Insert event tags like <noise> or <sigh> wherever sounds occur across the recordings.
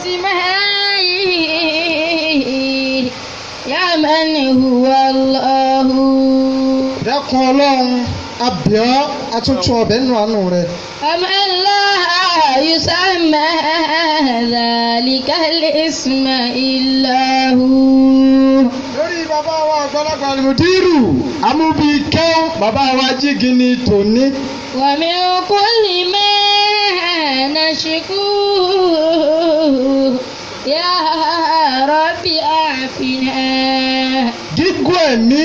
اسمائه يا من هو الله dákun ọlọ́run abíọ́ atúntún ọbẹ̀ nínú àánú rẹ̀. ọmọ aláha yusamma dhalika al Amubi illahu. lórí bàbá wa àgbàlagbà mùdírù amúbi jígi ni tòní. wa min kulli ma. نشكوه يا رب أعفنا gígùn ẹ̀mí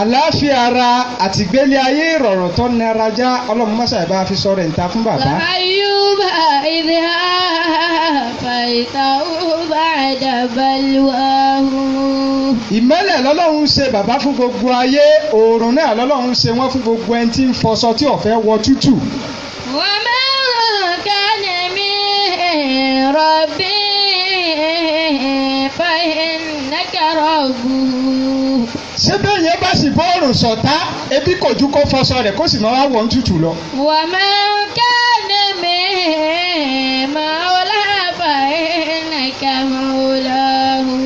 àlàáfíà ara àti ìgbélé ayé ìrọ̀rùn tó nira já ọlọ́run mọ́sá ìbá fi sọ̀rọ̀ ìta fún bàbá. ayúbà ìdí àfàìtà ọba àdàbàlúwàhù. ìmọ́lẹ̀ lọ́lọ́run ṣe bàbá fún gbogbo ayé òòrùn náà lọ́lọ́run ṣe wọ́n fún gbogbo ẹni tí ń fọṣọ tí ọ̀fẹ́ wọ tútù. wọ́n mẹ́ ربي فإنك رب ṣé bẹ́ẹ̀ bá sì bọ́ọ̀rùn sọ̀tá ebi kò ju kó fọṣọ rẹ̀ kó sì máa wá wọ̀ ń tutù lọ. wà á máa ń ká ní mi máa ó lábà ẹ̀ẹ́nàkà máa ó lọ́hùn.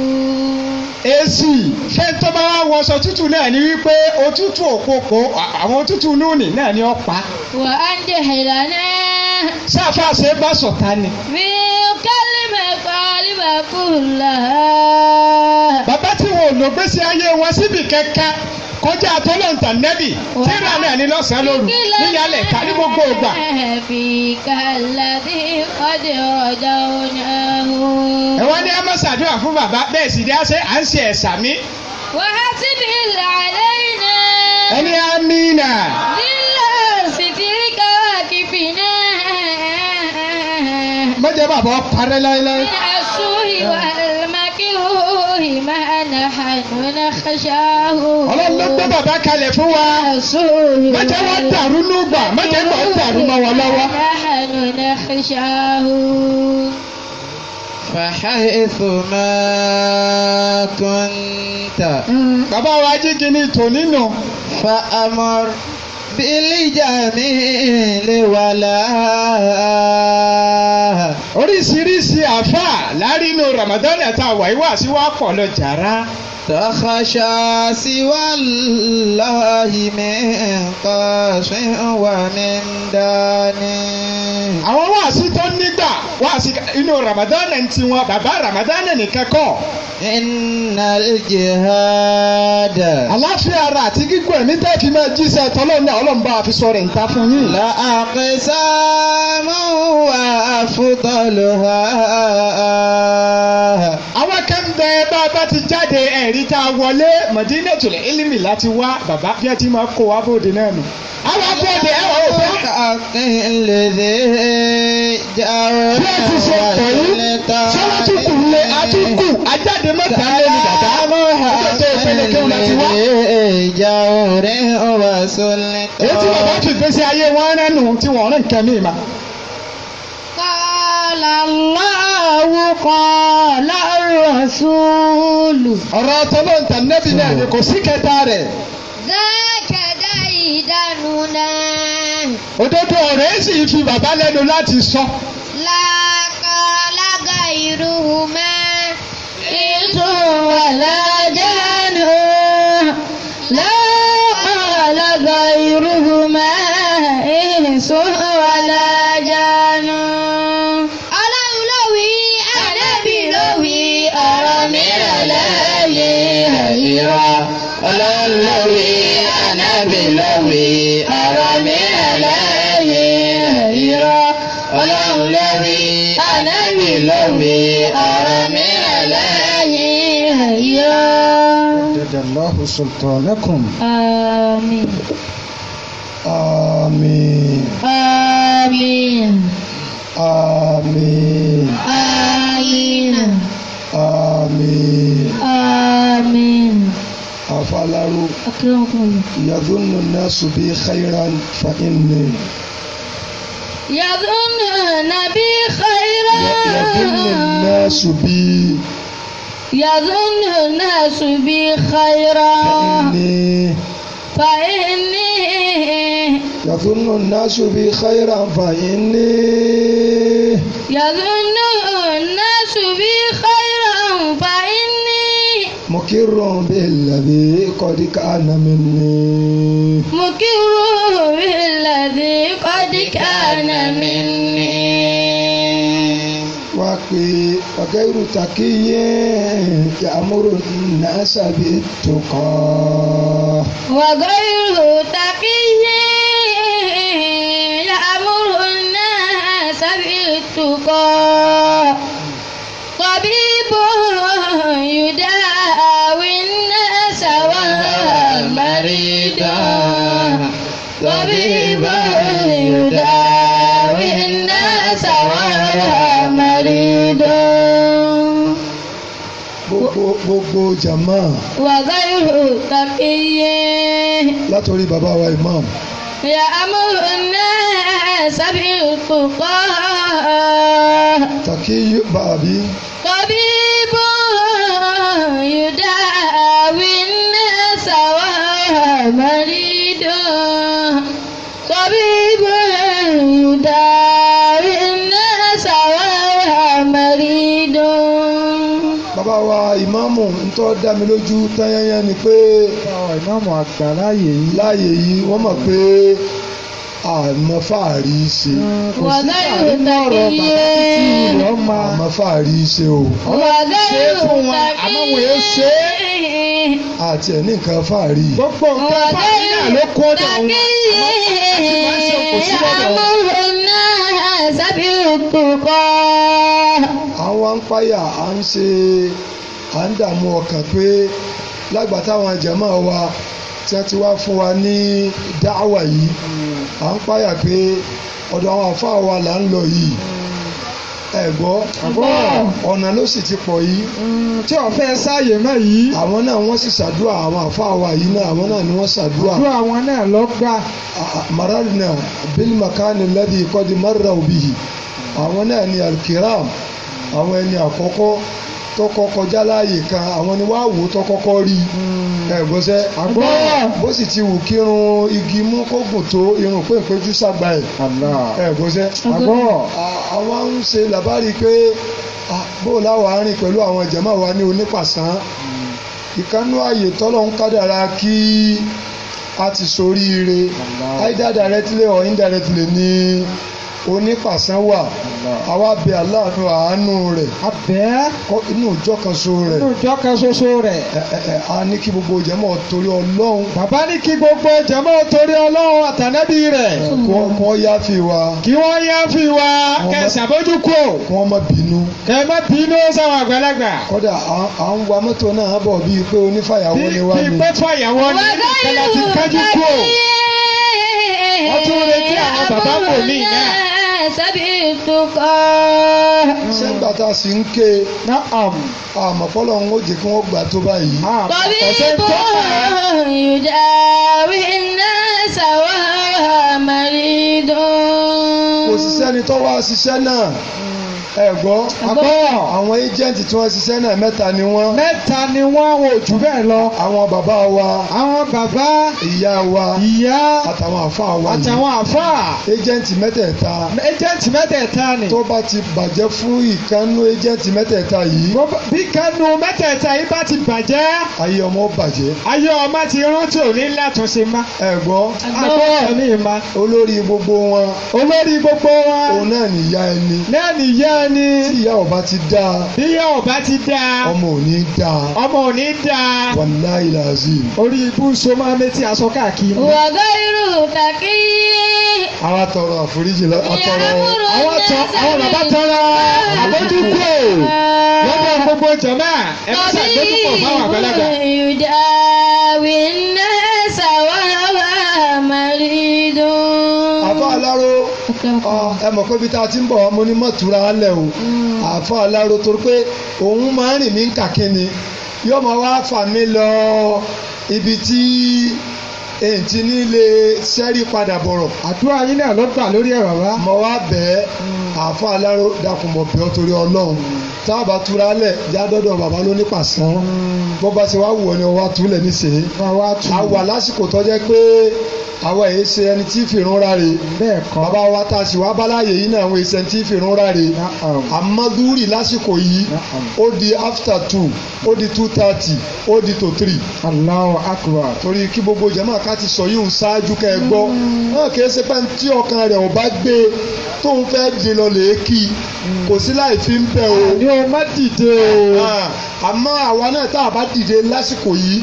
èsì ṣé tó bá wá wọṣọ tútù náà ni wípé òtútù òpópó àwọn òtútù lónìí náà ni ó pa. wà á ń jẹ́ ìlànà ṣé àfàṣe bá sọ̀tá ni. mi ò kẹ́lí mẹ́kọ́ alíbàkú là. bàbá tí wọn ò lò gbèsè ayé wọn síbi kẹ̀kẹ́ kọjá àtọ́lọ́ǹtà nẹ́bì tí ìrìn àná ní lọ́sàn-án lóru níyàlẹ̀ ta ní gbogbo ògbà. ẹ wá ní amọ̀ ṣàdúrà fún bàbá bẹ́ẹ̀ sì dí àṣẹ à ń ṣe ẹ̀sà mi. wàá sí mi là lẹ́yìn náà. ẹni àmì náà. nílò sìkìrì káwá náà mẹ́jẹ bàbá parẹ́ láéláé. aṣọ ìwà àlùmákìlú ìmọ̀ àlàhànú ní ṣáṣáhù. ọlọ́run ló gbé bàbá kalẹ̀ fún wa. aṣọ ìwà mẹ́jẹ wọn dàrú lùgbà mẹ́jẹ náà dàrú mọ́ wọn lọ́wọ́. àlàhànú فحيث ما كنت. بابا واجي جني تونينو. فأمر fìlíjàmí lè wà láà. oríṣiríṣi àfà láàrínú Ramadan àtàwà ìwà sí wa pọ̀ lọ jàrá. tọ́kọ̀ṣà sí wà lọ́ọ̀hì mi nǹkan ṣe ń wa mí dání. àwọn wàásù wá sí inú Ramadan ń ti wọn bàbá Ramadan nìkan kọ́. innal jihad. aláfíà ara àti gígùn ẹ̀mí tẹ́ fi máa jíṣẹ́ tọ́lọ́run náà ọlọ́run bá fi sọ̀rọ̀ ìta fún yín. la àkísàmù wa fúdọ̀lù ha. àwọn kẹ́ńbẹ́ bá bá ti jáde ẹ̀rí tá a wọlé Madinatul Ilmi láti wá bàbá bí ẹ ti máa kó wa bóde náà nù. àwọn abẹ́ẹ̀dẹ̀ ẹ̀wọ̀n òfin. àkínlẹ̀ dé bẹ́ẹ̀ ti ṣe tẹ̀yìn sọ́wọ́ tún kù lé àtúnkù ajáde mọ́ta lé ní bàbá bàbá tún gbèsè ayé wọn rẹ́nu tí wọ́n rìn kẹ́mí ma. kọ́lá lọ́wọ́ kọ́lá rọ̀ṣúlù. ọ̀rọ̀ tọ́lọ́ntà nẹ́bí náà ni kò sí kẹta rẹ̀. dákẹ́dá ìdánù náà. òdodo ọ̀rẹ́ sì fi bàbá lẹ́nu láti sọ. So. لا قال غيرهما إنس ولا جان لا قال غيرهما إنس ولا جان Ọlọ́run ló wí Ànábì ló wí ọ̀rọ̀ mìíràn lẹ́yìn ìrọ̀. Ọlọ́run ló wí Ànábì ló ولولبي أنا بلومي أرى من الله هيا جدد الله سلطانكم آمين آمين آمين آمين آمين آمين آمين أفعل أكرمكم يظن الناس بي خيرا فإني يا يظن نبي خيرا يظن الناس بي يظن الناس بي خيرا فإني فإني يظن الناس بي خيرا فإني يظن الناس بي خيرا مكر بالذي قد كان مني مكر بالذي قد كان مني وكي وغير تقي يأمر الناس بالتقى وغير تقي o jàmá. wàgá ihò tàkìyé. látòrí bàbá wa imam. yà á mú náà sábì kókó. tàkìyé bàbí. kọ́bí bó yóò dá àwìn náà sàwọ́ àmàlí ìmáàmù ntọ́ dá mi lójú tẹ́yẹ́yẹ́ ni pé. àwọn ìmáàmù àgbà láàyè yìí. láàyè yìí wọ́n mọ̀ pé àmọ́ fàárí ṣe. wàdà ìlú tàbí yé. àmọ́ fàárí ṣe o. wàdà ìlú tàbí yé. àti ẹni nǹkan fàárí. gbogbo nǹkan fàárí náà ló kó dà wọn. àmúhùn náà sábì kúkọ. àwọn ń payà à ń ṣe à ń dààmú ọkàn pé lágbàtà àwọn jàmá wa tí wọ́n ti wá fún wa ní dáwà yìí à ń páyà pé ọ̀dọ̀ àwọn àfáà wa là ń lọ yìí ẹ gbọ́ ọ̀nà ló sì ti pọ̀ yìí. tí o fẹ́ sáàyè mọ́ yìí. àwọn náà wọ́n sì ṣàdúrà àwọn àfáà wa yìí náà àwọn náà ni wọ́n ṣàdúrà. àdúrà àwọn náà lọ gbà. Ah, mararna bil makani ladi kọ́di marra obihi àwọn náà ni alkiram àwọn ẹni àkọ́kọ́ tọkọ kọjá láàyè kan àwọn ni wàá wò tó kọ́kọ́ rí hmm. ẹ̀gbọ́sẹ̀ àgbọ̀ bó sì ti wù kí irun igi mú kó gùn tó irun pé ìpéjú sàgbà ẹ̀ ẹ̀gbọ́sẹ̀ àgbọ̀ àwa ń ṣe làbárí pé bó láwa rìn pẹ̀lú àwọn jàmáà wa ní onípàṣán hmm. ìkánú ààyè tọ́lọ́ ń kádàrá kí a ti soríire either directly or indirectly ni onífàsánwà àwa bẹ aláàánú àánú rẹ̀. abẹ́. inú ìjọ kan ṣoṣo rẹ̀. inú ìjọ kan ṣoṣo rẹ̀. ẹ ẹ a ní kí gbogbo jẹ́mọ̀ torí ọlọ́run. bàbá ní kí gbogbo jẹ́mọ̀ torí ọlọ́run àtànẹ́bí rẹ̀. kí wọ́n yá fi wa. kí wọ́n yá fi wa kẹsàn-án kí wọ́n má bínú. kẹ má bínú sáwọn àgbàlagbà. kódà à ń wa mọ́tò náà bọ̀ bíi pé onífàyàwọ́ ni wá ní. bíi pé fàyàwọ́ ni kẹlẹ́ ti kájú kò àwọn bàbá wò mí náà. sábì tukọ̀. ṣé gbàtà sí ń ké ná àmù àmọ̀ fọlọ́ ń wòjì kí wọ́n gbà tó báyìí. bọ̀bí bó ìjà wí náà sàwọ́ àmàlí kò sì sẹ́ni tó wá ṣiṣẹ́ náà ẹ̀gbọ́ àpọ̀ àwọn ẹjẹ́ǹtì tí wọ́n ṣiṣẹ́ náà mẹ́ta ni wọ́n. mẹ́ta ni wọ́n wò jù bẹ́ẹ̀ lọ. àwọn bàbá wa. àwọn bàbá. ìyá wa. ìyá. àtàwọn àfa wa yìí. àtàwọn àfa. ẹjẹ́ǹtì mẹ́tẹ̀ẹ̀ta. ẹjẹ́ǹtì mẹ́tẹ̀ẹ̀ta ni. tó bá ti bàjẹ́ fún ìkànnú ẹjẹ́ǹtì mẹ́tẹ̀ẹ̀ta yìí. bí kánú mẹ́tẹ̀ẹ̀ta yìí bá ti bàjẹ́. ayé ọmọ bàjẹ́. ayé ọmọ ti rántí òní látúnṣe má. ẹ̀gbọ́ àgbọ̀ olórí gbogbo wọn. olórí gbogbo wọn. òun náà bẹ́ẹ̀ni ìyá ọba ti dá. ìyá ọba ti dá. ọmọ ò ní dá. ọmọ ò ní dá. wàláhì làzìm. orí ibú so máa mẹ́tí aṣọ káàkiri. wàgá irú kàkí. àwa tọrọ àforíjì lọ àtọrọ àwa tọ àwọn bàbá tọrọ àbójúkò lọ́dọ̀ gbogbo jọ̀mọ́ ẹ má ṣàgbéjúkọ̀ fáwọn àgbàlagbà. àbá aláró Ah, ẹ mọ̀ pé ibi tá a ti ń bọ̀ mo ní mọ̀tura lẹ̀ o hmm. àfọ aláró torí pé òun máa ń rìn mí kàkínni yóò máa wá fà mí lọ ibi tí èntì ní ilé sẹ́rí padà bọ̀rọ̀. àdúrà yín náà ló gbà lórí ẹ̀ bàbá. mo wá bẹ́ẹ̀ hmm. àáfà aláró dákun mọ̀ bẹ́ẹ̀ torí ọlọ́run hmm. tá a bá túra lẹ̀ já dọ́dọ̀ bàbá ló ní pàṣán hmm. bó bá ṣe wá wù ọ́ ni wọ́n wá túlẹ̀ níṣẹ́. a wà lásìkò tó jẹ́ pé àwa èyí ṣe ẹni tí fìrún rárẹ̀. bẹ́ẹ̀ kọ́ bàbá wa tá a sì wá báláyé yìí náà àwọn èyí ṣe ẹni tí fìrún rárẹ̀. àmọ́dúrì lásìkò yìí ó di after two ó di two thirty ó di to three. Allahu akbar. torí kí gbogbo jẹ́ máa ká ká ti sọ yìí ń ṣáájú kẹ́ ẹ gbọ́ náà kì í ṣe pé tí ọkàn rẹ̀ ò bá gbé e tóun fẹ́ dè lọ lè kí i kò sí láì fi ń bẹ̀ o. àní má dìde o. àmọ́ àwa náà tá a bá dìde lásìkò yìí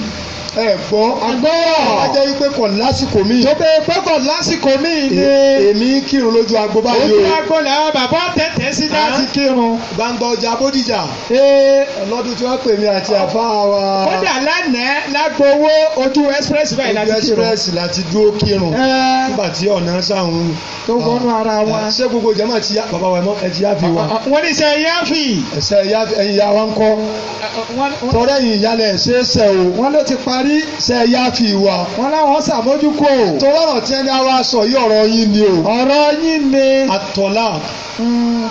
ẹ gbọ́ agbọ́rọ̀ ajẹ́ wípé kọ̀ lásìkò mi. tó bẹ pé kọ̀ lásìkò mi ni. èmi kírun lójú agbo báyìí o. ojú agbo làwọn bàbá tẹ̀tẹ̀ sí láti kírun. gbangba ọjà bódìjà. ee ọlọ́dún tí wọ́n pè mí àti àfa wa. kódà lánàá lágbowó ojú express báyìí láti kírun. ojú express láti dúró kírun. nígbà tí ọ̀nà sàrùn. tó gbọ́nú ara wa. ṣé gbogbo jẹ́ máa ti yá bàbá wa ẹ ti yá fi wa. wọ́n ní sẹ́ yá fi. ẹ̀sẹ̀ yá ẹ̀yìn yá wa ń kọ́. tọ́rẹ́yìn yálẹ̀ ṣe é sẹ́ o. wọ́n ló ti parí parí ṣẹ̀yà fi wá. wọ́n láwọn ṣàmójúkò. tí ẹni àwa sọ yìí ọ̀rọ̀ yín ni o. ọ̀rọ̀ yín ni. àtọ̀là hmm.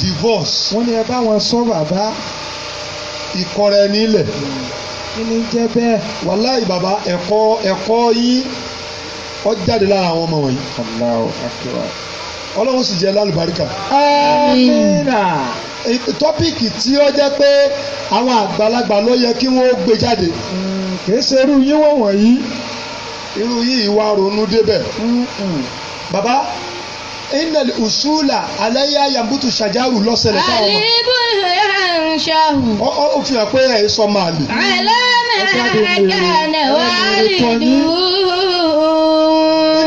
divorce. wọ́n ní ẹ bá wọn sọ bàbá. ìkọrẹ ẹni kí ni jẹ́ bẹ́ẹ̀. wàláì bàbá ẹ̀kọ́ ẹ̀kọ́ yín ó jáde lára àwọn ọmọ wọ̀nyí. ọlọ́run sì jẹ́ lálùbáríkà. amiina. Ah, tọ́pìkì tí ó jẹ́ pé àwọn àgbàlagbà ló yẹ kí wọ́n gbé jáde kìí ṣe irú yín wọ̀n wọ̀nyí irú yìí wá ronú débẹ̀ bàbá innal usula alayya yambutu shajaru lọ́sẹ̀lẹ̀ táwọn ọmọ. àlìbùn yanṣahu. ó ó fi hàn pé ẹ̀ sọ máa lè. àlọ́mọ àgànà wà lìdúró.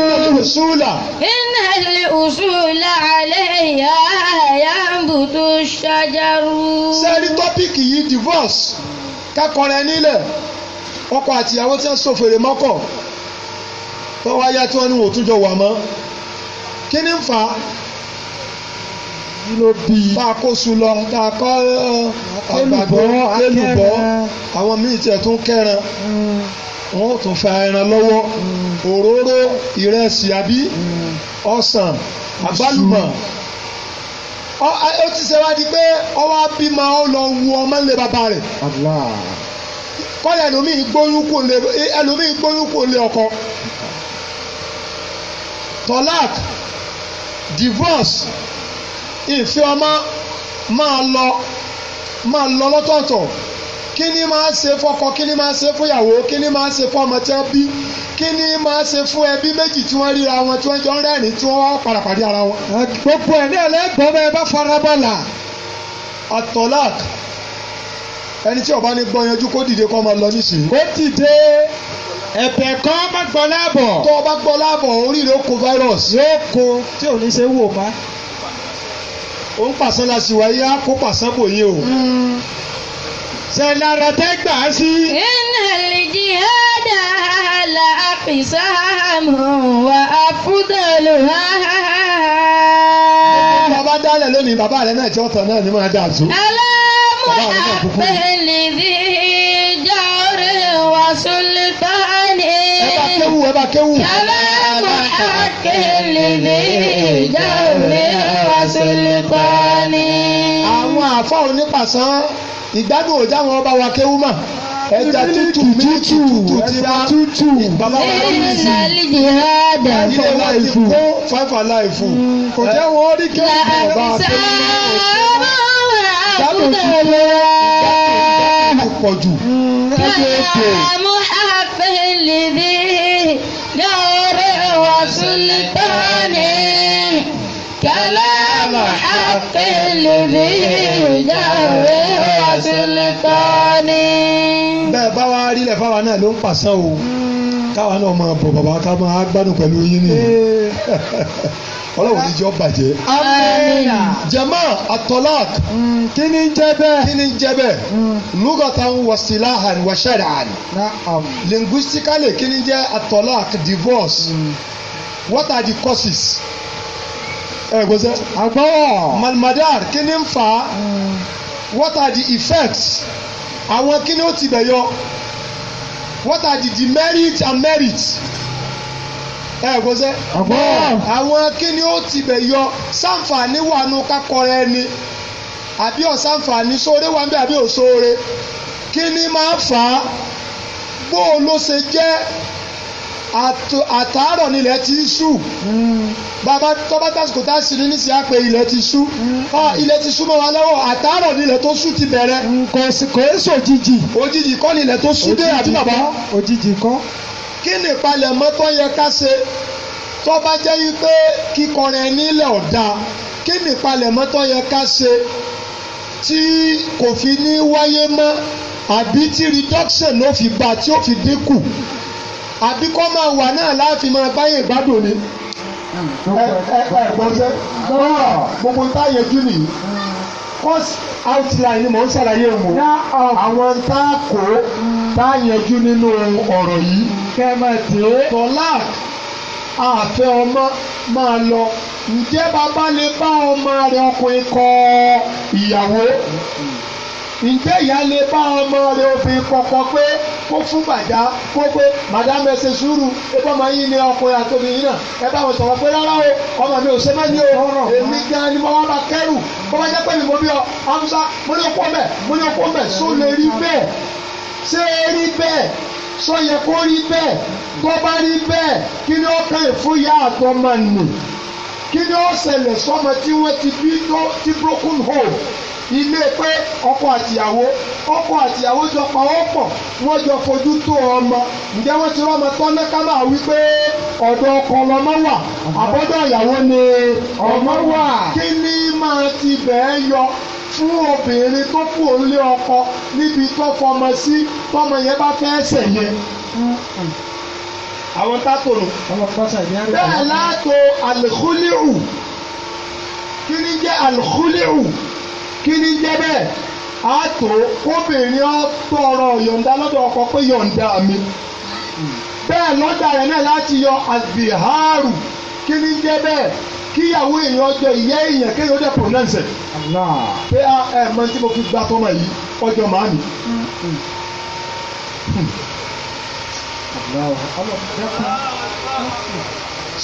innal usula. innal usula alayya yà tó ṣájárú. sẹ́ẹ̀rí tọ́pìkì yìí divorce kẹ́kọ̀ọ́rẹ́ nílẹ̀ ọkọ àtìyàwó tí wọ́n ṣòfèrè mọ́kọ̀ wọ́n wá yá tí wọ́n ní wò tún jọ wà mọ́ kí ni ń fà á ló bí i. lọ tá àgbàdo kélùbọ́ àwọn míì tiẹ̀ tún kẹran mm. wọn ò tún fa ẹran lọ́wọ́ mm. òróró ìrẹsì àbí mm. ọ̀sán àgbálùmọ̀ ó ti ṣe wá di pé ó wá bímọ ó lọ wu ọmọ ńlẹ̀ bàbá rẹ̀ kọ́lẹ̀ ẹlòmíì gbóyún kò lè ẹlòmíì gbóyún kò lè ọkọ tọ́lák divorce ìfẹ́ ọmọ máa lọ máa lọ lọ́tọ̀ọ̀tọ̀ kí ni máa ṣe fọ́kọ kí ni máa ṣe fúyàwó kí ni máa ṣe fọ́mọ tí wọ́n bí kí ni máa ṣe fún ẹbí méjì tí wọ́n ríra wọn tí wọ́n jọ ń rẹ́rìn tí wọ́n wá padà pàdé ara wọn. gbogbo ẹ̀ ní ẹlẹ́gbọ́n bẹ́ẹ̀ bá farabọ́là atọ́lák ẹni tí ó bá ní gbọ́ yanjú kó dìde kó máa lọ nísìnyí. kó dìde ẹ̀bẹ̀ kan bá gbọ́ láàbọ̀. tó o bá gbọ́ láàbọ̀ oríire ó kó virus. yóò kó tí ò ní ṣe wò má. ó ń pàṣẹ la sì wáyé á kó pàṣẹ bò yé o. Mm. Ṣẹ̀lára tẹ́ gbà á sí. Innal jihada la aqsamu wa afdaluha. Bàbá dálẹ̀ lónìí, bàbá rẹ̀ náà jẹ́ ọ̀tọ̀ náà ni máa dà tó. Aláàmú àpèlìdì jọ̀ọ́rẹ́ wa sultani. Ẹ bá kéwù, ẹ bá kéwù. Aláàmú àpèlìdì jọ̀ọ́rẹ́ wa sultani. Àwọn àfọ̀ onípàṣán ìgbádùn òjá wọn bá wa kéwú mà ẹja tútù tútù tútù tútù bàbá wa ló ní ìsìn ilé láti kó five alive kò jẹ́ wọn ó rí kí wọ́n bá a kéwú ìgbádùn tútù ìgbádùn pọ̀ jù lọ́sọ̀ọ̀sẹ̀. محفل ذي دار وسلطانه الحق الذي يجري وسلطاني. bẹ́ẹ̀ bá wa rí lẹ̀ fáwa náà ló ń pàṣẹ o káwa náà máa bọ̀ bàbá ká máa gbádùn pẹ̀lú yín ni ọlọ́run ìjọ bàjẹ́. amina. jama atolak. Mm, kí ni ń bẹ́ẹ̀. kí ni ń jẹ́ bẹ́ẹ̀. Mm. lugatan wasilahan washaraan. linguistically kí ni ń jẹ́ atolak divorce. Mm. what are the causes ẹ eh, kò sẹ. malmadar kí ni ń hmm. what are the effects? àwọn kí ni ó ti bẹ̀ yọ? what are the demerits and merits? ẹ eh, kò sẹ. àgbọ̀wọ̀. àwọn kí ni ó ti bẹ̀ yọ? sàǹfààní wà nù kakọrẹ ẹni àbí ọ̀sàǹfààní sóore wà níbẹ̀ àbí òsóore kí ni máa fà á? bó o ló ṣe jẹ́ àtàárọ̀ ni ilẹ̀ ti ń ṣú hmm. bàbá tọ́ba tásìkò tá a sì ní nísìnyá pé ilẹ̀ ti ṣú hmm. ah, ilẹ̀ ti ṣú mọ́ wa lọ́wọ́ àtàárọ̀ ni ilẹ̀ tó ṣú ti bẹ̀rẹ̀. Hmm, kò é sòjijì. òjijì kọ́ ni ilẹ̀ tó ṣú dé àbí bàbá. òjijì kọ́. kí ni ìpalẹ̀mọ́ tó yẹ ká ṣe tó bá jẹ́ wípé kíkọrin nílẹ̀ ọ̀dà kí ni ìpalẹ̀mọ́ tó yẹ ká ṣe tí kò fi ní wáyé mọ́ àbí tí reduction ló fi bá tí ó fi dínkù àbí kọ́ máa wà náà láàfin máa báyè gbádùn ni ẹ ẹ gbọ́nsẹ́ gbogbo táyé jù nìyí course outline mò ń ṣàlàyé mò àwọn tá a kó tá a yanjú nínú ọ̀rọ̀ yìí kẹ́mẹ̀tì tọ́lák àfẹ́ ọmọ máa lọ ǹjẹ́ bàbá lè bá ọmọ rẹ̀ ọkùnrin kọ ìyàwó ǹjẹ́ ìyá lè bá ọmọ rẹ̀ obìnrin kọ̀kọ́ pé kó fún bàjá kó pé madame ẹ sùúrù ebi ọmọ yín ni ọkùnrin àtòbí yín náà ẹ bá wọn sọ̀rọ̀ pé rárá o ọmọ mi ò ṣe mẹ́ni o èmi gan ni mo wá bá kẹ́rù bó bá jẹ́ pé mi mo bí ọ amúsá mo ní kó mẹ́ mo ní kó mẹ́ só lè rí bẹ́ẹ̀ ṣé rí bẹ́ẹ̀ sọ yẹ kó rí bẹ́ẹ̀ tó bá rí bẹ́ẹ̀ kí ni ó kàn fúyà àtọ́mọ̀ nù kí ni ó ṣẹlẹ̀ sọmọ tí wọ́n ti bí tó ti broken home ilé pé ọkọ àtìyàwó ọkọ àtìyàwó jọ pa ọ́ pọ̀ jọ fojú tó ọmọ ǹjẹ́ wọ́n ti rọ́mọ tọ́lẹ́ ká máa wí pé ọ̀dọ̀ ọkọ lọmọ wà àbọ́dọ̀ ìyàwó ni ọmọ wà kí ni máa ti bẹ́ẹ̀ yọ fún obìnrin tó kù òǹlé ọkọ níbi tó fọmọ sí tọmọ yẹn bá fẹ́ ṣẹ̀yẹ àwọn tátòrò bẹ́ẹ̀ látò alìkúlíhù kí ni jẹ́ alìkúlíhù kí ni jẹ́ bẹ́ẹ̀ á tó kóbìnrin ó tọrọ yọ̀ǹda lọ́dọ̀ ọkọ pé yọ̀ǹda mi bẹ́ẹ̀ lọ́dà rẹ̀ náà láti yọ àzìhárù kí ni jẹ́ kíyàwó èèyàn jọ ìyá èèyàn kéèyàn dẹ̀ pronounce pé a ẹ mọ tí mo fi gba tọmọ yìí ọjọ́ màá mi.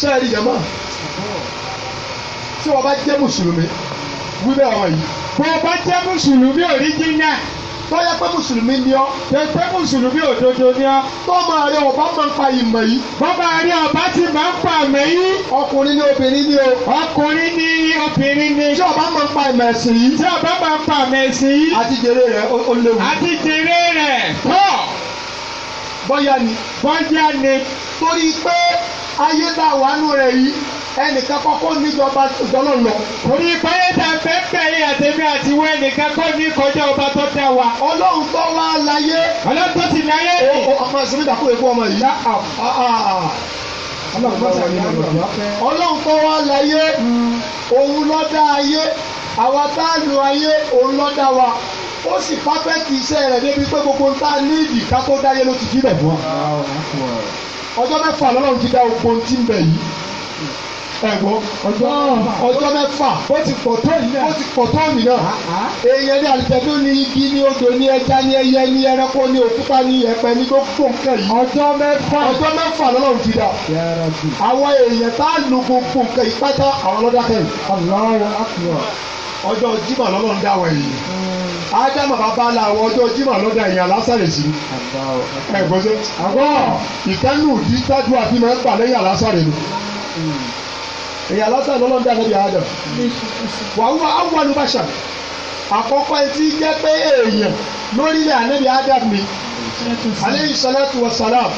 sẹ́ẹ̀rì jẹ̀mọ́ tí wọ́n bá jẹ́ mùsùlùmí wíwẹ̀ ọ̀ yìí. bó o jẹ́ mùsùlùmí òríjínà bóyá pé mùsùlùmí ni ọ́ pé mùsùlùmí òdodo ni ọ́ tó máa rí ọba máa ń pa ìmọ̀ yìí. bọ́bá rí ọba ti máa ń pa ìmọ̀ yìí. ọkùnrin ni obìnrin ni o. ọkùnrin ni obìnrin ni. tí ọba máa ń pa ìmọ̀ ẹ̀sìn yìí. tí ọba máa ń pa ìmọ̀ ẹ̀sìn yìí. àti rẹ̀ ó léwu. àti rẹ̀ bọ́yá ni bọ́yá ni torí pé ayé tá a wà nù rẹ̀ yìí ẹnìkan kọ́kọ́ níjọba ìjọlọ lọ. orí báyé tá a fẹ́ bẹ̀rẹ̀ àtẹ̀mí àti wọ ẹnìkan kọ́ ní kọjá ọba tó dá wa. ọlọ́run tó wá láyé. ọlọ́run tó ti láyé. ọmọ ìsinmi dàkú èkó ọmọ yìí ọlọ́run kọ́ wa láyé òun ló dá ayé àwa tá a lo ayé òun ló dá wa ó sì pápẹ́tì iṣẹ́ rẹ̀ débi pé gbogbo nta níìdì ká tó dáyé ló ti jí bẹ̀ fún wa ọjọ́ mẹ́fà lọ́lọ́run ti dá ogun tí ń bẹ yìí ẹ̀gbọ́n ọjọ́ mẹ́fà ó ti pọ̀ tó yìí náà ó ti pọ̀ tó mi náà èèyàn ní àlùjànnú ní igi ní odò ní ẹja ní ẹyẹ ní ẹranko ní òkúta ní ẹ̀pẹ̀ ní gbogbo nǹkan yìí ọjọ́ mẹ́fà ọjọ́ mẹ́fà lọ́lọ́run ti dà àwọn èèyàn tá a lu gbogbo nǹkan yìí pátá àwọn ọlọ́dà kẹ́yìn ọjọ́ jimá lọ́lọ́run dá wọ̀nyí hmm. ádámà bàbá la àwọn ọjọ́ jimá lọ́dà ẹ̀yìn alásàrè sí ẹ̀gbọ́n sẹ́ àgọ́ ìkànnì òdì tájú àfihàn gbà lẹ́yìn alásàrè ni èyàn lọ́sàn lọ́lọ́run dá lẹ́bi àádọ́ wàhùwà áwọn bàṣà àkọ́kọ́ etí jẹ́ pé èèyàn lórílẹ̀ ànẹ́bí ádám ni aleyhi salatu wa salam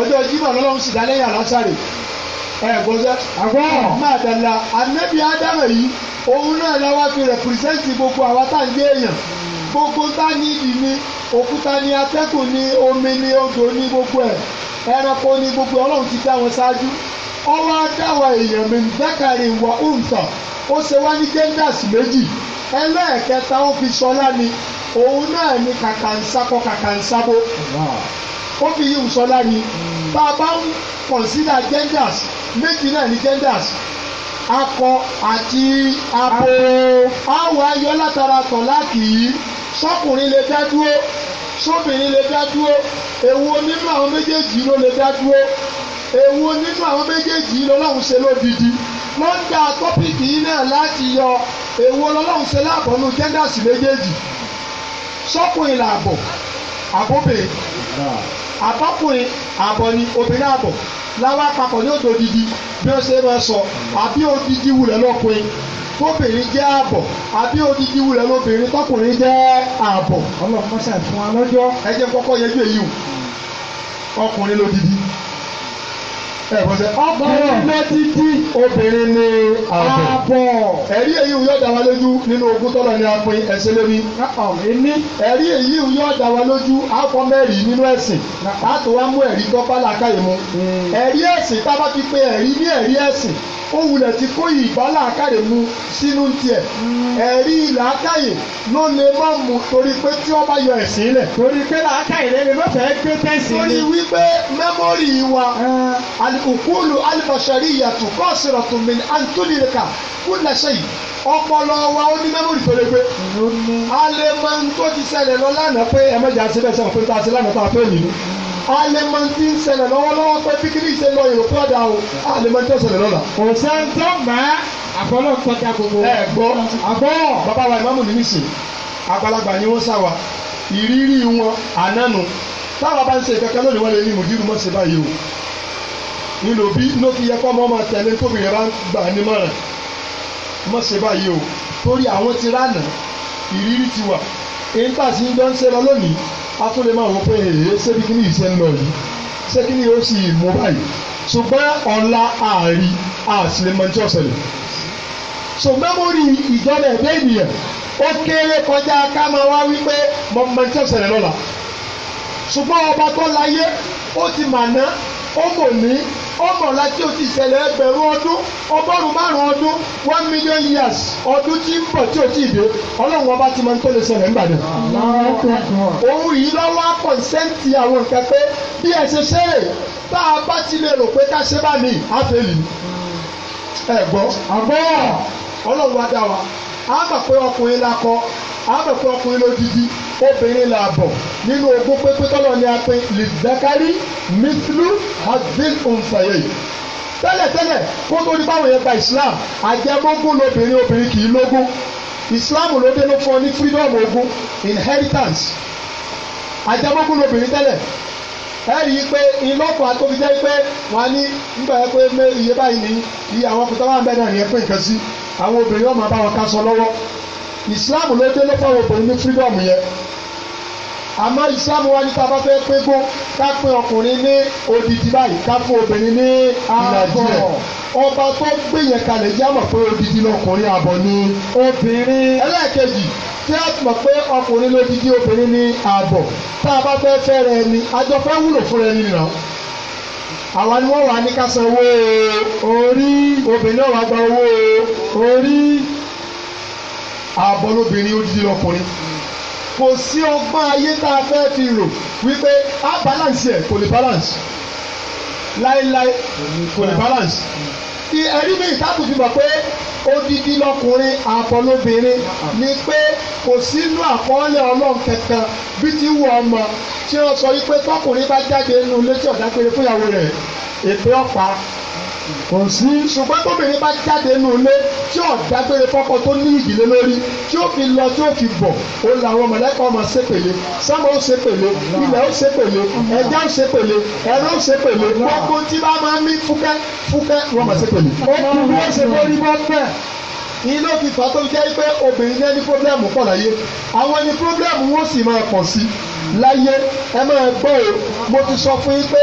ọjọ́ jimá lọ́lọ́run sì dálẹ́yìn àlásàrè ẹ̀ gbọ́dọ̀ àgbọ̀ máa dàda ànẹ́bí ádám yìí òun náà lọ́wọ́ fi rẹ̀pírísẹ́ǹtì gbogbo àwa tá à ń gbé èèyàn gbogbo tá ní ìdí ni òkúta ni atẹ́kùn ni omi ni odò ni gbogbo ẹ̀ ẹranko ni gbogbo ọlọ́run ti dá wọn ṣáájú ó wá dáwà èèyàn mi zákàrí ìwà òǹtà ó ṣe wá ní genders méjì ẹlẹ́ẹ̀kẹta ó fi sọlá ni òun náà ni kàkànsákọ kàkànsábó ó fi yí ìsọlá ni hmm. bá ń consider genders méjì náà ni genders akọ àti abo àwọn ayọ̀ látara tọ̀ láti yìí sọkùnrin lè dá dúró sóbìnrin lè dá dúró èwo nínú àwọn méjèèjì ló lè dá dúró èwo nínú àwọn méjèèjì lọ́lọ́run ṣe lódìdí wọ́n ń da tọ́pìkì yìí náà láti yọ èwo lọ́lọ́run ṣe láàbọ̀nú jẹ́ndàsì méjèèjì sọkùnrin làbọ̀ àbóbìnrin àbọ́kùnrin àbọ̀ ni obìnrin àbọ̀ láwa papọ̀ ní òdò didi bí ó ṣe máa sọ àbí odidi wulẹ̀ lọ́kùnrin tóbìnrin jẹ́ àbọ̀ àbí odidi wulẹ̀ lóbìnrin tọkùnrin jẹ́ àbọ̀ ọlọ́mọṣẹ́ fún wa lọ́jọ́ ẹ jẹ́ kọ́kọ́ yẹjú èyí o ọkùnrin lódidi ọkùnrin iná títí obìnrin ni ààbọ̀ ẹ̀rí èyí yóò dá wa lójú nínú ogún tọ́lọ̀ ni a pín ẹsẹ̀ lórí ẹ̀rí èyí yóò dá wa lójú akọ mẹ́rin nínú ẹ̀sìn láti wá mú ẹ̀rí tọ́pá làákàyè mu hmm. ẹ̀rí ẹ̀sìn tábà ti pé ẹ̀rí ní ẹ̀rí ẹ̀sìn ó wulẹ̀ ti kó ìbá làákàyè mu sínú tiẹ̀ hmm. ẹ̀rí làákàyè ló lè má mú torí pé tí wọ́n bá yọ ẹ̀sìn lẹ̀ torí pé làákàyè lè lè mọ́fẹ̀ẹ́ gbé tẹ̀sìn ni torí wípé mẹ́mórì wa ah alukulu alibasariya tó kọ́sìrọ̀ tó mi antonirika kúlẹ̀ṣẹ̀ yìí ọpọlọ wa ó ní mẹ́mórì pérépé. alẹ́ máa ń tó ti ṣẹlẹ̀ lọ na pé ẹ mẹ́jà síbẹ̀ sẹ́wọ̀n pé tá a ti lánàá a fẹ́ nìyí. alẹ́ máa ń ti ń ṣẹlẹ̀ lọ́wọ́lọ́wọ́ pé píkìrì ṣe lọ yòókù ọ̀dà o alẹ́ máa ń tẹ̀ ṣẹlẹ̀ lọ́la. kò sẹ́ni tó máa àfọlọ́ kọjá gbogbo. ẹ gbọ́ àbọ̀ bàbá wa ìmáàmù nìyí àgbàlagbà ni wọ́n sá wa ìrírí wọn ànánu táwa bá ń ṣe kankan lónìí wọ́n lè ní mùdírù mọ́ ṣe báyìí o nílò bí ló ti yẹ kọ́ ọmọ máa tẹ̀lé tóbi yẹn bá ń gbà nímọ̀ràn mọ̀ ṣe báyìí o torí àwọn ti rànà ìrírí ti wà èyí tá a sì ń gbẹ́ ṣe lọ lónìí a tún lè máa wọ pé èyí ṣé bí kíní yìí ṣe ń lọ yìí ṣé kíní yóò sì mú báyìí ṣùgbọ́n ọ̀la àárí àṣìlẹ̀mọ̀tì ọ̀sẹ̀lẹ̀ so mẹ́mórì ìjọba ẹ̀dá ènìyàn ó kéré kọjá ká máa wá wípé mọ̀mọ̀tì ọ̀sẹ̀lẹ̀ lọ́la ṣùgbọ́n ọba tó láyé ó ti mà náà ọmọ ní ọmọlá tí o ti ṣẹlẹ̀ ẹgbẹ̀rún ọdún ọgọ́rùn márùn ọdún one million years ọdún tí ń bọ̀ tí o ti dé ọlọ́run ọba ti máa ń tó lè ṣẹlẹ̀ ńgbàdàn. òun yìí lọ́wọ́ kọ̀ǹsẹ́ǹtì àwọn nǹkan pé bí ẹ ṣe ṣe é bá a bá ti lè rò pé ká ṣe bá mi àfẹ́lì ẹ̀ gbọ́ àgbọ̀ ọlọ́run wá dá wa á mọ̀ pé ọkùnrin la kọ á mọ̀ pé ọkùnrin ló didi obìnrin là bọ̀ nínú ogún pépé tọ́lọ̀ ni a pe lìdákárí mislu hazil onsaye tẹ́lẹ̀tẹ́lẹ̀ kó tó ní báwọn yẹn gba Islam àjẹmógún lobìnrin obìnrin kì í lógún Islam ló dé ló fún ọ ní freedom ogún inheritance àjẹmógún lobìnrin tẹ́lẹ̀ e rí i pé ìlọ́pọ̀ àtòbí jẹ́ pé wọ́n á ní nígbà yẹn pé iye báyìí ni iye àwọn ọkùnrin tó bá ń bẹ́ẹ̀ náà nìyẹn pé nǹkan àwọn obìnrin wọn máa bá sọ lọ́wọ́ Islam ló dé obìnrin yẹn àmọ́ ìsìlámù wa ní tá a bá fẹ́ pé gbó ká pé ọkùnrin ní odidi báyìí ká fún obìnrin ní ààbọ̀ ọba tó gbé yẹn kalẹ̀ yá mọ̀ pé odidi lọkùnrin àbọ̀ ni obìnrin ẹlẹ́ẹ̀kejì tí a mọ̀ pé ọkùnrin lódidi obìnrin ní ààbọ̀ tá a bá fẹ́ fẹ́ rẹ ni àjọ fẹ́ wúlò fún rẹ nìyẹn àwa ni wọ́n wà ní ká san owó orí obìnrin náà wà gba owó orí ààbọ̀ lóbìnrin odidi lọkùnrin kò sí ọgbọ́n ayé tá a fẹ́ fi rò wípé a balance yẹ kò lè balance láéláé kò lè balance ẹ̀rí mi ìtàkùn fi mọ̀ pé odidi lọkùnrin àbọ̀ lóbìnrin ni pé kò sínú àkọọ́lẹ̀ ọlọ́run kankan bí ti wù ọmọ tí wọ́n sọ wípé tọkùnrin bá jáde nínú ilé tí ọ̀dà péré fúnyàwó rẹ̀ èpè ọ̀pá kò sí ṣùgbọ́n tóbìnrin bá jáde nù ilé tí ò dágbére fọ́kọ tó ní ìdílé lórí tí ó fi lọ tí ó fi bọ̀ ó làwọn mọ̀lẹ́kọ̀ ọmọ ṣépèlé sọ́mọ ó ṣépèlé ilẹ̀ ó ṣépèlé ẹja ó ṣépèlé ẹran ó ṣépèlé gbogbo tí bá máa ń mí fúkẹ́ fúkẹ́ wọ́n máa ṣépèlé ó kú ló ṣe lórí bọ́ bẹ́ẹ̀ ilé òfin fà tó jẹ́ pé obìnrin náà ní pírọ́blẹ́mù pọ̀ láyé àwọn ní pírọ́blẹ́mù wọn sì máa pọ̀ sí i láyé ẹ máa gbọ́ o mo ti sọ fún yín pé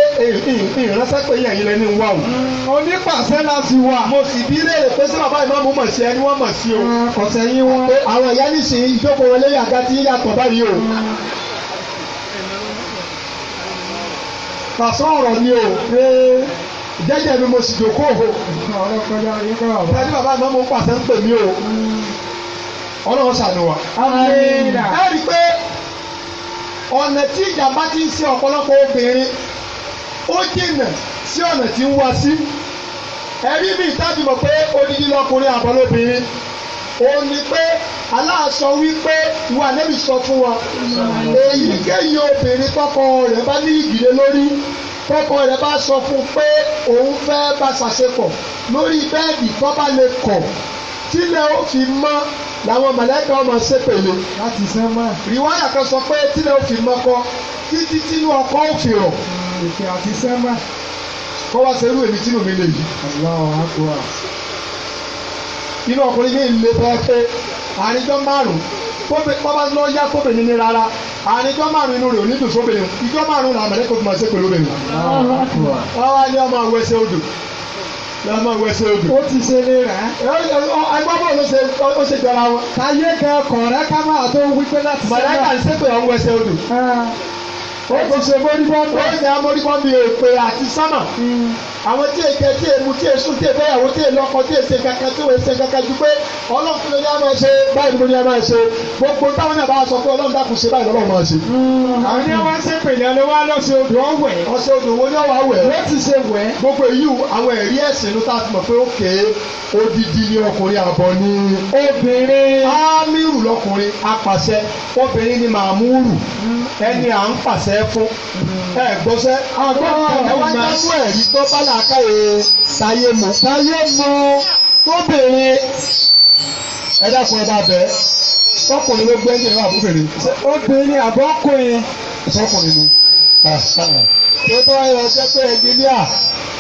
ìránṣẹ́ pé yẹn yìí lẹ́ni wà o. onípàṣẹ láti wà. mo sì bí léèrè pé sí bàbá ìmọ̀ mo mọ̀ sí ẹni wọ́n mọ̀ sí o. ọ̀sẹ̀ yín wọ́n. pé àwọn ìyá nìsín ìjókòó wọlé yàgá tí yàtọ̀ báyìí o. pàṣẹ ọ̀rọ̀ ni o pé jẹ́jẹ́ mi mo sì jókòó o. tàbí bàbá ìmọ̀ mo pàṣẹ ń pè mí o. Hmm. ọlọ́run ṣàdùn wa. ẹ rí i pé ọ̀nà tí ìjàmbá ti ń ṣe ọ̀pọ̀lọpọ̀ obìnrin ó jìnà sí ọ̀nà tí ń wá sí ẹ̀rí mi ìtàbí mọ̀ pé odidi lọkùnrin àbọ̀ lóbìnrin òun ni pé aláàsọ wípé ìwà nẹ́bí sọ fún wa èyíkéyìí obìnrin tọkọ rẹ̀ bá ní ìdílé lórí tọkọ rẹ̀ bá sọ fún pé òun fẹ́ bá ṣàṣepọ̀ lórí bẹ́ẹ̀dì tó bá lè kọ̀ tílẹ̀ ó fi mọ́ làwọn mọ̀lẹ́kà ọmọ sépèlè. láti sẹ́ mọ́. rìwáyà kan sọ pé tílẹ̀ ó fi mọ́ kọ́ títí tínú ọkọ̀ ó fi rọ̀. ìfẹ́ àti sẹ́ mọ́. kọ́ wá ṣe irú èmi tínú mi lè yí. aláwọ̀ á kó wa. inú ọkùnrin mi lè fẹ́ fẹ́ àríjọ́ márùn-ún bọ́bá lọ yá kóbìnrin ní rárá àníjọ́ márùn inú rẹ̀ ò ní dùn sóbìnrin ìjọ́ márùn làmọ̀lẹ́kọ̀ọ́ fi máa ṣe pẹ̀lú obìnrin. wọ́n wá ní ọmọ àwọn ẹsẹ̀ odò lọ́mọ wẹsẹ̀ ogun. ó ti ṣe lè rà á. agbábọ̀ ló ṣe ó ṣe jọra wọn. táyé kan kọ̀ọ̀rẹ́ ká máa tó wípé láti. màdàkà ń ṣépè ọ̀hún wẹsẹ̀ ogun ó kò ṣe móríbọ́mbì ó ṣe amóríbọ́mbì èpè àti sámà hmm. àwọn tí èké tí èmu tí èsùn tí èfẹ́yàwó tí èlọ́kọ tí èsè kankan tí èsè kankan ju pé ọlọ́run ló ní a máa ṣe báyìí ló ní a máa ṣe gbogbo táwọn náà bá sọ pé ọlọ́run dákun ṣe báyìí lọ́wọ́ máa ṣe. Hmm. àwọn ní wọn ṣe pèlè ló wá lọ́sẹ̀ odò ọ̀wẹ̀. ọ̀sẹ̀ odò wo ni ọ̀wà wẹ̀. wọ́n ti ṣe wẹ̀. gbogbo fún ẹ gbọ́sẹ́. ọgbọ́n ẹ wá dájú tó bá làákàyè táyé mu. táyé mu tó béèrè ẹ dákun ẹ bá bẹ́ẹ̀ sọkùnrin ló gbẹ́ ẹ́ńjìn náà àbúbèrè. obìnrin àbọ̀kùnrin. sọkùnrin ni ah, ah. tó bá yọ jẹ́ pé ẹgbẹ́líà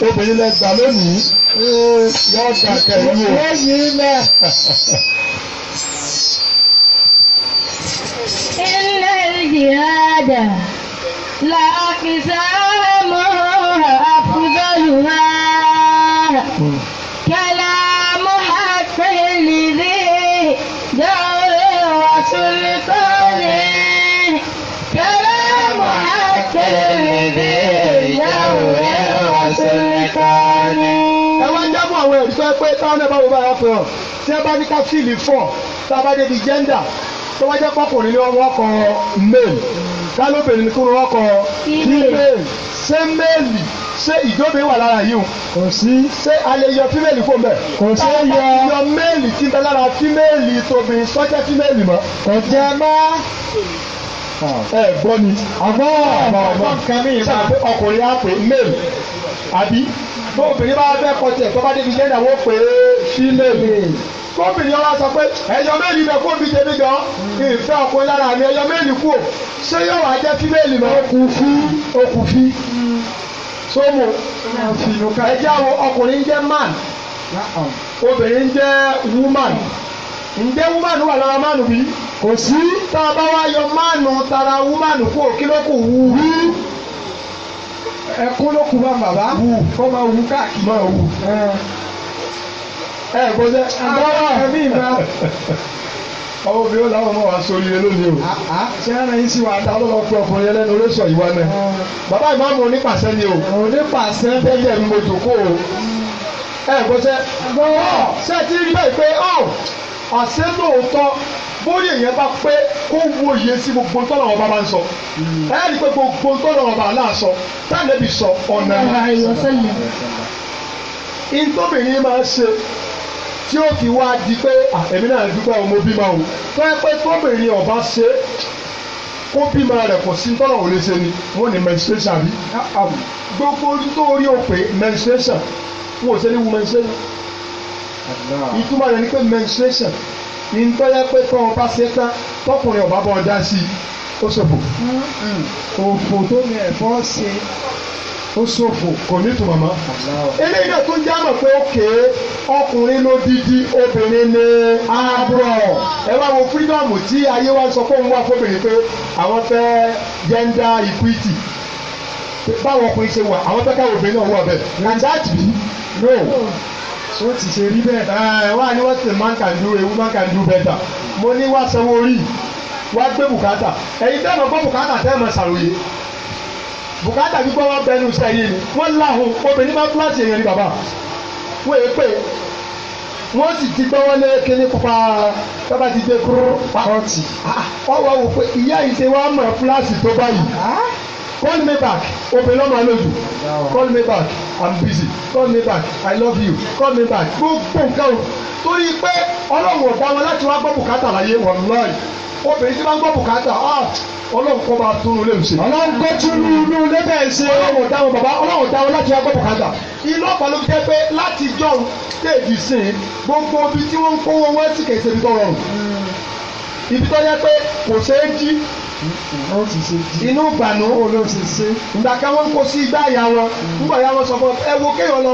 obìnrin lẹ gbà lónìí yọ ọ̀gá kẹ̀lú o. lẹ́yìn lẹ. <laughs> ilé لأقسامه أفضلها كلام حق لذي دور وسلطان كلام حق لذي دور وسلطان ẹwà ń jábọ̀ àwọn ẹ̀rí sọ pé táwọn ẹ̀bá wo bá yà fún ọ tí ẹ bá ní káfíìlì fọ tá a bá débi jẹ́ndà tó wájẹ́ pọ́kùnrin ni wọ́n wọ́n kọ male lálóbìnrin kó rọ́kọ̀ female ṣé male ṣé ìjóbe wà lára yìí o. kò sí. ṣé a lè yọ female fún bẹ́ẹ̀. kò sí yọ. yọ male ti bẹ lára female tóbi sọ́jẹ́ female mọ́. kò jẹ́ mọ́ ẹ gbọ́ mi. àmọ́ àmọ́ sábẹ́ ọkùnrin á pè male àbí bó obìnrin bá fẹ́ kọjá ẹ̀ tó bá débi jẹ́ńdà wọ́n pè é kóbìnrin ọlá sọ pé ẹyọ méèlì bẹ kóbi tèmi gan ìfẹ́ ọkùnrin lára mi ẹyọ méèlì kú ṣé yóò wá jẹ́ fímẹ́ẹ̀lì lọ. okùn fi okùn fi sómo ẹjẹ àwọn ọkùnrin jẹ́ man obìnrin jẹ́ woman ǹjẹ́ wúmánù wà lára mánù bí? kò sí. tá a bá wá yọ mánù tara wúmánù kó kí ló kù wú. wú ẹkún ló kù bá bàbá. wú kó máa wú káàkiri. máa wú ẹ kò sẹ àbọwọ ẹmí ìgbà ọmọ obìnrin làwọn ọmọ wa sórí ilé lónìí o. ṣé ẹran yìí sì wà dá ló lọ pé ọkùnrin yẹn lẹ́nu olóṣọ yìí wá náà. Ah. bàbá ìmáàmù onípàṣẹ ni o. Ah, onípàṣẹ bẹ́ẹ̀ ni mo jòkó o. ẹ kò sẹ àbọwọ ṣé ti rí bẹ́ẹ̀ pé ọ àṣẹ lóòótọ́ bóyá èèyàn bá pé kó wo iye sí gbogbo tọ́lọ̀ ọba bá ń sọ hmm. ẹ ẹ́ rí pé gbogbo tọ́lọ̀ ọba náà sọ táǹdẹ̀bì sọ ọ̀nà ìlọsẹ̀yìn. ìtòbìnrin máa ń ṣe tí ó fi wá di pé èmi náà dúpẹ́ ọmọ bímọ o tó yẹ pé tóbìnrin ọba ṣe kó bímọ rẹ̀ kò sí tọ́lọ̀ ò lè ṣe ni wọ́n ní menstruation bí gbogbo tó o pé menstruation wọ́n ò ṣe ní menstruation ìtumọ̀ rẹ̀ ni pé menstruation ìtọ́ yẹ pé tọ́ ọba ṣe tán tọkùnrin ọba bọ̀ dá sí i ó ṣòfò. òfò tó ní ẹ̀fọ́ ṣe ó ṣòfò kò ní tùmọ̀ mọ́. eléyìí náà tó já mọ̀ pé òkè ọkùnrin ló dídí obìnrin ní àbúrò ẹ wá wo fírídọ̀mù tí ayé wa sọ fóun wá fóbìnrin pé àwọn fẹ́ gẹ́ndà ìkwìtì báwọn ọkùnrin ṣe wà àwọn fẹ́ káwọn obìnrin náà wà bẹ́ẹ̀ and that be no so ti ṣe rí bẹ́ẹ̀ ẹ wá ní what a man can do a woman can do better mo ní wá sanwó rí wá gbé bùkátà ẹ̀yin tẹ́ mọ̀ gbọ́ bùkátà tẹ́ mọ̀ ṣàròyé bùkátà gbígbọ́ wọn bẹnu iṣẹ́ yìí ni wọ́n láhùn obìnrin máa fúláṣì èèyàn ní bàbá wọ́n èé pè wọ́n sì ti gbọ́ wọlé kíní pupa bàbá ti dé kúrú pàrọ̀tì ọwọ́ ah, wò pé ìyá yìí ṣe wá mọ̀ fúláṣì tó báyìí ah. call me back obìnrin lọ́mọ alójú call me back i'm busy call me back i love you call me back gbogbo nǹkan o torí pé ọlọ́run ọ̀dá wọn láti wá gbọ́ bùkátà láyé wọ̀nyí obìnrin tí bá ń gbọ́ bùkátà ah, ọlọ́run kọ́ bá tún un lè ṣe. ọlọ́run kọ́ tún un ní ilé bẹ́ẹ̀ ṣe. ọlọ́run dáhùn bàbá ọlọ́run dáhùn láti agbọ́ bùkátà. iná ọ̀pọ̀lọ́ jẹ́ pé láti jọ déèdì sí i gbogbo ibi tí wọ́n ń kó owó ẹ̀sìn kèsè ibi tó rọrùn. Hmm. ibi tó yẹ pé kò ṣeé jí inú gbànú ìgbà kan wọn kó sí igbá ìyá wọn hmm. nígbà ìyá wọn sọ fún ẹ wo kéèyàn lọ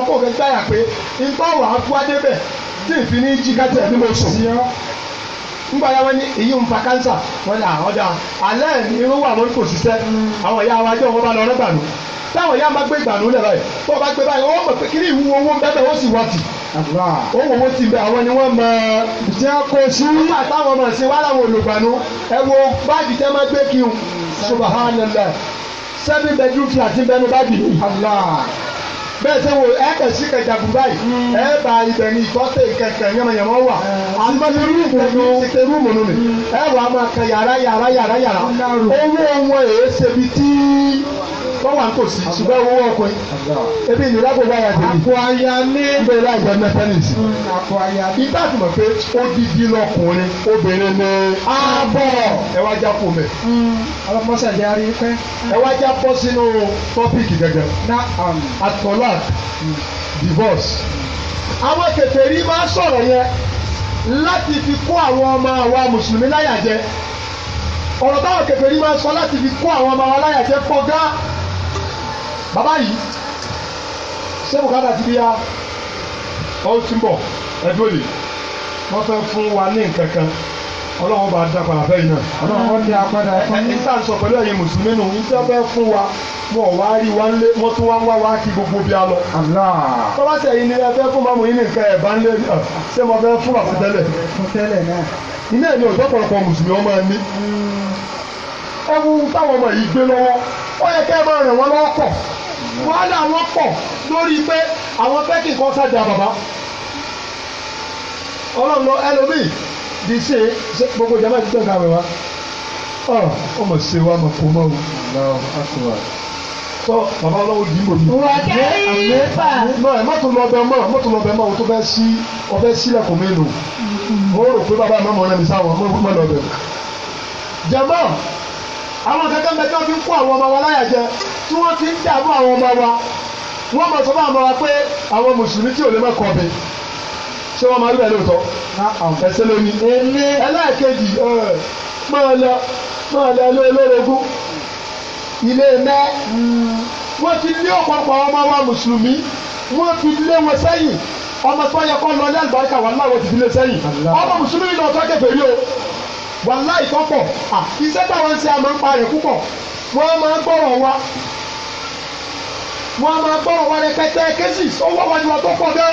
nígbà yà wọ́n ní èyí ń fa kánsà wọ́n ní ah, àwọn dáa alẹ́ irun wà wọ́n kò ṣiṣẹ́ àwọn ìyá wa jẹ́ wọn bá lọ rẹ́gbà nù táwọn ìyá máa gbé ìgbànú lẹ̀ báyìí bó o bá gbé báyìí wọ́n mọ̀ pé kí ni ìwú owó ń bẹ́ẹ̀ ó sì wá tì ó wò ó ti bẹ àwọn ni wọ́n mọ ìṣe kó sí nígbà táwọn ọmọ ìṣe wà láwọn olùgbànú ẹ wo báàgì tẹ́ máa gbé kí n subahánilẹ seven bedroom flat ń bẹnu báàgì yìí bẹ́ẹ̀ ṣe wo ẹ̀ẹ́kẹ̀ sí kẹjà bùbá yìí mm. ẹ̀ẹ́ bá ibẹ̀ ni ìtọ́sẹ̀ kẹ̀kẹ́ yẹmọyẹmọ wà àtúbọ̀tì rúùmù rúùmù nù mí mm. ẹ̀ẹ́ wà á máa kẹ yàrá yàrá yàrá yàrá owó wọn èé ṣebi tí wọ́n wà nítòsí ṣùgbọ́n owó ọkùnrin ebi ìnira kò wáyà tèmi àpò aya ní bẹ́ẹ̀ láì jẹ́ mẹ́tẹ́nìsì mm, àpò ibà tó mọ̀ pé ó dídí lọkùnrin obìnrin ní ààbọ̀ ẹ wá já fún mi. ọlọpàá sàdé arí pẹ́. ẹ wá já bọ́ sínú tọ́pìkì gẹ́gẹ́ um, àtọ̀lọ́ husband divorce àwọn kèfèrí máa sọ̀rọ̀ yẹn láti fi kó àwọn ọmọ àwa mùsùlùmí láyà jẹ ọ̀rọ̀ táwọn kèfèrí máa sọ láti fi kó àwọn ọmọ àwa láyà jẹ pọ̀ gá bàbá yìí ṣé bùkátà ti bí ya ó ti ń bọ̀ ẹ̀dúró lè wọ́n fẹ́ fún wa ní nǹkan kan ọlọ́run bá dá padà fẹ́yìn náà. ọlọ́run dá padà fún mi. ẹ̀sán sọ pẹ̀lú ẹ̀yin mùsùlùmí nù ní sẹ́fẹ́ fún wa wọn ò wá rí wa lé wọn tún wá ń wá wa kí gbogbo bí a lọ. tọ́lá tẹ̀ yín ni ẹ fẹ́ fún bámu yín ní nǹkan ẹ̀ bá ń lé ṣé mo fẹ́ fún bàbá tẹ́lẹ̀. iná ẹ̀ ni ọ̀dọ́ pọ̀lọpọ̀ mùsùlùmí ọmọ hmm. ẹ ní. ẹwu táwọn ọmọ yìí gbé lọ́wọ́ ó yẹ kẹ́ ẹ máa ràn wọ́n lọ́wọ́ pọ̀ wàhálà wọn ẹlòmíì di ṣe gbogbo jama ti tẹ̀ka rẹ̀ wá ọ ọmọ ṣe wa mọ̀ kó mọ́ o. tọ́ bàbá ọlọ́wọ́ di mò ní. wà á kẹ́lí fà. náà mọ́tò lọ bẹ mọ́ mọ́tò lọ bẹ mọ́ o tó fẹ́ sí ọfẹ́ sílẹ̀kùn mélòó. mo rò pé bàbá mi mọ̀ ọ́nà mi sáwọn mọ́ lọ bẹ̀. jama àwọn kankan bẹ tí wọn fi ń kó àwọn ọmọ wa láyà jẹ tí wọn fi ń dààmú àwọn ọmọ wa wọn mọ sọ fún àwọn ọmọ wa pé àwọn mùsùlùmí tí ò lè má kọ ọbẹ ṣé wọ́n máa rí bẹ́ẹ̀ lóòótọ́ ẹsẹ̀ lórí. èmi ẹlẹ́ẹ̀kejì máa lọ máa lọ ilé olórogún ilé mẹ́ hmm. wọ́n ti ní ọ̀pọ̀lọpọ̀ ọmọ wa mùsùlùmí wọ́n fi lé wọn sẹ́yìn ọmọ tó yẹ kọ́ lọ ní àlùbáríkà wà láwọn ti fi lé sẹ́yìn ọmọ mùsùlùmí lọ tó kẹfẹ́ rí o wà láì tọ́pọ̀ ah, iṣẹ́ táwọn ń ṣe àmọ́ ń pa rẹ̀ púpọ̀ wọ́n máa ń gbọ́rọ̀ wa wọn a máa gbọ́rọ̀ wá rẹpẹtẹ kéṣì owó wájú wa tó pọ̀ gẹ́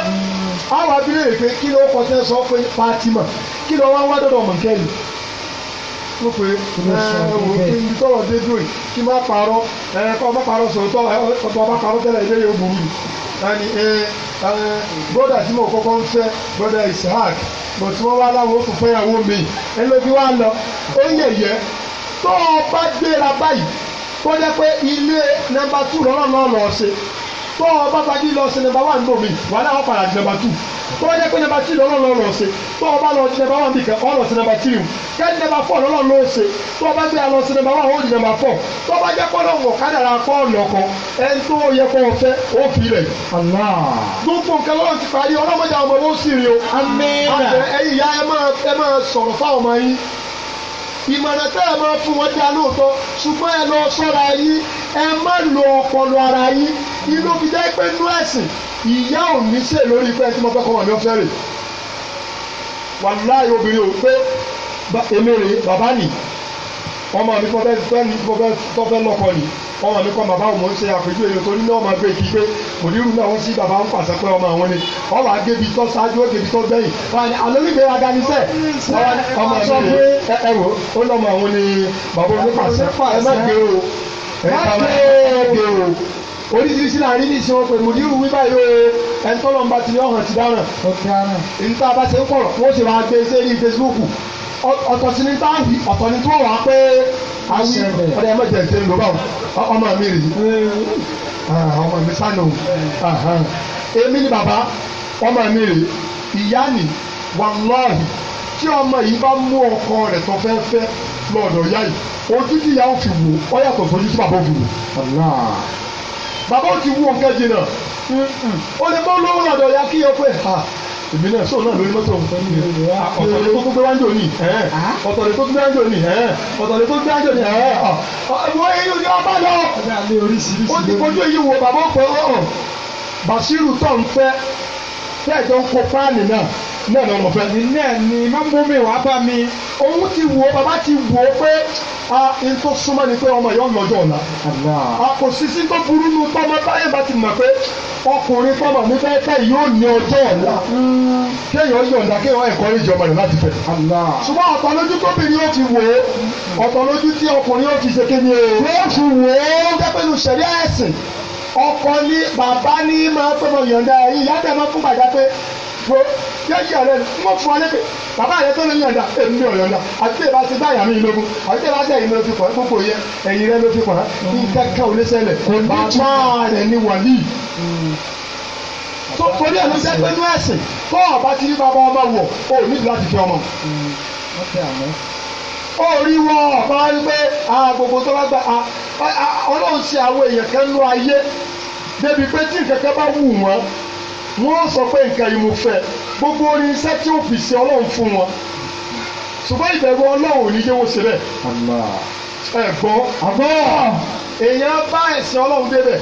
àwọn abilé rè pé kí ló kọ tẹ́ sọ pé Fatima kí ló wá wá dọ̀dọ̀ mọ̀kẹ́lì ó pé ẹ wò ó kí n tọrọ dé dùn kí n má parọ́ ẹ kọ́ má má parọ́ tẹ́lẹ̀ broda tí mo kọ́kọ́ ń fẹ́ broda Ishaq mo tí wọ́n wá láwọn òkú fẹ́yàwó mi ẹ lójú wa lọ ó yẹ̀yẹ́ tó o bá gbéra báyìí tó jẹ́ pé ilé nọmba tù lọ́nà náà lọ́ọ́ ṣe tó o bá gbajú lọ sí nọmba wán bò wà láwọn padà di tù tó pé nọmba tì lọ́nà náà lọ́ọ́ ṣe tó o bá lọ di nọmba wán bì kẹ́ ọ́ sí nọmba tìrì kẹ́ni nọmba fọ́ lọ́nà ló ṣe tó o bá gbé lọ sí nọmba wán ó di nọmba fọ́ tó bá jẹ́ kọ́lọ́ wọ̀ kádàrà kọ́ lọ́kọ́ ẹni tó yẹ kó fẹ́ ó fi rẹ̀. gbogbo nǹkan lọ́wọ́ ti parí ọlọ́mọdé àwọn ọmọ ló sì rí o. àmín. ẹ̀yin ìyá ẹ máa sọ̀rọ̀ fáwọn ọmọ yín ìmọ̀ràn tẹ́ ẹ máa fún wọn dá lóòótọ́ ṣùgbọ́n ẹ lọ sọ́ra yín ẹ má lo ọpọlọ ara yín inú fi jẹ́ pé nú ẹ̀sìn ìyá ò ní ṣe lórí pé tí mo fẹ́ kọ́ wọn ní ọ̀fẹ́ rè wàláhì obìnrin ò pé èmi rè bàbá nì ọmọ mi kọ́ fẹ́ tọ́fẹ́ lọ́kọ ni ọmọ mi kọ́ bàbá òun ṣe àpèjúwe yòó torí náà máa gbé igi pé òdìrú náà wọ́n sí bàbá ń pàṣẹ pé ọmọ àwọn ni ọmọ àgébi tó ṣáájú ó débi tó gbẹ̀yìn àlórígbé aganisẹ́ ọmọ mi ẹ ẹ wò ó lọ́mọ àwọn ni bàbá òun pàṣẹ ẹ má gbé o ẹ má gbé o oríṣiríṣi láàrin ní ìṣòro pẹ̀lú onírú wíwá yìí o ẹni tó lọ́nba ti yọ̀ ti dáràn. ó ti dáràn. bá ṣe ń pọ̀rọ̀ wọ́n ṣe máa gbé e sẹ́rí Facebook ọ̀tọ̀ sí ní táàbì ọ̀tọ̀ ní tí wọ́n wà á pé awí ọ̀rẹ́ ẹ̀ mẹ́jẹ̀ ṣe ń lò báwọn ọmọ mi rèé ah, ọmọ mi sànù èmi ni bàbá ọmọ mi rèé ìyá ni wàlọ́ọ̀hì tí ọmọ yìí bá mú ọkọ rẹ̀ tó fẹ́ fẹ́ lọ́dọ̀ yá yìí ojú tí ìyá ò fi wò ó yàtọ̀ sójú tí bàbá ò fi wò bàbá ò ti wú ọ̀kẹ́ jìnnà ó lè bọ́ lówó lọ́dọ̀ yá kí ẹ pé ha èmi náà sóò náà lórí mọ́tò ọ̀tọ̀ ni ah. ọ̀tọ̀ ni tó gbé wájú ni eh. ọ̀tọ̀ ni tó gbé wájú ni ọ̀tọ̀ ni tó gbé wájú ni ọ̀tọ̀ ni tó gbé wájú ni ọ̀tọ̀ ni tó náà lọ́nà ọ̀fẹ́ ni náà ni mọ́mú mi wàá bá mi òun ti wò bàbá ti wò pé a n tó súnmọ́ ni pé ọmọ yóò lọ́jọ́ ọ̀la a kò sí sí tó burú nu tọ́mọ táyé bá ti mọ̀ pé ọkùnrin tọ́mọ mi fẹ́ fẹ́ yóò ní ọjọ́ ọ̀la mm. kéèyàn yọ̀ǹda kéèyàn ẹ̀kọ́ ní ìjọba rẹ̀ láti fẹ́ ṣùgbọ́n ọ̀tọ̀ lójú tóbìnrin ó ti wò ó ọ̀tọ̀ lójú tí ọkùnrin ó ti ṣe kéde o yóò fi wò ó dẹ́pẹ́nu ṣẹ̀rí ẹ̀sìn ọkọ ní bàbá ní máa tọ́mọ yọ̀ǹda yìí yá wo yẹ yí àlẹ́ ni mo fún ọ lẹ́pẹ́ bàbá rẹ tó ní yànda èmi ò yànda àti tèbá ti bá yàmi ìlógún àti tèbá ti ẹ̀yìn ló fi kàn gbogbo yẹ ẹ̀yìn rẹ ló fi kàn nǹkan kan ò lè ṣẹlẹ̀ bàbá rẹ ni wàlíì tó hmm. torí ẹ̀ ló jẹ́ pé ní ẹ̀sìn tó ọba ti rí bàbá ọmọ wọ̀ ó nílò láti fi ọmọ. ó hmm. rí wọ ọba wípé gbogbo tó bá gba ọlọ́run ṣe àwọn èèyàn kan lọ ayé débi pé tí nǹkan kan bá wù wọ́n wọ́n sọ pé nǹkan yìí mo fẹ́ gbogbo orin iṣẹ́ tí ó fi ṣe ọlọ́run fún wọn ṣùgbọ́n ìbẹ̀rù ọlọ́run ò ní yé wọ́n ṣe bẹ́ẹ̀ ẹ gbọ́ èèyàn bá ẹ̀sìn ọlọ́run débẹ̀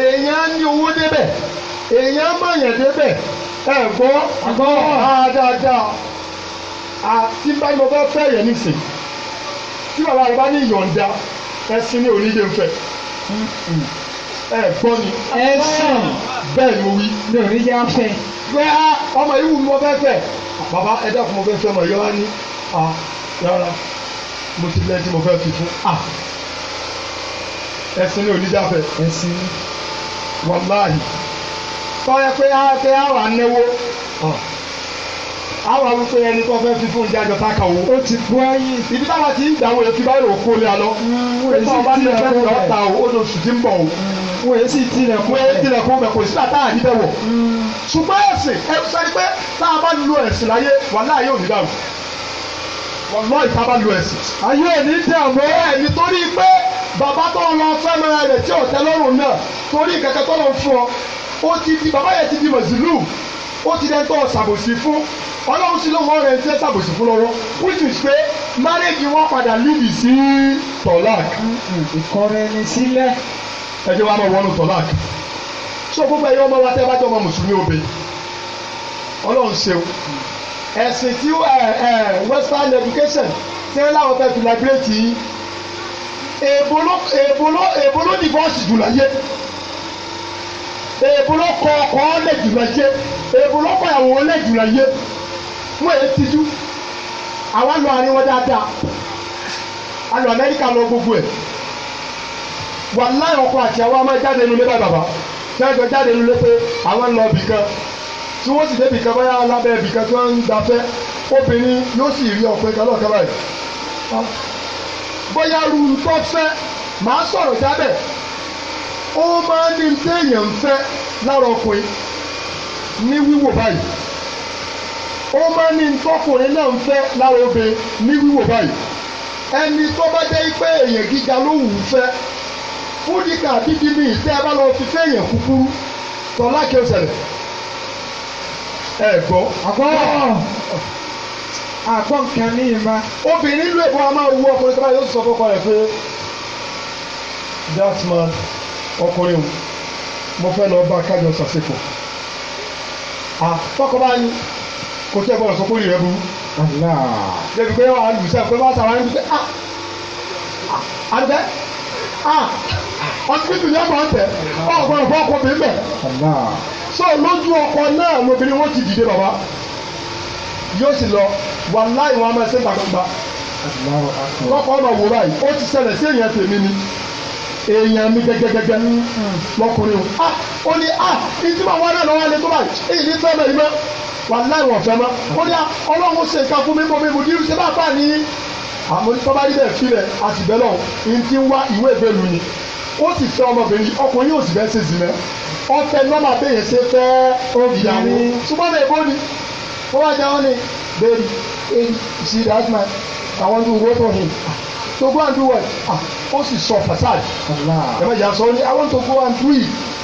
èèyàn ní owó débẹ̀ èèyàn mọ̀yàn débẹ̀ ẹ gbọ́ dáadáa àti báyìí mo fẹ́ fẹ́ yẹn nísìn tí bàbá rẹ bá ní ìyọ̀ǹda ẹ̀sìn ní onídé ń fẹ́ ẹ gbọ́ ni. ẹ sàn. bẹ́ẹ̀ ló wí. mi ò ní yá fẹ́. pé a ọmọ yìí wù mí mo fẹ́ fẹ́. bàbá ẹ dákun mo fẹ́ fẹ́ mọ̀ yọ́wá ní. yàrá mo ti lẹ́yìn tí mo fẹ́ fi fún. ẹ̀sìn ni ò ní yá fẹ́. ẹ̀sìn ni. wàláhì. tọ́yẹ pé a fẹ́ àwọn anáwó àwọn àwọn pé ẹni tó fẹ́ fi fún ìdí àjọ táka wo. ó ti bọ́ ẹyin. ibi táwa ti ń gbà wọlé ti báyìí òkú lé alọ. ó ti bá ní ẹgbẹ́ ìjọ ta o ó lọ sùn tí wọn èsì tilẹ̀kùn tilẹ̀kùn bẹ̀ kò sí tàtà àdìbẹ̀ wọ̀ ṣùgbọ́n ẹ̀sìn ẹ sẹ́ni pé tá a bá lo ẹ̀sìn láyé wàhálà yóò ní dàrú wọ́n ìta bá lu ẹ̀sìn. ayé ẹni tẹ ọ̀mọ́ ẹ̀ nítorí pé bàbá tó ń lọ fẹ́ràn rẹ̀ tí ò tẹ́ lọ́rùn náà torí kẹ̀kẹ́ tó lọ fún ọ ó ti di bàbá yẹn ti di mọ̀sílù ó ti dẹ́ntọ́ ṣàbòsí fún ọlọ́run sí lọ́wọ́ rẹ̀ ti dẹ́ ṣàbòsí fún lọ́wọ́ which is pé márẹ́jì wọn padà líbi sí tọ́lá. ìkọrẹ́nisílẹ̀ ẹ jẹ́ wá mọ̀ wọ́n lò tọ́lák so gbogbo ẹ̀yin ọmọ wa tẹ́ bá jẹ́ ọmọ mùsùlùmí òbí ọlọ́run ṣeun ẹ̀sìn tí western education tí wọ́n láwọn fẹ́ fi láìpẹ́rẹ́tì yìí èèbó ló èèbó ló divorce jù láyé èèbó ló kọ ọkọ lẹ̀ jù láyé èèbó ló kọ ìyàwó lẹ̀ jù láyé wọ́n èyí tijú àwa lọ àárín wọn dáadáa a lọ Amẹ́ríkà lọ gbogbo ẹ̀ wà láì ọkọ àti àwọn ọmọ jáde nulẹ̀ bá bàbá tí wọ́n jọ jáde nulẹ̀ pé àwọn ń lọ bì kan tí wọ́n sì débi kan báyà lábẹ́ bì kan tí wọ́n ń gbafẹ́ obìnrin yóò sì rí ọ̀pẹ kanáà kan báyìí. bóyá ru tó màá sọ̀rọ̀ jábẹ̀ ó máa ní téèyàn ń lára ọkùnrin ní wíwò báyìí ó máa ní tọkùnrin náà ń fẹ́ lára obìnrin ní wíwò báyìí ẹni tó bá jẹ́ pé èèyàn gíga ló wù ú fẹ́ fúdìkà dídí mi ìtẹ́ ẹ bá lọ fi fẹ́yàn kúkúrú tọ́lá kí o ṣẹlẹ̀ ẹ gbọ́. àgbọ̀ àgbọ̀ nǹkan ní ìmá. obìnrin ìlú èkó a máa wú ọkùnrin tó yóò sọ fọ́kọ rẹ̀ pé that man ọkùnrin o mo fẹ́ lọ bá kájọ sàṣepọ̀ àfọkọ bá ní kò tí ẹ gbọ́dọ̀ sọ pé olè rẹ burú. débi pé wàá lù sẹ́ẹ̀ pé wàá sàrà ní pé ah, ah ọsibítù yẹn máa ń tẹ ọgbọnọ fún ọkọ bíi bẹ so lójú ọkọ náà lóbìnrin wọn ti dìde bàbá yóò sì lọ wàláì wọn a máa ṣe gbàgbàgbà lọkọ ọmọ wò báyìí ó ti ṣẹlẹ̀ sí èèyàn tèmi ni èèyàn mi gẹgẹgẹgẹ hmm. lọkùnrin o ah ó ní ah ìtumọ̀ wọn náà lọ́wọ́ alẹ́ tó báyìí èyí ní fẹ́ bẹ́ẹ̀ ni mọ́ wàláì wọ̀n fẹ́ mọ́ ó ní ah, ọlọ́run ṣe nǹkan fún mi mọ́ mi mo dirú ṣe bá bá ní àmọ́ tọ́ba níbẹ̀ filẹ̀ àti bẹ́ẹ̀ náà ní ti ń wá ìwé ìbẹ̀lù ni ó sì fẹ́ ọmọbìnrin ọkùnrin yóò sì fẹ́ ṣe zìnà ọ̀fẹ́ nọ́mà bẹ́yẹn ṣe fẹ́ ìyàwó ṣùgbọ́n bẹ́ẹ̀ ni ó wá jẹun ni baby she that man I want to work for him to go and do what ah ó sì sọ fasad ẹ̀mẹ̀jà sọ ni I want to go and do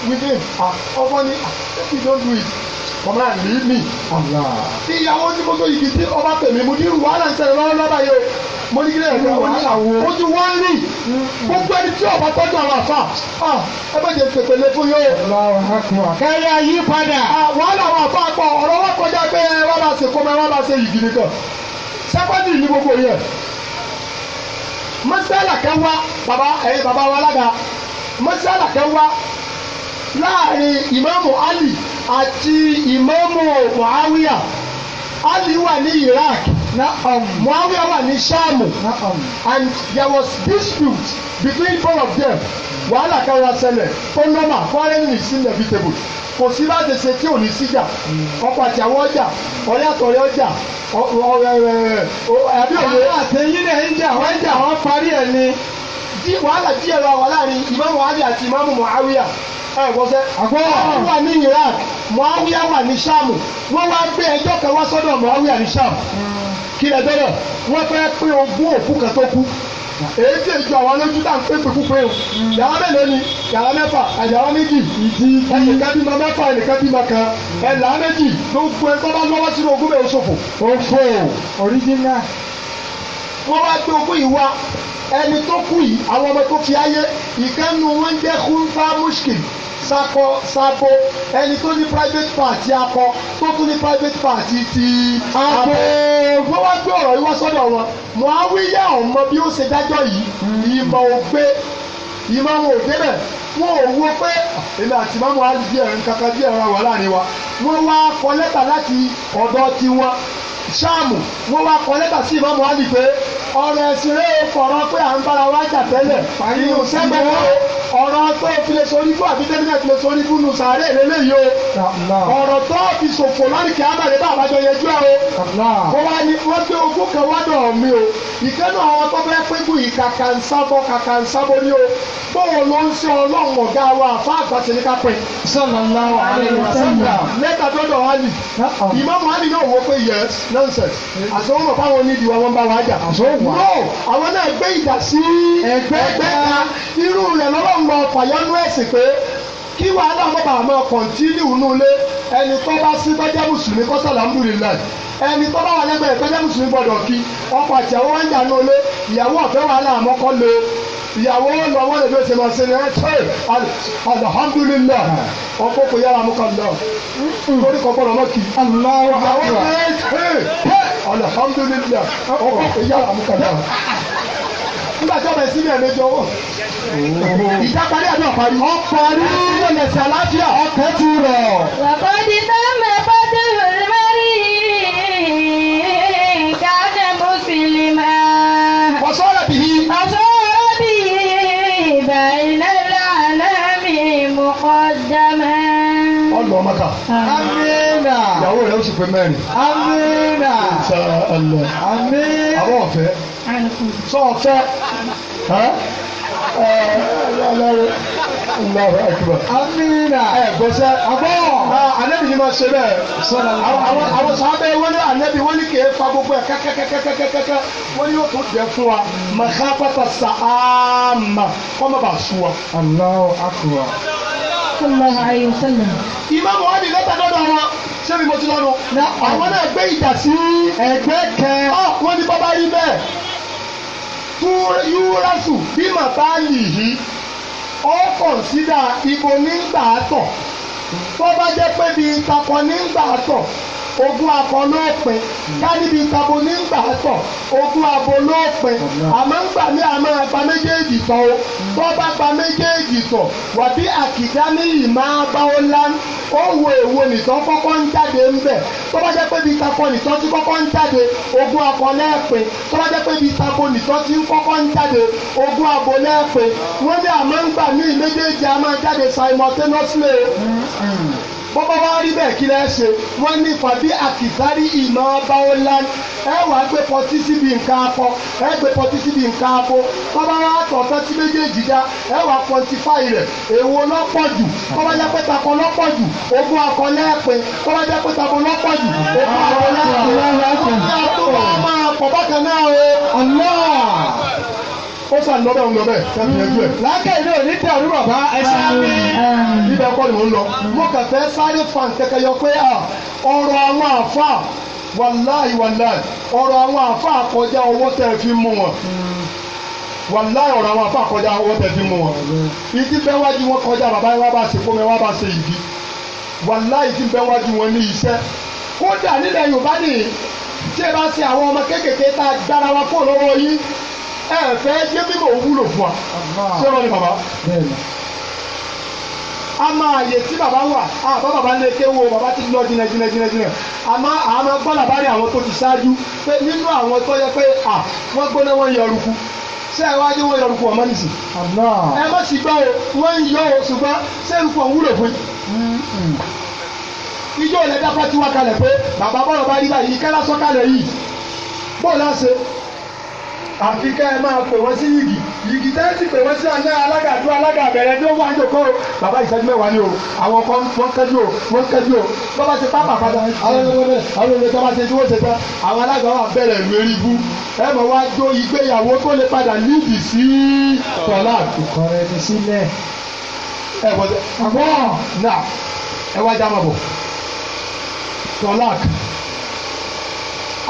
with him ah ọkọ ni ah if you don't do it ọmọ náà ní mi. ìyàwó tí mo tó igi tí ọba tèmi mo ní irú wàhálà ń ṣẹlẹ̀ lọ́wọ́ lọ́ba yìí o mo ní kílẹ̀ ẹ̀rọ wàhálà wo mo ti wọ́n rí gbogbo ẹni tí ọba tọ́jú àwọn àfa ẹ bẹ́ẹ̀ jẹ́ pèpèlé fún yóò. kẹ́rẹ́ yí padà. wàhálà àwọn àfa pọ̀ ọ̀rọ̀ wọn kọjá pé wọ́n bá ṣe kó mẹ́ wọ́n bá ṣe igi nìkan sẹ́kọ́ndì ní gbogbo yẹn mọ́sálà kẹwàá bàbá ẹ̀ bàbá wa alága mọ́sálà kẹwàá láàrin ìmáàmù Ali àti ìmáàmù Muawiya Ali wà ní Iraq Na'am. Um, Muawiya wà ní Ṣáàmù. Na'am. Um. And there was dispute between both of them. Wàhálà kan ra ṣẹlẹ̀ tó nọ́mà quarreling is inevitable. Kò sí láti ṣe tí ò ní síjà. Mm. Ọkọ àti àwọn ọjà, ọ̀rẹ́ àtọ̀rẹ́ ọjà, ọ̀rẹ́ àbí òwe. Àwọn àtẹ̀yìn náà ń jà wọ́n jà wọ́n parí ẹ̀ ni. Wàhálà díẹ̀ lọ wà láàrin ìmáàmù Ali àti ìmáàmù Muawiya ẹ gbọ́ sẹ́. àgbọ̀ wọ́n wà ní Iraq Muawiya wà ní Ṣáàmù wọ́n wá gbé ẹjọ́ kan wá sọ́dọ̀ Muawiya ní Ṣáàmù kí lẹ bẹ́rẹ̀ wọ́n fẹ́ pín ogún òkú kan tó kú èyí tí èjì àwọn lójú tá à ń pè pé púpé o yàrá mélòó ni yàrá mẹ́fà àyàrá méjì ìdí ẹnìkan bímọ mẹ́fà ẹnìkan bímọ kan ẹ̀là méjì gbogbo ẹ̀ tó bá lọ́wọ́ sínú ogún bẹ́ẹ̀ ṣòfò. òfò òríjínà. wọ́n wá gbé ogún yìí wá ẹni tó kú yìí àwọn ọmọ tó fi ayé ìkànnù wọn jẹ́ kúńfà mushkil sakọ sabo ẹni tó ní private party akọ tó tún ní private party ti abo wọ́n wá gbé ọ̀rọ̀ yìí wá sọ́dọ̀ wọn Muawiya ọmọ bí ó ṣe dájọ́ yìí hmm. ìmọ̀ ògbé ìmọ̀ àwọn òde rẹ̀ wọ́n ò wo pé èmi àti mọ́mọ́ á di ẹ̀rín kankan bí ẹ̀rọ wà láàrin wa wọ́n wá kọ lẹ́tà láti ọ̀dọ̀ tiwọn ṣáàmù wọ́n wá kọ lẹ́tà sí ìmọ̀mù Ali pé ọ̀rọ̀ ẹ̀sìn rẹ̀ fọ̀rọ̀ pé à ń bára wá jà tẹ́lẹ̀ inú sẹ́gbẹ̀ rẹ̀ ọ̀rọ̀ pé file sori fún àbí tẹ́lẹ̀ file sori fún nù sàárè lélẹ́yìí o ọ̀rọ̀ tó fi ṣòfò lórí kí abalẹ̀ bá àbájọ yẹjú ẹ o kó wá ní wọ́n gbé ogún kan wá dọ̀ mí o ìkẹ́nu àwọn tó fẹ́ pínkù yìí kàkà ń sábọ̀ kàkà ń sábọ̀ ní o bóun ló ń ṣe ọlọ́run ọ̀gá wa àfa àgbàṣe ní kápẹ́. sallallahu alaihi wasallam lẹ́tà tó dọ̀ wá lì ìmọ̀mù Ali nonsense. àsọ̀rọ̀ mọ̀ fáwọn onídìí wa wọ́n bá wa jà. àsọ̀rọ̀ wa. no àwọn náà gbé ìjà sí ẹgbẹ́ ká irú rẹ̀ lọ́lọ́mọ fàyọ́nú ẹ̀sìn pé kí wàhálà ọmọ bàbá máa kọ̀ntínú nulẹ̀ ẹni tó bá sí tọ́jà mùsùlùmí kọ́sàlá ń bùrì láì ẹni tó bá wà lẹ́gbẹ̀ẹ́ tọ́jà mùsùlùmí gbọ́dọ̀ kí ọkọ̀ àti àwọn wáńjà nulẹ̀ ìyàwó ọ̀fẹ́ wàhálà àmọ́kọ́ lè ìyàwó lọ wọn lè fi ṣe máa ṣe ni wọn ṣe alihamudulilayi ọkọ kò yára mú kan lọ lórí kọ gbọ́dọ̀ lọkì ìyàwó alihamudulilayi ọkọ kò yára mú kan lọ nígbà tí ọmọ ẹsìn ní ẹ̀mẹjọ wọ. Oh. ìjà parí àbí ọ̀parí. ọ̀parí ló lè ṣe àlàáfíà ọkọ̀ tu rọ̀. bàbá ti tẹ́ mẹ́fọ́ tó wẹ̀rẹ̀ mẹ́rì káàdé mùsùlùmá. ọ̀ṣọ́ rẹ̀ bìí. ọ̀ṣọ́ إلى العالمين مقدما ọlọ maka. amina. ìyàwó rẹ ó sì pé mẹ́rin. amina. ṣe ẹlẹ. amina. àbọ̀ ọ̀fẹ́. sọ ọ̀fẹ́. ẹ ẹ ẹ ẹ. Allahu akbar. Amina. Ẹ gbọ́sẹ̀. Àbọ̀. Ànábì ni máa ṣe bẹ́ẹ̀. Sọ́dọ̀ àwọn àwọn sábẹ́ wọ́n ní ànábì wọ́n ní kì í fa gbogbo ẹ̀ kẹ́kẹ́kẹ́kẹ́kẹ́kẹ́ wọ́n ní yóò tún dẹ̀ fún wa. Màkà pàtà sàámà kọ́ má bàa sùn wa. Allahu akbar. Sallallahu alayhi wa sallam. Ìmáàmù wa ni lẹ́tà dọ́dọ̀ wọn ṣebí mo ti lọ́nu. Àwọn náà gbé ìjà sí ẹgbẹ́ kẹ. Ah, wọ́n ní bàbá rí bẹ́ẹ̀. Túrẹ́sù bí màtá lì yìí ó kọ̀nsídà ibo nígbà àtọ̀ tó bá jẹ́ pé bíi ntakọ nígbà àtọ̀ ogún akọ ló pin káníbi tabo ní gbà pọ̀ ogún abo ló pin àmọ́ ngbà ní àmọ́ apá méjèèjì tọ̀ o tó bá pa méjèèjì tọ̀ wà bí àkìdá ní ìmọ̀ abáwọ́ lán ó wo èwo nìtàn kọ́kọ́ ń jáde ń bẹ̀ tó bá jẹ́ pé bí takọ nìtàn tí kọ́kọ́ ń jáde ogún akọ lẹ́ẹ̀pin tó bá jẹ́ pé bí takọ nìtàn tí kọ́kọ́ ń jáde ogún abo lẹ́ẹ̀pin wọ́n ní àmọ́ ngbà ní méjèèjì a jáde simultaneously bọ́bá bá rí bẹ́ẹ̀ kí lẹ́ ṣe wọ́n ní fàbí àkìtárì ìmọ̀ báwọlá ẹ wàá gbé pọtí síbi nǹkan akọ ẹ gbé pọtí síbi nǹkan akọ bọ́bá rà tọ̀tọ̀ tí méjèèjì dá ẹ wàá quantify rẹ̀ èwo lọ́pọ̀ jù bọ́bá jẹ́ pé takọ lọ́pọ̀ jù ogún akọ lẹ́ẹ̀pin bọ́bá jẹ́ pé takọ lọ́pọ̀ jù ogún akọ lẹ́ẹ̀pin ọ̀rọ̀ o ó sàn lọ́bẹ̀ òun lọ́bẹ̀ kẹ́kẹ́ ẹgbẹ́. lákẹ́ ilé òní tẹ ọdún bàbá ẹ ṣáà yẹn kọ́ ni mò ń lọ mo kàn fẹ́ sáré fa nkẹ́kẹ́ yọ pé ah, ọ̀rọ̀ àwọn àfa wàláì wàláì ọ̀rọ̀ àwọn àfa àkọjá ọwọ́ tẹ̀ fi mú wọn wàláì ọ̀rọ̀ àwọn àfa àkọjá ọwọ́ tẹ̀ fi mú wọn ìdí bẹ́ẹ̀ wájú wọn kọjá bàbá yẹn wá bá ṣe fómi wá bá ṣe ìdí wàláì ìdí bẹ́ẹ̀ wájú wọn ní iṣẹ́ kódà nílẹ̀ Yorùbá nìyí tí bá ṣe àwọn ọmọ kéékèèké tá a gbára wa kó lọ́wọ́ yín ẹ fẹ́ jẹ́ mímọ̀ òwúlò fún àmọ́ àyè tí bàbá wà àbá bàbá ń lè ké wo bàbá ti lọ jìnnà jìnnà a jìnnà àmọ́ àmọ́ gbọ́dọ̀ bá rí àwọn tó ti ṣáájú pé nínú àwọn tó yẹ pé à wọ́n gbóná wọ́n yọ ọrùkú ṣé ẹ wáá dé wọ́n yọ ọrùkú ọmọ nìsí. ẹ má sì gbọ́ o wọ́n ń yọ o ṣùgbọ́n ṣé ẹrùkú ọ̀hún wúlò fún yìí. ijó ìlẹ̀ dáfà ti wá kalẹ̀ pé bàbá bọ́lọ̀ bá rí báyìí kẹ́lá sọ́kalẹ̀ yìí bọ́ọ̀lù àfi ká ẹ máa pè wọ́n sí yìgì yìgì tẹ́ ti pè wọ́n sí àná alágàdúrà alágàbẹ̀rẹ̀ tí ó wà níjòkó o bàbá ìṣẹ́jú mẹ́wàá ni o àwọn kan wọ́n kẹ́jú o wọ́n kẹ́jú o bàbá ti pápá padà àwọn ẹlẹ́wọ́n àwọn ẹlẹ́wọ́n tó bá ti dúró ṣe tán àwọn alága wa bẹ̀rẹ̀ lu eribu ẹ mọ̀ wá jó ìgbéyàwó tó lè padà níbi sí tọ́lá ìkọrẹ́ ní sílẹ̀ ẹ wọ́n àmọ́ náà ẹ wá já bọ̀ tọ́lá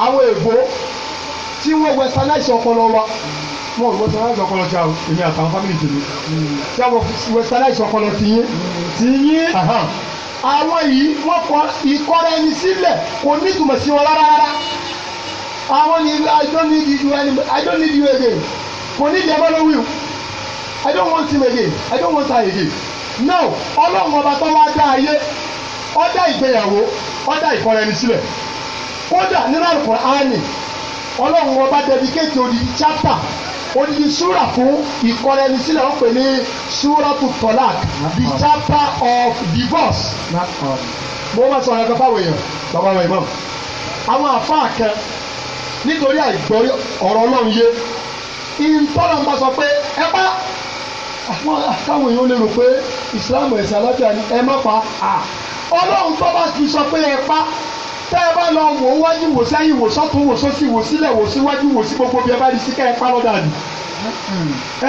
àwọn èèbó tí wọ́n westernize ọpọlọ wa wọn ò westernize ọpọlọ jà o èmi àtàwọn family tèmi tí wọ́n westernize ọpọlọ ti yín ti yín àwọn yìí wọ́n kọ ìkọ́ra ẹni sílẹ̀ kò ní ìtumọ̀ sí wọn rárá rárá àwọn ni I don't need you I don't need you again kò ní ìdí ẹgbẹ́ lówí I don't want him again I don't want her again no ọlọ́run ọba tó wá dá ayé ó dá ìgbéyàwó ó dá ìkọ́ra ẹni sílẹ̀ kódà nínú àlùkò áánì ọlọ́run ọba dẹ́díkéètì odidi chapter odidi súrà fún ìkọrẹ ẹni sílẹ̀ wọ́n pè ní súrà tó tọ́lák the chapter of divorce. mo máa sọ ọ̀rọ̀ kan fáwọn èèyàn bàbá wa ìmọ̀ àwọn àfáà kan nítorí àìgbọ́ ọ̀rọ̀ ọlọ́run yé ìtọ́lọ̀ ń bá sọ pé ẹ bá táwọn èèyàn lè rò pé ìsìláàmù ẹ̀sìn aláfíà ni ẹ má pa ọlọ́run tó bá ti sọ pé ẹ pa tẹ́ ẹ bá lọ wò wájú wò sẹ́yìn wò sọ́tún wò sósì wò sílẹ̀ wò síwájú wò sí gbogbo bí ẹ bá di sí kẹ́ẹ̀ pálọ́ dànù.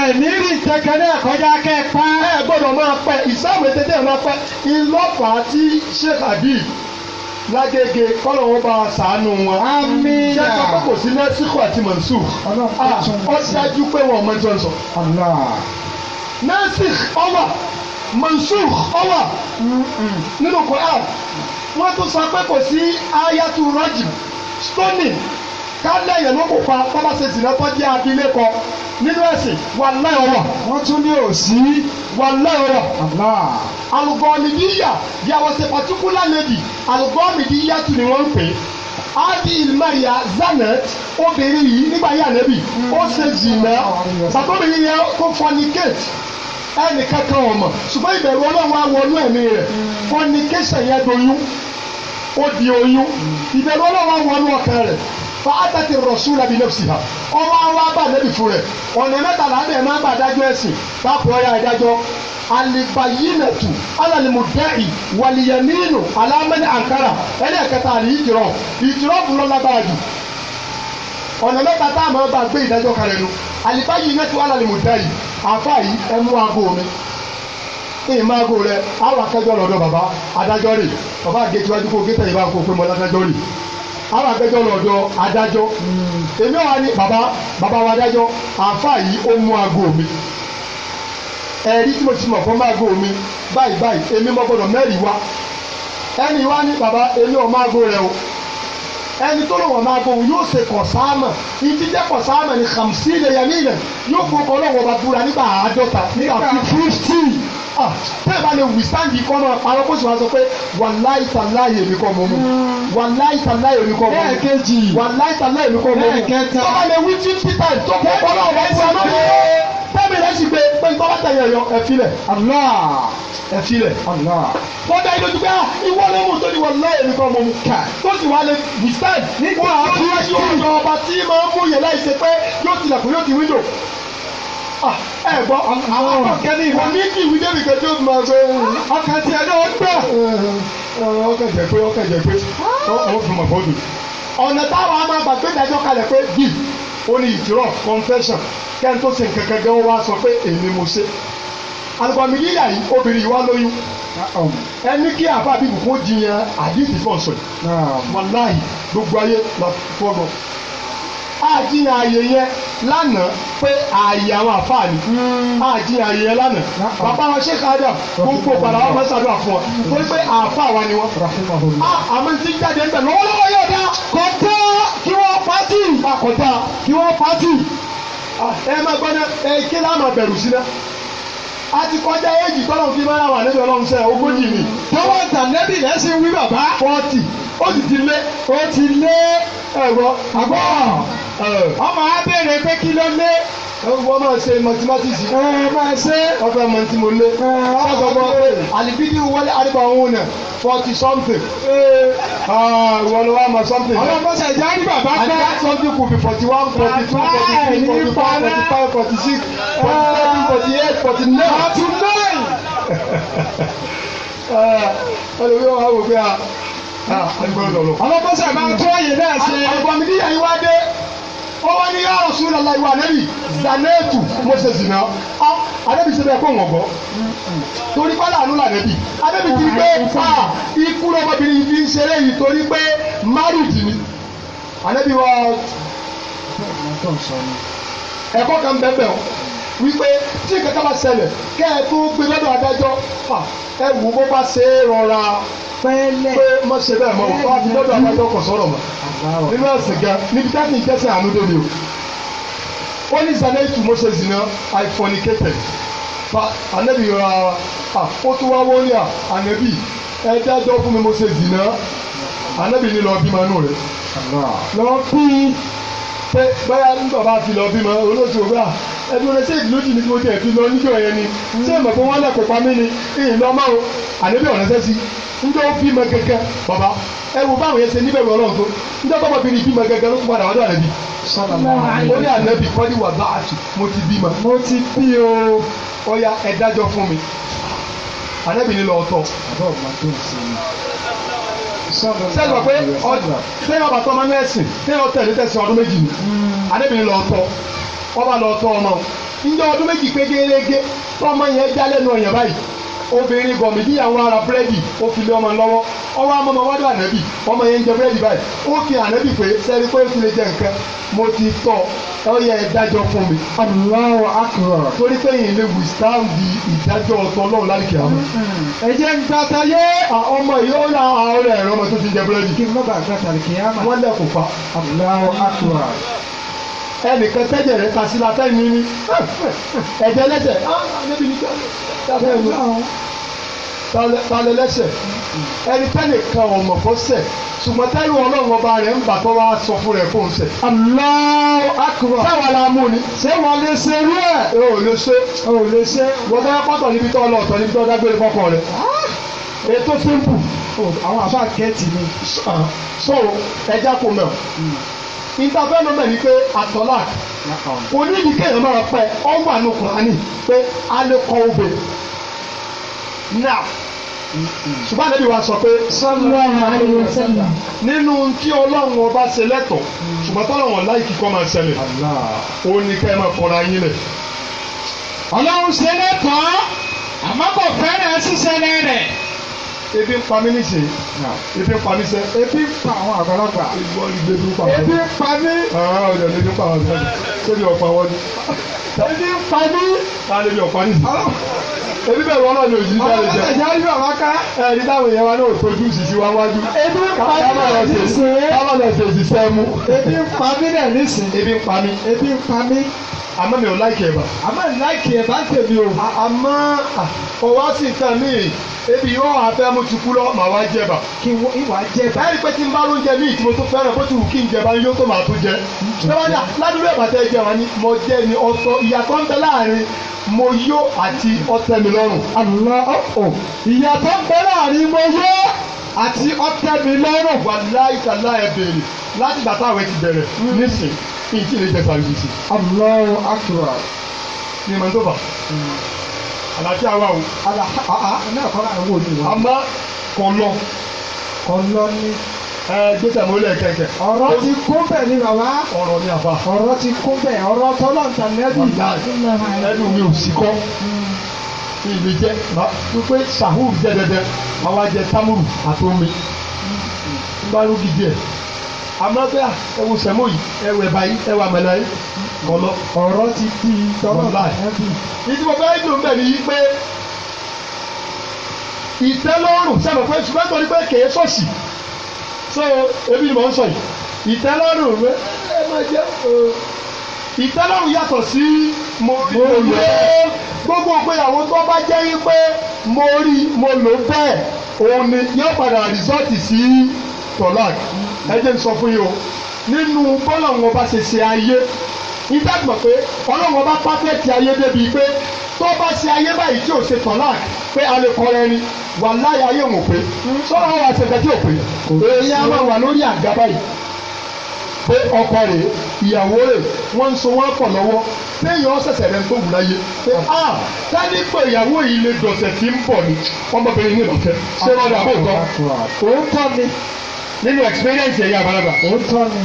ẹ̀ní rí kẹ̀kẹ́ náà kọjá kẹ́ẹ̀ pa. ẹ gbọ́dọ̀ máa pẹ́ ìsáàmù tètè máa pẹ́ ìlọ́pàá tí Sheikh Habib lágége kọ́lọ̀ wọn bá sàánú wọn. àmín. ṣé sọ pé kò sí násìkò àti mansur. ọ ah, ṣáájú pé wọn ọmọ jọ sọ. násìkò ọwà mansur ọwà nínú Kùránì wọ́n tún sọ pé kò sí ayatu rajim stoning kálẹ̀ èèyàn ló kò pa bábà ṣe jìnnà tó jẹ́ abilékọ nínú ẹ̀sìn wàláì ọ̀rọ̀ wọ́n tún ní òsì wàláì ọ̀rọ̀ alùgọ́ọ̀mì yíyà yàwọ̀ ṣe particular lady alùgọ́ọ̀mì yíyà tù ni wọ́n ń pè é adi maria zanet obìnrin yìí nígbà yà lẹ́bi hmm. ó ṣe jìnnà sàtọ́bìnrin yẹn kó fornicate ẹnì kankan ọ̀mọ̀ ṣùgbọ́n ìbẹ̀rù ọlọ́run á wọnú ẹ̀mí rẹ̀ hmm. fornication yẹn doyún ó di oyún ìbẹ̀rù ọlọ́run wọnú ọkàn rẹ̀ fàátàtì rọ̀ṣúlà bíi lọ́ọ̀sì ha ọmọ àwọn abàdébì fún rẹ̀ ọ̀nà mẹ́tàlá bẹ́ẹ̀ máa ń bá adájọ́ ẹ̀sìn bákan ọ̀yà adájọ́ alibayinatu alalimudai waliyaminu alamani ankara ẹlẹ́ẹ̀kẹta ni ìjìrọ̀ ìjìrọ̀ fúnlọ́ lágbára jù ọ̀nà mẹ́ta tá a máa bá gbé ìdájọ́ kalẹ̀ nu alibayinatu alalimudai àfáà yìí ẹ fún ìmáàgò rẹ àwọn akẹjọ lọ́dọ̀ baba adájọ́ rè bàbá àgẹjọwájú kó gẹtẹ ìbá kó pé mo ládájọ́ rè àwọn akẹjọ lọ́dọ̀ adájọ́ èmi wà ní bàbá bàbá wa adájọ́ àáfà yìí ó mú aago mi ẹ̀rí tí mo ti mọ̀ fún máàgò mi báyìí báyìí èmi mo gbọ́dọ̀ mẹ́rin wá ẹni wá ní bàbá èmi ò máàgò rẹ o ẹni tó lọ́wọ́ máa bọ̀ yóò ṣe kọ̀sáàmà ibi jẹ́ kọ̀sáàmà ni hamsin ẹ̀yà nílẹ̀ yóò fọkọ̀ lọ́wọ́ bá búra nígbà àádọ́ta nígbà fifty ah tẹ́ ẹ bá lè withstand yìí kọ́ máa parọ́ kó sì máa sọ pé wàláì tàláì èmi kọ́ mọ́ mu wàláì tàláì èmi kọ́ mọ́ mu lẹ́ẹ̀kejì wàláì tàláì èmi kọ́ mọ́ mu lẹ́ẹ̀kẹta tọ́ bá lè wí fifty times tó kọ́ kọ́ náà wọ́n fún ọ tẹ́mi rẹ̀ sì gbé pé nǹkan bá tẹ̀yẹ̀ yọ ẹ̀fí lẹ̀ àná ẹ̀fí lẹ̀ àná. wọ́n dá ìdójú pé ah, ìwọ ló mú tóní wọ lọ́ọ̀yẹ̀ nìkan ọmọ mu kà tó sì wá lè withstand. nígbà tó ń ṣe ọ̀dọ̀ ọba tí máa ń mú yẹn láì ṣe pé yóò tilẹ̀kùn yóò ti wíńdò Ah, ẹ gbọ́ àwọn akọ̀kẹ́ ní ìwé ní kí ìwé débi kẹjọ tó máa gbé ọkà tí ẹ náà gbà ọkà jẹ pé ọkà jẹ pé ọwọ́ fún ọ̀bọ mi. ọ̀nà táwọn a máa gbàgbé ìdájọ́ kalẹ̀ pé bí ó ní ìdúró confession kẹ́ni tó ṣe nǹkan kan gan wá sọ pé èmi mo ṣe alùpàmì yíyà yìí obìnrin yìí wá lóyún ah, um. ẹni kí àfa bíbù kó jiyàn àdìsí fọ̀sọ̀ ah, um. wàláhì gbogbo ayé la fọ́gbọ̀n àjiyàn ààyè yẹn lánàá pé ààyè àwọn àfáà ni hmm. àjiyàn ààyè yẹn lánàá bàbá wa ṣé káàdà gbogbo padà wọn máa ṣàdúrà fún ọ hmm. torí pé àfáà wa ni wọn. àmì ti jáde ń bẹ̀ lọ́wọ́lọ́wọ́ yóò dá kọjá kí wọ́n pàtì. Ah, kọjá kí wọ́n pàtì. Ah, ẹ máa gbọ́ ná ẹ kí lá máa bẹ̀rù sí ná a ti kọjá éèjì tọ́lọ́run fi máa wà níbi ọlọ́run sẹ́ ogójì ni. tọ́wọ́ tàlẹ́bì lẹ́sìn wí bàbá. fọ́ọ̀tì ó sì ti lé ó ti lé ẹ̀rọ àgbọ̀ ọmọ á béèrè pé kí ló lé wọ́n máa ṣe mathematics. ẹ máa ṣe. wọ́n mọ tí mo lé. wọ́n sọ fún ọ alibidi wọlé àdìbò àwọn òun forty something. wọ́n lọ wá mọ something. ọlọ́mọṣẹ́ ìjà ní bàbá pẹ́. something could be forty one forty two forty three forty four forty five forty six forty seven forty eight forty nine. forty nine. <laughs> olùwé wa wò pé a. ọlọ́mọṣẹ́ máa tó yè náà ṣe. àgbọ̀n mi níyàwó wá dé ó wá ní yàrá sùn lọ́la ìwà àlẹ́bí zanẹ́tù mo ṣe zìnà ọ́ àlẹ́bí ṣe gbọ́ torí pálá àánú làlẹ́bí àlẹ́bí ti gbé pa ikú lọ́mọbìnrin fi ń ṣeré yìí torí pé márùndì ni àlẹ́bí wa ẹ̀kọ́ kan bẹ́ẹ̀ bẹ́ẹ̀ o wípé tí nǹkan kan bá ṣẹlẹ̀ kẹ́ ẹ tó gbé lọ́dọ̀ adájọ́ ẹ wù bó bá ṣe é rọra pẹ́ẹ́lẹ́ pé mo ṣe bẹ́ẹ̀ mọ́ wá fi lọ́dọ̀ adájọ́ kò sọ̀rọ̀ mọ́ nínú ẹ̀sìn gan níbi tá kì í jẹ́sẹ̀ àánú dé ni o ó ní sàlẹ̀ ìtù mo ṣe zìnà I fornicated fa anabi ra a ó tún wá wọlé a anabi ẹ dájọ́ fún mi mo ṣe zìnà anabi ni lọ bímọ inú rẹ lọ pín pé báyà nígbà bá fi lọ bímọ olóṣù rà ẹbí wọn ṣé ìlú jì ní tí mo tiẹ̀ fi lọ níjọ yẹn ni ṣé ìmọ̀ pé wọ́n lẹ̀ kópa mí ni ìyìn lọ́mọ o àlébí ọ̀rẹ́ sẹ́ sí njẹ́ ó bímọ gẹ́gẹ́ bàbá ẹ báwọn yẹn ṣe níbẹ̀ rọ lọ́nà tó njẹ́ bàbá fi ní bímọ gẹ́gẹ́ ló kó padà wọ́dọ̀ àlẹ́bí. ó ní àlẹ́bí kọ́lí wà bá àtù mo ti bímọ. mo ti bí o ọya ẹ dájọ́ fún mi àlẹ́bí ni lọ́ọ̀tọ̀. àbọ̀ sẹ́gbọ̀n pé ọjà tẹ́yìn ọba tọ́ ọmọ ní ẹ̀sìn tẹ́yìn ọtẹ̀ ní tẹ̀sán ọdún méjì ni adébìnrin lọ tọ́ ọba lọ tọ́ ọmọ njẹ́ ọdún méjì pé gérégé tọ́mọ yẹn já lẹ́nu ọ̀yàn báyìí obìnrin gọ̀mí bí àwọn ará búrẹ́dì ó fi lé ọmọ lọ́wọ́ ọwọ́ amọ́mọ wádùn ànábì ọmọ yẹn ń jẹ búrẹ́dì báyìí ó fi ànábì pé sẹ́ni pé kí lè jẹ nǹkan mo ti tọ́ ọ yẹ ìdájọ́ fún mi. Allahu akbar. torí pé lè wù di ìdájọ́ ọ̀tọ̀ ọlọ́run lálùkì àmọ́. ẹ jẹ́ ń gbàtà yé ọmọ yìí ó ra àwọn ẹ̀rọ ọmọ tó ti jẹ búrẹ́dì. kí n má bàa gbàtà á máa. wọ́n lẹ̀ fa. Allahu akbar ẹnìkan tẹ́jẹ̀ rẹ̀ ta sí la tẹ́ mi ní ẹ̀jẹ̀ lẹ́sẹ̀ ah, ẹ̀jẹ̀ mi ní talẹ lẹ́sẹ̀ ẹni tẹ́lẹ̀ kan ọmọ kó ṣẹ̀ ṣùgbọ́n tẹ́lẹ̀ Ọlọ́run ọba rẹ̀ ń bà tó wá sọ fún rẹ̀ fún ṣẹ̀. Allahu akbar. ṣé wàá la mú ni. ṣé wàá lè ṣe irú ẹ̀. ẹ ò lè ṣe. ẹ ò lè ṣe. wọ́n fẹ́ pọ́tọ̀ níbi tó lọ ọ̀tọ̀ níbi tó dágbére fọ́kọ rẹ̀. ètò simple. àwọn àbá kẹ́ẹ̀tì ni. sọ̀rọ̀ ẹja kò mọ̀ nígbà fẹ́ lọ́mọ ni pé àtọ́lá kò ní ìdí kéèyàn máa pẹ́ ọ̀wà ní Kùránì pé a lè kọ obè náà ṣùgbọ́n àlejò wa sọ pé nínú kí ọlọ́run ọba ṣe lẹ́tọ̀ọ́ mm. ṣùgbọ́n tọ́lọ́wọ̀n láì kíkọ́ máa ṣẹlẹ̀ ó ní kẹ́ ẹ máa kọ́ra yín lẹ̀. ọlọ́run ṣe lẹ́tọ̀ọ́ àmọ́ kò fẹ́ràn ṣíṣẹlẹ̀ rẹ̀ ebi ń pa mí níṣe ebi ń pa mí sẹ ebi ń pa àwọn àgbàlagbà ebi ń pa mí ebi ń pa ah, mí ọjọ ní ebi ń pa àwọn àgbàlagbà ebi ń pa ebi bẹ̀rù ọ̀nà ni òjì bá lè jẹ. ọ̀nà ìjà yóò wá ká. ẹ ní táwọn èèyàn wa náà tójú ìṣìṣì wa wájú. ebi ń pa mí náà nísìn. káwọn lọ sí èsì sẹ́mu. ebi ń pa mí ebi ń pa ebi ń pa mí. àmọ́ mi ò láìkì ẹ̀bà. àmọ́ láìkì ẹ̀bà ń tèmi o. àmọ́ ọwọ́ sì tàn mí ebi yóò afẹ́ mu ti kú lọ màá wá jẹba. kí wọ́n ìwà jẹba. báyìí pé tí n bá ló ń jẹ ní ìtumọ̀ tó fẹ́ràn bó ti wù kí n jẹba yóò tó màá tó jẹ. lọ́wọ́dà ládùúgbò ìbàtẹ́ jẹ wọn ni mo jẹ ni ọ̀sọ̀ ìyàtọ̀ ń bẹ láàrin mo yó àti ọ̀sẹ̀ mi lọ lọ́rùn. àlọ́ ọ̀hún. ìyàtọ̀ ń bẹ láàrin mo yó àti ọ̀tẹ̀ mi lọ́rùn wà láìsàlá ẹ̀ bèrè láti gbà táwọn ti bẹ̀rẹ̀ hmm. nísìn kí n kí lè jẹ sàrìsì sí. àlọ́ àkùrà. ní ìmọ̀ tó fà. Hmm. àlàáfíà wà o. àmọ́ kọ lọ. kọ lọ ní gbèsè mọ́lẹ̀ kẹ̀kẹ́. ọ̀rọ̀ ti kún bẹ̀ ni bàbá. ọ̀rọ̀ ni àbá. ọ̀rọ̀ ti kún bẹ̀ ọ̀rọ̀ tọ́lọ̀ ntànẹ́bì. ẹnu mi ò sí kọ́. Hmm ìlú jẹ wípé sahur jẹ dẹdẹ máa wá jẹ tamuru àti omi nígbà ló gidi ẹ àmọ́ bẹ́ẹ̀ ẹwù sẹ́mó yìí ẹwù ẹ̀bà yìí ẹwù àmàlà yìí kọ̀lọ̀ ọ̀rọ̀ ti di tọ́lọ̀ báyìí. ìdìbò bẹ́ẹ̀ ló ń bẹ̀ ní pé ìtẹ́lọ́rùn sábà pé ṣùgbọ́n tó ní pé kèé sọ̀sì so ebi ni mò ń sọ yìí ìtẹ́lọ́rùn ẹ máa jẹ́ ìtẹ́lọ́rùn yàtọ̀ sí mo lè gbogbo ìgbéyàwó tó bá jẹ́ wípé mo rí mo lò bẹ́ẹ̀ òun ni yóò padà rìsọ́ọ̀tì sí tọ́lák ẹ jẹ́ n sọ fún yín o nínú bọ́lá wọn bá ṣe ṣe ayé ìgbà gbọ̀ pé ọlọ́run bá pàfẹ́tì ayé débi pé tó bá ṣe ayé báyìí tí ò ṣe tọ́lák pé a lè kọrin ni wà láyé ayé wọn pé sọ́dọ̀ wọn àṣẹ̀fẹ̀ tí ò pé èèyàn máa wà lórí àga báyìí pé ọkọ rẹ̀ ìyàwó rẹ̀ wọ́n ń so wọ́n pọ̀ lọ́wọ́ téèyàn ṣẹ̀ṣẹ̀ rẹ̀ ń tó wù láyé pé a tẹ́lẹ̀ pé ìyàwó yìí lè dọ̀sẹ̀ tí ń bọ̀ ni ọmọbìnrin ní ìbàfẹ́ ṣé wọ́n dà bó tọ́ ni nínú experience ẹ̀yà àbálàbà òótọ́ ni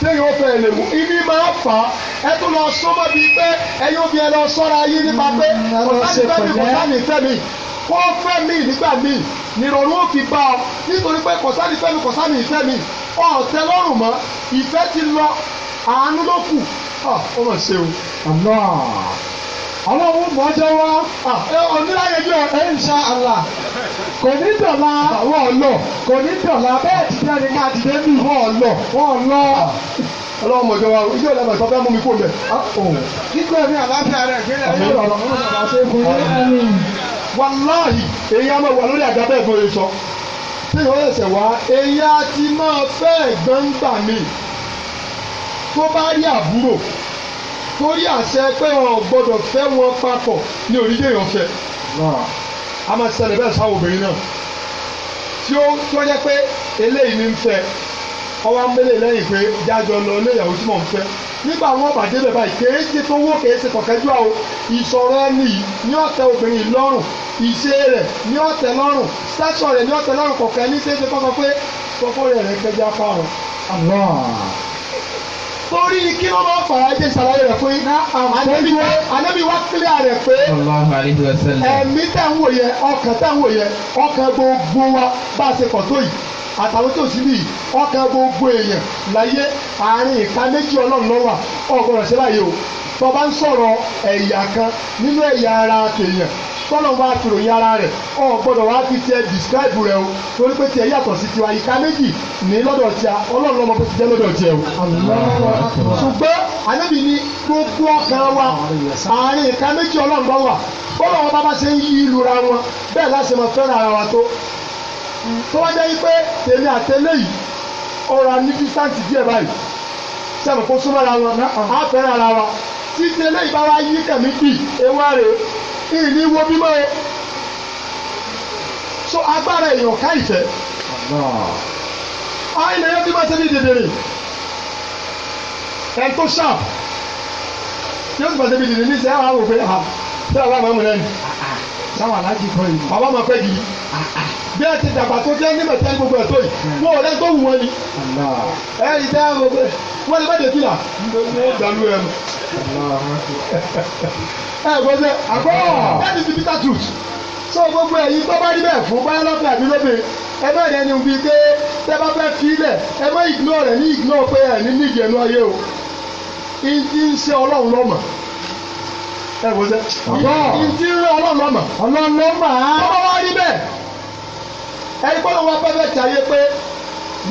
téèyàn fẹ́ lè wò ibi máa fà á ẹ lọ sọ́mọ́ bíi pé ẹ yóò fi ẹ lọ sọ́ra yín nípa pé ọ̀tá kó fẹ́ mi nígbà míì nìrònú ó fi bá ọ nítorí pé kọ̀sánì fẹ́ mi kọ̀sánì ìfẹ́ mi ọ̀tẹ́ lọ́rùn mọ́ ìfẹ́ ti lọ àánú ló kù ọ ah, mọ̀ ṣe o. àmọ́ ọlọ́run mọ̀ jẹ́wọ́ oníláyẹjọ́ ẹ̀ ń ṣá àlà kò ní dọ̀la ah, wọ́n lọ kò ní dọ̀la bẹ́ẹ̀ ti dẹ́ni ká ti dé bí wọ́n lọ wọ́n lọ. Ah, ọlọ́run mọ̀ jẹ́wọ́ iṣẹ́ ìlànà ìsọfẹ́ mú mi kó bẹ̀. Oh. kíkọ́ ẹ̀mí àlàáfíà rẹ̀ gbé ẹ̀yọ́ ọ̀rọ̀ mọ́ wàláhì èyàn máa wà lórí àga bẹ́ẹ̀ fún oṣù tí yóò ṣẹ̀ṣẹ̀ wá èyàn ti máa fẹ́ gbọ́ngbà mi tó bá rí àbúrò torí àṣẹ pé wọn gbọ́dọ̀ fẹ́ wọn papọ̀ ní orílẹ̀ èèyàn fẹ́ a máa ṣẹlẹ̀ bẹ́ẹ̀ sáwọn obìnrin náà tí ó tó yẹ pé eléyìí ní ń fẹ́ ọwọ́ mẹ́lẹ̀ lẹ́yìn pé jájọ lọ ilé ìyàwó tí mò ń fẹ́ nígbà wọn bàjẹ́ bẹ̀ báyìí kéèké tó wó kéèké kọ̀kẹ́jú àwọn ìsọ̀rọ̀ ẹni yìí ní ọ̀tẹ̀ obìnrin lọ́rùn ìṣe rẹ̀ ní ọ̀tẹ̀ lọ́rùn sẹ́sọ̀ rẹ̀ ní ọ̀tẹ̀ lọ́rùn kọ̀kẹ́ ní kéèké kọ́ sọ pé sọ́kọ́ rẹ̀ rẹ̀ kẹjá fáwọn. torí kí ló máa ń fà á jẹ́ sàlàyé rẹ̀ fún iná ànábì wá kílẹ̀ rẹ̀ pé ẹ̀mí tẹ̀ ń wòye ọkàn tẹ̀ ń wòye ọkàn gbogbo wa bá a ṣe kọ̀ tó yìí àtàwọn tó sì rí ọkàn gbogbo èèyàn láyé àárín ìka méjì ọlọ́run lọ́wọ́ ọgbọ̀rọ̀ sí láyé o bàbá ń sọ̀rọ̀ ẹ̀yà kan nínú ẹ̀yà ara tèèyàn tọ́lọ̀ wá tòròyìn ara rẹ̀ ọ gbọ́dọ̀ wá fi tiẹ̀ describe rẹ̀ o torí pé tiẹ̀ yàtọ̀ sí tiwa ìka méjì ní lọ́dọ̀ tiẹ̀ ọlọ́run lọ́mọ bó ti jẹ́ lọ́dọ̀ tiẹ̀ o. ṣùgbọ́n ànábì ni gbogbo ọkàn wa àárín ìka méjì ọlọ́run bá wà bọ́lọ̀ wọn bá bá ṣe ń yí ìlú ra wọn bẹ́ẹ̀ láti mọ fẹ́ràn ara wa tó tó wá jẹ́ pé tèmi àtẹlẹ́ yìí ọ̀rọ̀ ní dísáǹtì díẹ̀ báyìí sẹ́mi kó súnmọ́ ara wọn á fẹ́ràn ara wa tí tẹ́lẹ̀ yìí bá wá yí kàmí bì ewa rè ìní wo bímọ o so agbára èèyàn ká ìfẹ́ àwọn ilẹ̀ yẹn bí wọ́n ṣe ní dèdèrè ẹ̀ tó ṣáà yóò tún bá ṣe bí dèdèrè ní sẹ́yà wà wò pé àà sẹ́yà wà máa mú lẹ́nu táwọn aláàjì kan yìí. bàbá máa fẹ́ yìí. bí ẹ ti dàgbà tó jẹ́ ní mẹ̀tẹ́ gbogbo ẹ̀ tó yìí wọ́n ò lẹ́nu tó wù wọ́n ni. ẹ ẹ ìdá gbogbo wọ́n lè má dé fìlà. wọ́n dàlú ẹ̀ ẹ gbọ́dọ̀ àgbọ̀ that is the bitter truth. so gbogbo ẹ̀yin tó bá rí bẹ́ẹ̀ fún báyọ̀ lọ́kùnrin àbí lóbìnrin ẹ bá rẹ̀ ni wí pé tẹ́ bá fẹ́ fi ilẹ̀ ẹ má ignore rẹ̀ ní ignore pé ẹ̀ ní níjẹ̀ẹ́nu ayé o. ìdí ń ṣe ọlọ́run lọ́mọ̀ ẹ kò sẹ. ìdí ọlọ́run lọ́mọ. ọlọ́run lọ́mọ. ọmọ wa rí bẹ́ẹ̀ ẹni pé wọn pẹ́pẹ́ tí a yé pé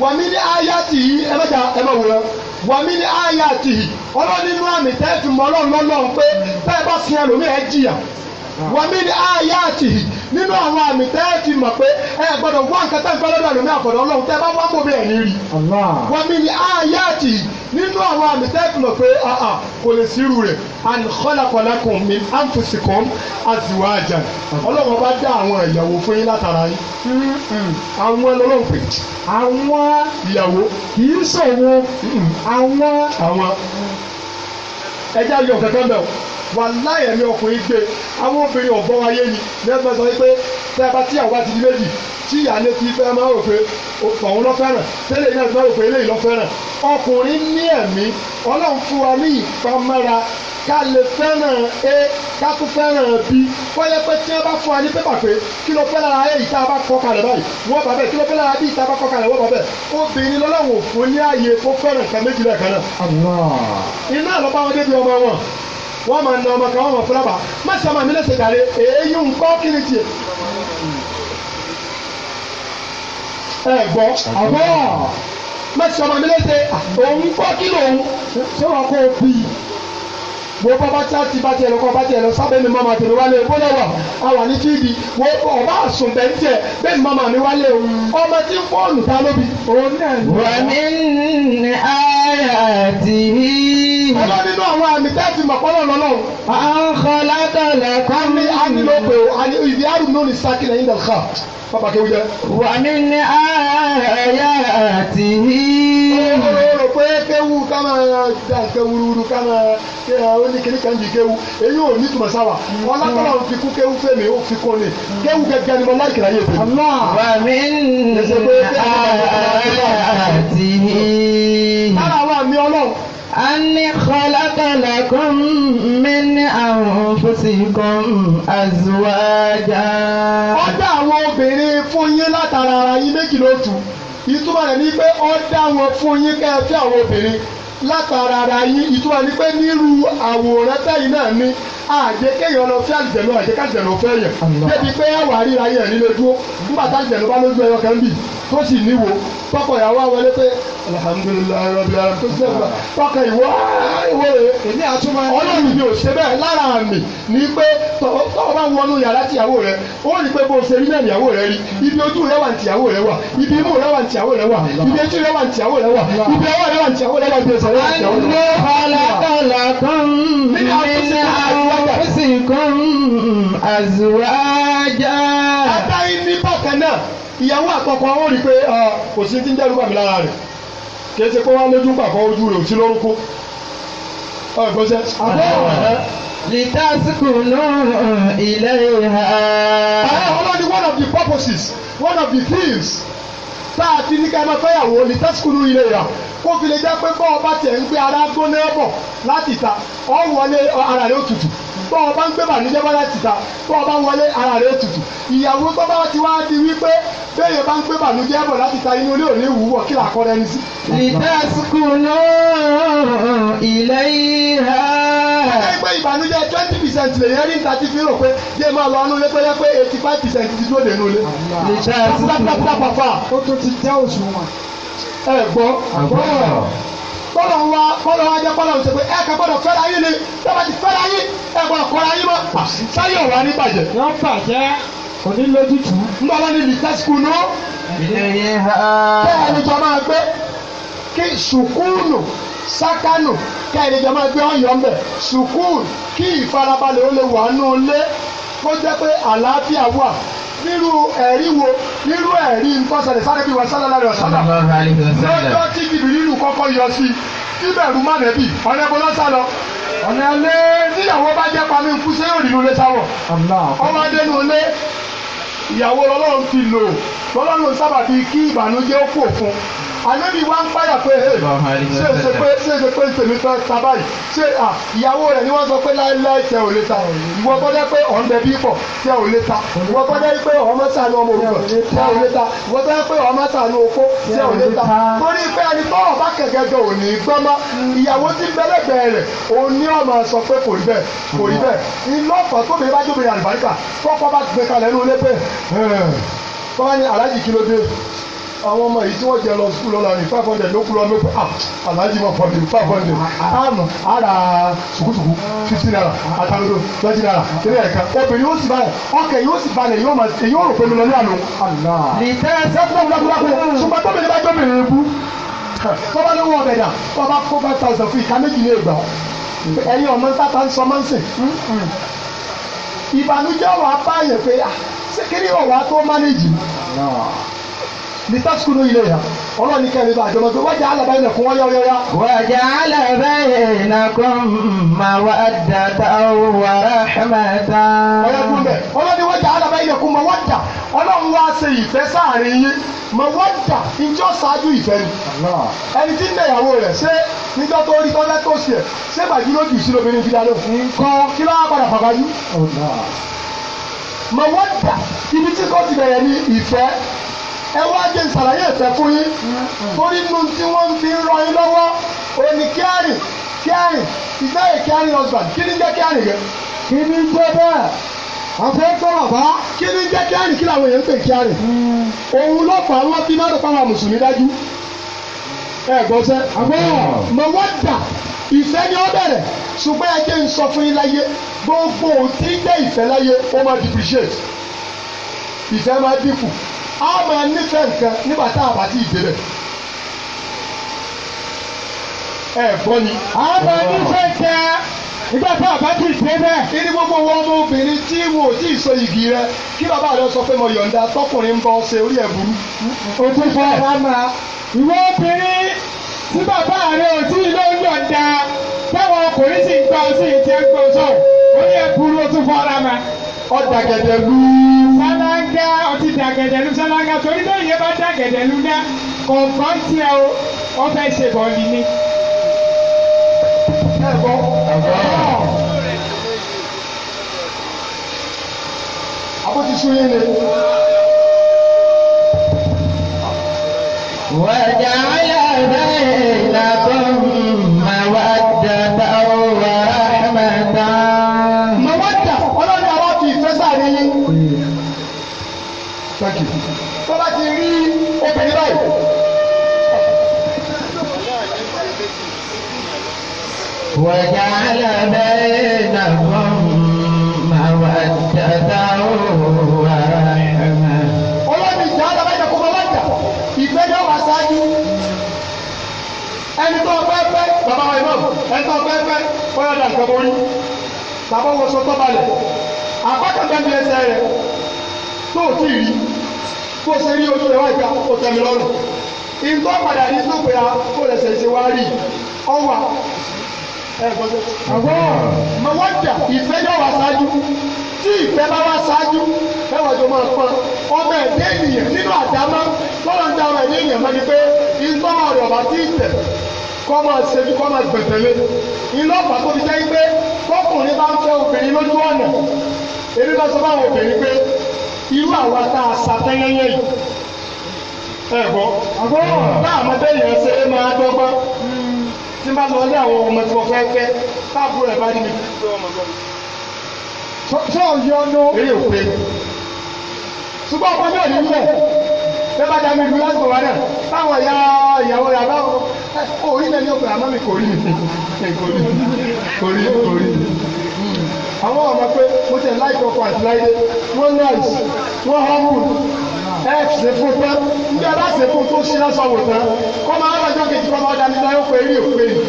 wàmí ní àyà tì í ẹ bẹ́ẹ̀ ta ẹ bẹ́ẹ̀ wúlọ́ wàmí ní àyà tì í ọlọ́run nínú àmì tẹ́ fi mọ́ ọlọ́run lọ́lọ́run pé tẹ́ ẹ bá sin ẹlòmíì ẹ jìyà ah. wàmí ní nínú àwọn àmì tẹ́ ẹ ti mọ̀ pé ẹ gbọ́dọ̀ wá nǹkan tẹ́ ń fẹ́ lọ́dọ̀ àlùmí àfọ̀dọ̀ ọlọ́run tẹ́ bá wá mọ̀ bẹ́ẹ̀ ní wọ́n mi ní ayáàtì nínú àwọn àmì tẹ́ ẹ ti mọ̀ pé kò lè sírù rẹ̀ and kọ́lákọ́lákùn mi anfusikum azwaja ọlọ́run bá dá àwọn ìyàwó fún yín látara yín. Mm-hmm. àwọn ọlọ́run pè. àwọn ìyàwó. kì í sọ̀wọ́ àwọn. àwọn ẹja yọ̀ kẹ́kẹ́ wà láyé mi ọkùnrin gbé àwọn obìnrin ọ̀gbọ́n ayé ni lẹ́gbẹ̀ẹ́ sọ pé tẹ́ ẹ bá tíyàwó bá ti di méjì tí ìyáálé ti fẹ́ máa rò pé òun lọ fẹ́ràn tẹ́lẹ̀ náà ti máa rò pé eléyìí lọ fẹ́ràn ọkùnrin ní ẹ̀mí ọlọ́run fún wa ní ìpamọ́ra ká lè fẹ́ràn a ká tún fẹ́ràn b kọ́lẹ́ pé tí wọ́n bá fún wa ní pépà pé kí ló fẹ́ lára a ìta bá kọ́ kalẹ̀ báyìí wọ́n bá bẹ̀ kí ló fẹ́ lára b ìta bá kọ́ kalẹ̀ wọ́n bá bẹ̀ obìnrin lọ́lọ́run ò fún ní ààyè kó fẹ́ràn kan méjìlá kan náà. iná ló bá wọn débi ọmọ wọn wọ́n máa na ọmọ kan wọ́n máa fúlábà má ṣe ọmọ mi lẹ́sẹ̀ dàrí èyí ń kọ́ kí ni tiẹ̀. ẹ gbọ́ àbọ̀ má ṣe ọmọ mi lẹ́sẹ̀ òun kọ́ kí lòun ṣé wàá kó bí wo bá bá tí a ti bá tiẹ̀ lọ kọ́ bá tiẹ̀ lọ sábẹ́ mi máa ma tẹ̀lé wálé o bóyá wà a wà ní fíìdì wo ọba àsùn bẹ́ẹ̀ ń tiẹ̀ bẹ́ẹ̀ ni máa mi wálé o ọmọ tí fóònù ta lóbi òun náà. wà mí ní àyà tì í. ní ló pè rò pé kéwù ká máa da nǹkan ká máa ṣe ó ní kan di kéwù èyí ò ní tùmọ̀ sáwà ọlọ́tọ́lọ́ fi kú kéwù fèmí ó fi kọ́ni kéwù gẹ́gẹ́ ni mo láì kìlá yé fèmí. wà mí àti yìí. lára àwọn àmì ọlọ́run. أني خلق لكم من أنفسكم أزواجا. ó dá àwọn obìnrin fún yín látara ara yín méjì lóṣù ìtumọ̀ rẹ̀ ni pé ọ́ dá wọn fún yín kẹ́ ẹ fẹ́ àwọn obìnrin látara ara yín ìtumọ̀ ni pé nírú àwòrán tẹ́yìn náà ní àjẹ kéèyàn lọ fẹ́ àjẹ̀lú àjẹ kájẹ̀lú fẹ́ yẹn débi pé àwà ríra yẹn nílé dúró nígbà tá àjẹ̀lú bá lójú ẹyọ kan bì tó sì níwò tọkọ ìyàwó àwọlé pé alihamudulilayi rabi ara tó ṣe fún tọkọ ìwọ ìwọ rẹ èmi àtúmọ̀ ẹni ọlọ́run mi ò ṣe bẹ́ẹ̀ lára àmì ni pé tọ́wọ́ bá wọnú yàrá tìyàwó rẹ ó rí pé bó ṣe rí náà ìyàwó rẹ rí ibi ojú rẹ wà tìyàwó rẹ wà ibi imú rẹ wà tìyàwó rẹ wà ibi etí rẹ wà tìyàwó rẹ wà ibi ọwọ́ rẹ wà tìyàwó rẹ wà ibi ẹsẹ̀ rẹ wà tìyàwó rẹ wà anfusikum azwaja. adarí ní bákan náà ìyàwó àkọ́kọ́ ó rí i pé ah, kò sí ti ń dẹ́rù lára rẹ̀ kì í ṣe pé wọ́n lójú pàpọ̀ ojú rẹ̀ ò sí lórúkú. ọ̀ ìgbọ́nsẹ̀ àbọ̀ ọ̀rẹ́ litaskunu ilayha. Àwọn ọlọ́ni one of the purposes one of the things tá a ti ní ká ẹ máa fẹ́yàwó lè tẹ́síkùlù ilé yà kó fi lè jẹ́ pé bọ́ bá tiẹ̀ ń gbé ara gbóná bọ̀ láti ta ọ wọlé ara rẹ̀ òtútù bọ́ ọba ń gbé bànújẹ́ bọ́ láti ta bọ́ ọba wọlé ara rẹ̀ òtútù ìyàwó tó bá ti wá di wípé bẹ́ẹ̀ bá ń gbé bọ̀ láti ti tẹ́ òṣùwọ̀n ẹ gbọ́ àgbọ̀rọ̀ bọ́lá wa bọ́lá wa jẹ́ bọ́lá òṣèlú ẹ kẹ́ gbọ́dọ̀ fẹ́ra yín ni lọ́ba ti fẹ́ra yín ẹ gbọ́dọ̀ kọ́ra yín mọ́ ah, sáyé ọ̀wá ní bàjẹ́. wọ́n bàjẹ́ kò ní lójútùú. ń bá wọn ní lìtẹ́síkù nù. ẹ̀yẹ ha. bẹ́ẹ̀ ni jọ máa gbé kí sùkúùnù sákánù kẹ́ẹ̀ni jọ máa gbé ọ̀yọ́ mbẹ̀ sùkúùnù kí ìfarabalẹ̀ ó lè wà nù lé kó jẹ́ pé àlàáfíà wà nírú ẹ̀rí wo nírú ẹ̀rí ntọ́sẹ̀lẹ̀ sáré bí wa sálálà rẹ̀ sálà lọ́jọ́ tí jìbìrìlù kọ́kọ́ yọ sí síbẹ̀rù má nẹ́bì ọ̀nà ẹ̀bọ̀lá sálọ ọ̀nà ẹ̀lẹ́ níyàwó bá jẹ́ pamí nkú sẹ́yìn òdìlú lé sáwọ̀ ọmọ adẹ́nu lé ìyàwó lọ́lọ́run ti lò lọ́lọ́run sábà fi kí ìbànújẹ́ ó fún ànábì wa ń páyà pé ṣé ṣe pé ṣé ṣe pé tèmi fẹ́ ta báyìí ṣé ìyàwó rẹ̀ ni wọ́n sọ pé láéláé tẹ ò lè ta ìwọ bọ́dẹ́ pé ọ̀n bẹ bí pọ̀ tẹ ò lè ta ìwọ bọ́dẹ́ pé ọmọ sànù ọmọ òwúrọ̀ tẹ ò lè ta ìwọ bọ́dẹ́ pé ọmọ sànù okó tẹ ò lè ta torí pé ẹni tó ọba kẹ̀kẹ́ jọ ò ní gbọ́mọ́ ìyàwó tí bẹ́lẹ̀gbẹ́ bẹ́ẹ̀ kò àwọn ọmọ yìí tí wọ́n jẹ lọ sùkúl lọ́la ní five hundred ló kú lọ mẹ́kọ́ à ah, aláàjì mọ̀ fọ́ mi five hundred àmọ́ ah, ah, ara sùkúsùkú fifty naira àtàlódò twenty naira tẹ̀lé ẹ̀ka obìnrin yóò sì balẹ̀ ọkẹ̀ yóò sì balẹ̀ yóò máa èyí ò rò pé lọ́lẹ́ àná. nìtẹ́ sẹ́kúnlẹ̀ wúlákúlákú ṣùgbọ́n tó bẹ̀rẹ̀ bá jọ́ bẹ̀rẹ̀ rẹ̀ bú tọ́ba ló wọ ọ̀bẹ̀dà tọ́ba kó five thousand fún ìka méjì lè gbà ẹ̀yin ọmọ sáta ń sọ mọ́ǹsì ìbànújẹ́ wàá báyẹ̀ pé ṣé kí ni ọ̀wá tó mánéjì litaskunu ilayha ọlọ́ọ̀ni kẹrin bá àjọmọ́ pé wájà alábẹ́ yẹn fún ọyọ́ yọ́yá. wájà alábẹ́ yẹn kò má wá dàda wà rahmata. ọyọ kún bẹ ọlọ́ọ̀ni wájà alábẹ́ yẹn kò má wá dà ọlọ́run wá ṣe ìfẹ́ sáàrin yín má wá dà njọ́ ṣáájú ìfẹ́ ni. ẹni tí ń bẹ ìyàwó rẹ̀ ṣé nígbà tó rí tọ́lẹ́ tó ṣe ṣé bàjú ló jù sí lóbìnrin fi dáná. nǹkan kí ló wá padà fàbájú mọ̀wọ́dà ibi tí kò ti bẹ̀rẹ̀ ní ìfẹ́ ẹ wá jẹ́ ìsàlàyé ìfẹ́ fún yín torí nu tí wọ́n fi ń rọ yín lọ́wọ́ òní kíárìn kíárìn ìgbẹ́yìn kíárìn husband kí ni jẹ́ kíárìn yẹn. kí ni jẹ́ bẹ́ẹ̀ àfẹ́ gbọ́rọ̀ bá. kí ni jẹ́ kíárìn kí làwọn èèyàn ń pè kíárìn. òun ló fà á wọ́n bí má ló pa wà mùsùlùmí dájú. ẹ gbọ́ sẹ́ àbẹ́wò mọ̀ wọ́n dà ìfẹ́ ni ó bẹ̀rẹ̀ ṣùgbọ́n ẹ jẹ́ ń sọ fún yín láyé gbogbo òtí jẹ́ ìfẹ́ láyé ó máa depreciate ìfẹ́ máa a máa nífẹ̀ẹ́ nǹkan nígbà tá a bá ti débẹ̀ ẹ gbọ́ ni. a máa nífẹ̀ẹ́ nǹkan nígbà tá a bá ti débẹ̀. kí ni gbogbo wọn mú obìnrin tí wọn ò tí ì so igi rẹ kí bàbá rẹ sọ pé mo yọ̀ǹda tọkùnrin ń bọ ṣe orí ẹ̀ burú. o ti fọ ọba máa ìwọ obìnrin tí bàbá rẹ ò tí ì ló ń yọ̀ǹda táwọn ọkùnrin sì ń gbọ́ sí ìtẹ́gbọ́sọ̀ orí ẹ̀ burú o ti fọ ọba máa. ọ̀dà gẹ̀dẹ̀ lùú dá ọtí dàgẹ̀dẹ̀ lu sálángà torí bẹ́ẹ̀ yẹn bá dàgẹ̀dẹ̀ dá kọ̀ọ̀kan tiẹ̀ o wọ́n fẹ́ ṣe bọ̀ọ̀lì ni. àbótí sún pẹ́pẹ́ kọ́yọ̀ dà nǹkan borí bàbá wo so tó balẹ̀ àpákàtà mi ẹsẹ̀ rẹ̀ tó tí ì rí kó ṣe rí ojú rẹ̀ wá ìgbà kó tẹ̀mí lọ́rùn ìtọ́ padà ní tó pé a kó lẹ̀sẹ̀ ṣe wá rí ọwà àwọn mọ̀wádìá ìfẹ́ yóò wá ṣáájú tí ìfẹ́ bá wá ṣáájú ẹwà tó máa pọn ọmọ ẹ̀dẹ́ ènìyàn nínú àdámọ́ lọ́wọ́ ń dá ọmọ ẹ̀dẹ́ ènìyàn mọ́ pé ìtọ́ ọ̀rọ̀ bá ti tẹ̀ kọ́ máa ṣe bí kọ́ máa gbẹ̀tẹ̀lé iná ọ̀pá tó fi jẹ́ pé kọ́kùnrin bá ń fẹ́ obìnrin lójú ọ̀nà èmi bá sọ fáwọn obìnrin pé irú àwa tá a sa tẹ́yẹ́yẹ́ yìí ẹ̀ gbọ́ àgbọ̀n láàmú bẹ́ẹ̀ yẹn ṣe é máa dọ́gbọ́n tí n bá lọ ní àwọn ọmọ tí mo fẹ́ fẹ́ táàbù rẹ̀ bá níbi. sọ yọ ọdọ. eré òpè. ṣùgbọ́n ọkọ náà ní ilẹ̀ bẹ́ẹ̀ bá dá mi lásìkò wa náà táwọn ìyá ìyàwó yàrá orí náà ní ọ̀gbìn àmọ́ mi kò rí mi kò rí mi kò rí mi kò rí mi. àwọn ọmọ pé mo tẹ̀ láì kọ́kọ́ àti láyé wọ́n náìsì wọ́n hàmùn ẹ ṣe fún tán bí ọba ṣe fún tó ṣí lọ́sọ̀ wò tán kọ́ máa lọ́jọ́ kejì kọ́ máa dání láyé òpè rí òpè rí.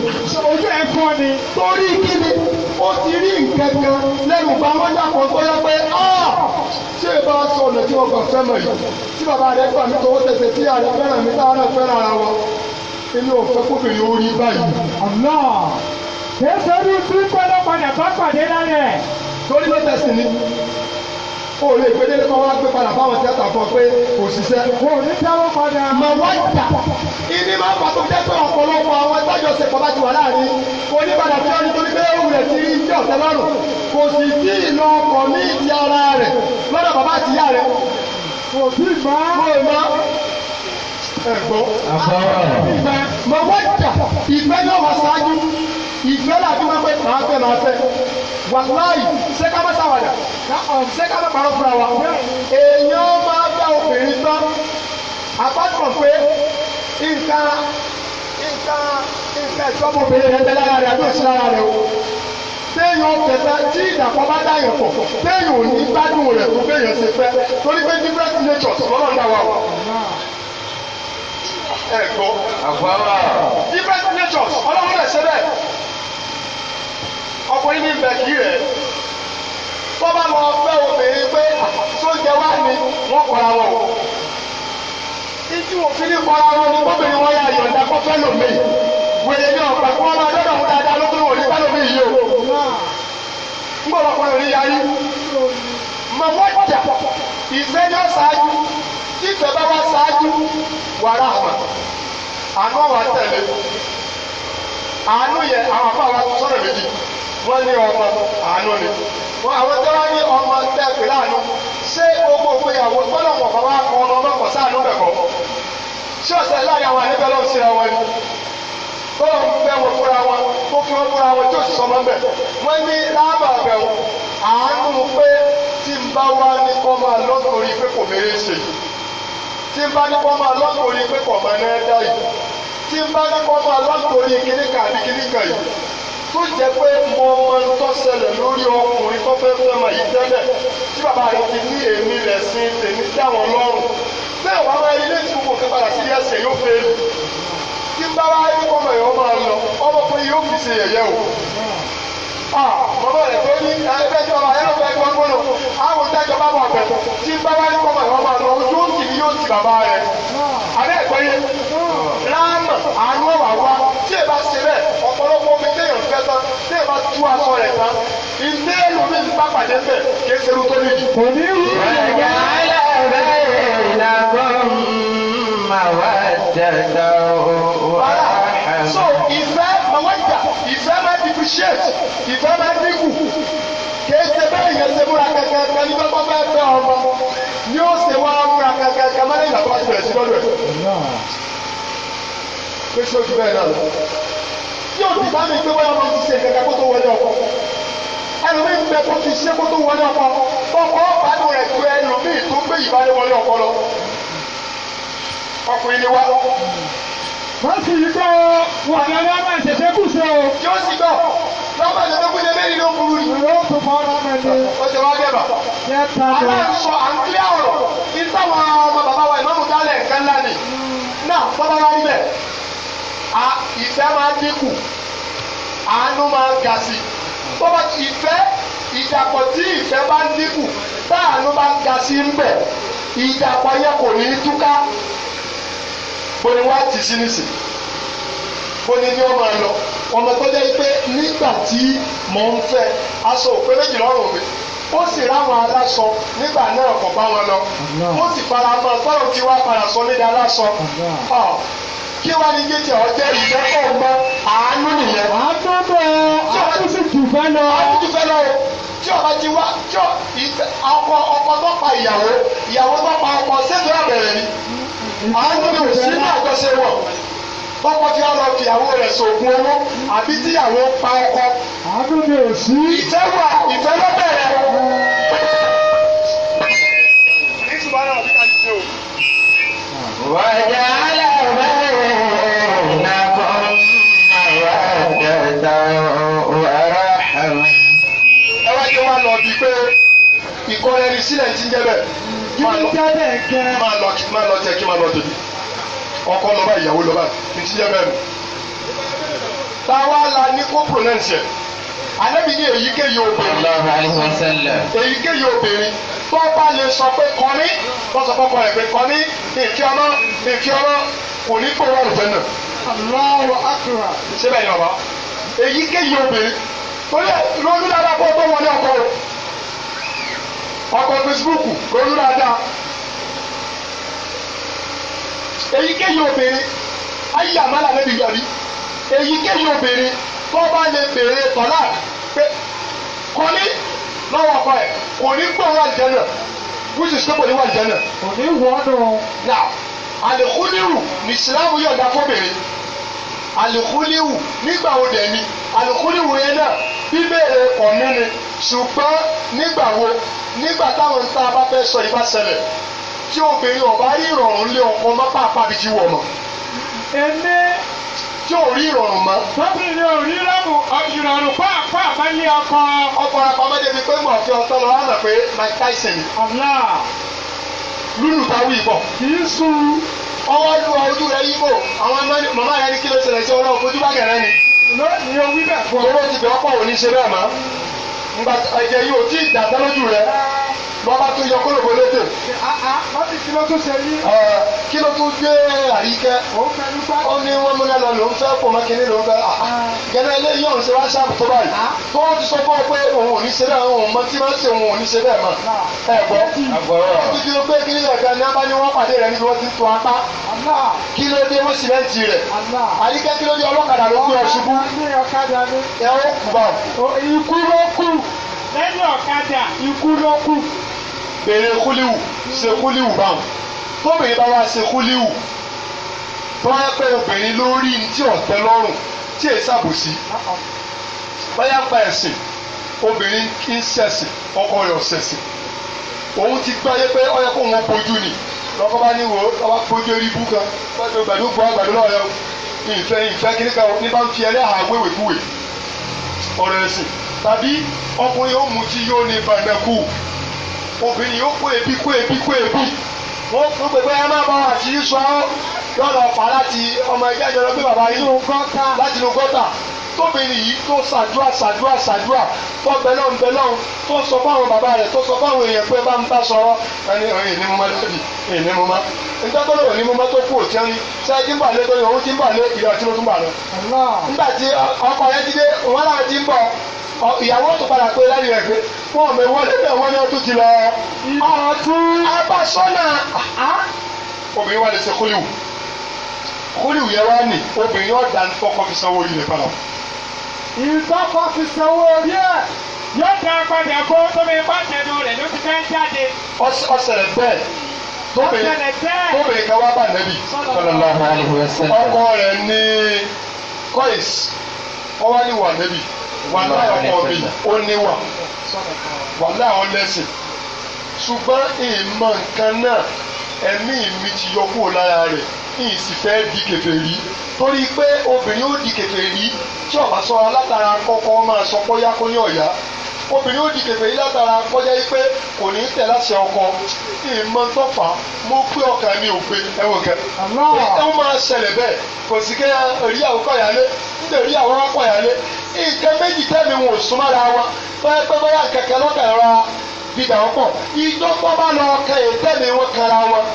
ojú ẹ kàn ni. torí kí ni ó ti rí nǹkan kan lẹ́nu bá wọ́n dàpọ̀ tó yẹ pé ṣé ẹ bá sọ ọ̀nà tí wọ́n gbà fẹ́ mọ̀ yìí tí bàbá rẹ̀ gbà mí tó ó tẹ̀sẹ̀ tí àrẹ fẹ́ràn mi táwọn náà fẹ́ràn ara wọn èmi ò fẹ́ kó bèrè orí báyìí. àná kẹsẹ̀ ní tí pẹ́lú padà bá pàdé lálẹ́. torí ló tẹ̀sí ni o lè pe délé kọ́ wá gbé padà báwọn tíátà fọ pé kò ṣiṣẹ́. o ní tẹ́wọ́ padà. mà wá jà ìní máa ń bàtò jẹ́ pé ọ̀pọ̀lọpọ̀ àwọn ẹgbẹ́jọ́ ṣe pọ̀ bá ti wà láàrin oníbàdàn tí wọ́n nítorí pé òun rẹ̀ ti rí jẹ́ ọ̀sẹ̀ lọ́rùn kò sì tí ì lọ ọkọ̀ ní ìdí ara rẹ̀ lọ́dọ̀ bàbá àtìyá rẹ̀. kò sí ìgbà. kò ì ẹ̀gbọ́ ìfẹ́ mọ wọ́jà ìfẹ́ náà wà sáájú ìfẹ́ náà fi máa pẹ́ máa fẹ́ máa fẹ́ wàláì sẹ́kámẹ́ta wàdà sẹ́kámẹ́ parọ́ fúnra wa èèyàn máa fẹ́ obìnrin tán àpapọ̀ pé nǹkan nǹkan nǹkan ìtọ́mọbìnrin rẹ̀ bẹ́ lára rẹ̀ àbí òsì lára rẹ̀ o téèyàn tẹ̀sán tí ìdàpọ̀ bá dáyàn pọ̀ téèyàn ò ní gbádùn rẹ̀ tó béèyàn ṣe fẹ́ torí pé different nature lọ́nà dá wa ẹ̀ gbọ́. àgbáwá. different natures ọlọ́run lè ṣe bẹ́ẹ̀. ọkùnrin ní ìbẹ̀kì rẹ̀ tó bá lọ fẹ́ obìnrin pé tó jẹ wá ni wọ́n kọ́ra wọn o. ìdí òfin ní kọ́ra wọn ni gómìnà wọn yà yọ̀ǹda kó fẹ́ lómi. wèrè ní ọ̀pá kó wọn máa dọ́dọ̀ wọn dáadáa ló kúrò ní pẹ́lú mi yìí o. ń bọ̀ ọkùnrin rí ayé. mọ̀ wọ́n jà ìfẹ́ ní ọ̀sáájú ìfẹ́ bá wá sáájú wàrà àmà àánú ọ̀wà tẹ̀lé àánú yẹ àwọn àbá wa sọ̀rọ̀ méjì wọ́n ní ọmọ àánú ni wọ́n àwọn tó wá ní ọmọ tẹ̀pẹ̀ láàánú ṣé gbogbo ògbéyàwó gbọ́dọ̀ mọ̀ bá wá kọ́ ọmọ ọmọkọ̀ sáànú bẹ̀kọ́ ṣé ọ̀sẹ̀ láàyè àwọn àníbẹ̀ lọ́ọ̀ síra wọn ni bọ́ọ̀ ń bẹ́ wọn fúnra wọn kó fi wọn fúnra wọn tí ò sì sọmọ bẹ̀ wọ́n ní láàbà bẹ̀ wọn àánú pé tí ń bá wá ní kọ́ máa lọ́sọ̀rí pé kò mèrè ṣe yìí tí n bá ní kọ́ máa lọ́tòrí pé kọ̀ máa náà dá yìí tí n bá ní kọ́ máa lọ́tòrí kíní kan àti kíní kan yìí tó jẹ́ pé mo mọ tó ṣẹlẹ̀ lórí ọkùnrin tó fẹ́ fẹ́ máa yí tẹ́lẹ̀ tí bàbá rẹ̀ ti ní èmi rẹ̀ sí tèmi dáwọn lọ́rùn bẹ́ẹ̀ wàá máa ilé tí mo kẹ́ padà sí ẹsẹ̀ yóò fẹ́ lù tí n bá wá ní kọ́ máa yọ̀ máa lọ ọmọ pé yóò fi ṣe yẹ̀yẹ́ o mọ̀mọ́ rẹ̀ tó ní ẹgbẹ́jọba ẹlọ́gbẹ́jọba gbọ́dọ̀ lójú bàbá rẹ̀ abẹ́ ẹ̀kọ́ yẹn láàmà àánú ọ̀wà wá tí èèbá ṣe bẹ́ẹ̀ ọ̀pọ̀lọpọ̀ omi téèyàn fẹ́ tán tí èèbá tú aṣọ rẹ̀ tán ilé ìlú mi bá pàdé bẹ̀ kí eṣerú tó ní jù. kò ní wú ẹ̀yà alábẹ́ ìlàgbọ́n máa wá dẹ̀dọ̀ so ìfẹ́ màwájà ìfẹ́ máa lọ́dọ̀ ẹ̀. pé ṣé ojú bẹ́ẹ̀ náà lọ. yóò ti bá mi pé wọ́n yọ ọmọ ti ṣe kẹ̀kẹ́ kó tó wọlé ọkọ. ẹlòmíì ń bẹ kó ti ṣe kó tó wọlé ọkọ. ọkọ ọ̀pádùn rẹ̀ tó ẹlòmíì tó gbé ìbálé wọlé ọkọ lọ. ọkùnrin ni wá. wọ́n sì yí pé wà ní ọlọ́ máa ṣẹ̀ṣẹ̀ kù sí o. yóò sì gbọ́ lọ́mọ ìṣẹ̀ṣẹ̀ kù sí ẹgbẹ́ ìlú òkúrú ni. yóò tó fọ́ ọ́ táwọn ọmọ bàbá wa ìmọ̀mù dálẹ̀ nǹkan ńlá ni náà bọ́lá wá níbẹ̀ ìfẹ́ máa dínkù àánú máa ga sí bọ́lá ìfẹ́ ìdàpọ̀ tí ìfẹ́ bá ń dínkù táàánú bá ń ga sí ń bẹ̀ ìdàpọ̀ yẹ kò ní í túká bóni wá ti sí nísìn bóni ni wọ́n máa lọ ọmọ tó jẹ́ pé nígbà tí mò ń fẹ́ aṣọ òpé méjì lọ́rùn mi ó sì ráwọn aláṣọ nígbà náà kò bá wọn lọ ó sì fara mọ́ gbọ́dọ̀ tí wàá padà sọ nídàá aláṣọ kí wàá ní jẹ́ tí ọ̀ jẹ́ ìjẹ́ kó o mọ àánú nìyẹn. wàá tó bẹ́ẹ̀ àtúnṣe jù fẹ́ lọ. àtúnṣe fẹ́ lọ o tí ọba ti wá tí ọkọ ọkọ tó pa ìyàwó ìyàwó tó pa ọkọ sẹ́tọ̀ ọ̀bẹ̀rẹ̀ ni. àánú ni òsínú àjọṣe wọ̀ kọ́kọ́ tí wọ́n lọ fìyàwó rẹ̀ sògùn owó àbí tíyàwó pa ọkọ. àánú mi ò sí. ìfẹ́ wà ìfẹ́ ló bẹ̀rẹ̀. sílẹ̀ ti ń jẹ́ bẹ́ẹ̀. kí ló jẹ́ bẹ́ẹ̀ kẹ́. máa lọ kí kí máa lọ tóbi ọkọ lọ́ba ìyàwó lọ́ba ní tíjẹ́ bẹ́ẹ̀ nù. táwa la ní kó pronounce yẹn alẹ́bi ní èyíkéyìí obìnrin èyíkéyìí obìnrin tó bá lè sọ pé kọ́ni tó sọ fọ́kọ rẹ̀ pé kọ́ni èkí ọmọ èkí ọmọ kò ní kó wọ́n fẹ́ náà. Allahu akbar. síbẹ̀ yìí ọba èyíkéyìí obìnrin torí lóyún dáadáa kó tó wọlé ọkọ rẹ̀ ọkọ Facebook lóyún dáadáa èyíkéyìí obìnrin ayé àmàlà lẹ́bi yọrí èyíkéyìí obìnrin tó bá lè béèrè tọ́lá pé kò ní lọ́wọ́ ọkọ ẹ̀ kò ní gbọ́ wà jẹ́ náà which is somebody wà jẹ́ náà. kò ní wọ́ọ̀dù. now àlèkúnirù ní ìsìlámù yọ̀ǹda fóbìnrin àlèkúnirù nígbà wo dẹ̀ ni àlèkúnirù yẹn náà bíbélì ọ̀nù ni ṣùgbọ́n nígbà wo nígbà táwọn tá a bá fẹ́ sọ ìbá ṣẹlẹ̀ tí obìnrin ọba rí ìrọ̀rùn lé ọkọ ọmọ pàápàá ti wọ̀ tí ò rí ìrọ̀rùn mọ́. lọ́kùnrin ò rí ìrọ̀rùn pàápàá bá lé ọkọ. pé mọ̀ fi ọtọ́ lọ lánàá pé Mike Tyson. lúlù ta kì í ọwọ́ lu ojú rẹ̀ yíbò àwọn màmá rẹ̀ ní kí ló ṣẹlẹ̀ sí ọlọ́run fojú wí fún ọ. owó ti bẹ̀ ọ́pọ̀ lọ́ba tún yọ kólòbó létè. kí ló tún ṣe yí. kí ló tún gbé àríkẹ́. ó ní wọ́n múná lọ lòún fẹ́ kó mákindé lòún fẹ́. gẹ́gẹ́ ilé yóò ṣe wá ṣáàpù tó báyìí. tó wọ́n ti sọ fún ọ pé òun ò ní ṣe bẹ́ẹ̀ òun mọ tí wọ́n ṣe òun ò ní ṣe bẹ́ẹ̀ mọ́. ẹ gbọ́ títí o pé kí ẹ̀ka ní abá ní wọ́n pàdé rẹ̀ níbi wọ́n ti tún apá. kí ló dé wọ́n sìmẹ́ǹtì rẹ̀. àríkẹ́ kí ló dé ọlọ́kadà ló gbé ọ ẹ ó kú bá ọ. ikú ló kù lẹ́yìn ọ̀kadà ikú ló kù bèrè kúlíwù ṣe kúlíwù báwọn tóbìnrin bá wá ṣe kúlíwù tó wá pẹ́ obìnrin lórí tí ọ̀tẹ́ lọ́rùn tí èyí ṣàbòsí báyà pa ẹ̀sìn obìnrin kì í ṣẹ̀sìn ọkọ rẹ̀ ọ̀ṣẹ̀sìn òun ti gbáyé pé ọyẹ kó wọn bójú ni lọ́kọ́ bá ní wo ọba bójú erí bú kan gbàdúgbò àgbàdo lọ́rẹ́ o ìfẹ́ ìfẹ́ kíníkà ní bá ń fi ẹlẹ́hàá wéwèé fúwèé. ọ̀rọ̀ ẹ̀sìn tàbí ọkùnrin yóò mutí yóò ní bàmẹ́kù obìnrin yóò kó ebi kó ebi kó wọ́n fún pépé ẹ má bọ́ àti sọ ọ́ pa láti ọmọ ẹgbẹ́ ìjọba pé bàbá yìí láti inú gọ́tà tóbìnrin yìí tó ṣàdúrà ṣàdúrà ṣàdúrà tó bẹlọ́n bẹlọ́n tó sọ fáwọn bàbá rẹ̀ tó sọ fáwọn èèyàn pé bá ń bá sọ̀rọ̀ ẹni ẹni mo máa lọ́dì ẹni mo máa nígbà tó lọ́wọ́ ni mo máa tó kú òtí ẹni ṣé ẹjí ń bà lé tó ní ti ń bà lé ìyá tí mo tún bà lọ. nígbà tí ọkọ rẹ ti dé wọn náà ti ń bọ̀ ìyàwó tó padà pé lẹ́yìn rẹ̀ pé wọn ò mẹ́wọ́ lẹ́yìn àwọn ni wọ́n ti lọ. ọ̀tún obìnrin wa lè ṣe kúlíwù kúlíwù yẹn wá nì obìnrin yóò dá tọkọ fi sanwó orí rẹ̀ padà. ìtọ́kọ fi sanwó orí ẹ̀ yóò dá padà kó tóbi pàtẹ́nu rẹ̀ ló fi fẹ́ jáde. ọ̀sẹ̀rẹ̀ bẹ́ẹ̀ tóbi ká wá bá nẹ́bí ọkọ rẹ̀ ní kọ́ìs ọwọ́ ni wà nẹ́bí wà láwọn ọmọ mi ó níwà wà láwọn lẹ́sìn ṣùgbọ́n ìmọ̀ nǹkan náà ẹ̀mí mi ti yọ kúrò lára rẹ̀ ní ìsìfẹ́ di kèfèrí torí pé obìnrin ó di kèfèrí tí ó bá ṣọ́ra látara kọ́kọ́ máa sọ pọ́yá kó ní ọ̀yá obìnrin ó di kèfèrí látara kọjá yìí pé kò ní tẹ̀ láṣẹ ọkọ ìmọ̀ tọ́fà mo pé ọkàn mi ò pé ẹ̀wọ̀n kẹ́ ẹ̀ wọ́n máa ṣẹlẹ̀ bẹ́ẹ̀ kò sí kẹ́ rí àwọn kọ̀yálé nítorí àwọn akọ̀yálé nǹkan méjì tẹ́mi wọn ò súnmọ́ra wọn pẹ́ẹ́pẹ́ báyà kẹ̀kẹ́ lọ́kàn rárá dídà wọn pọ̀ ìjọ tó bá lọ kẹ ètẹ́mi wọn kara wọn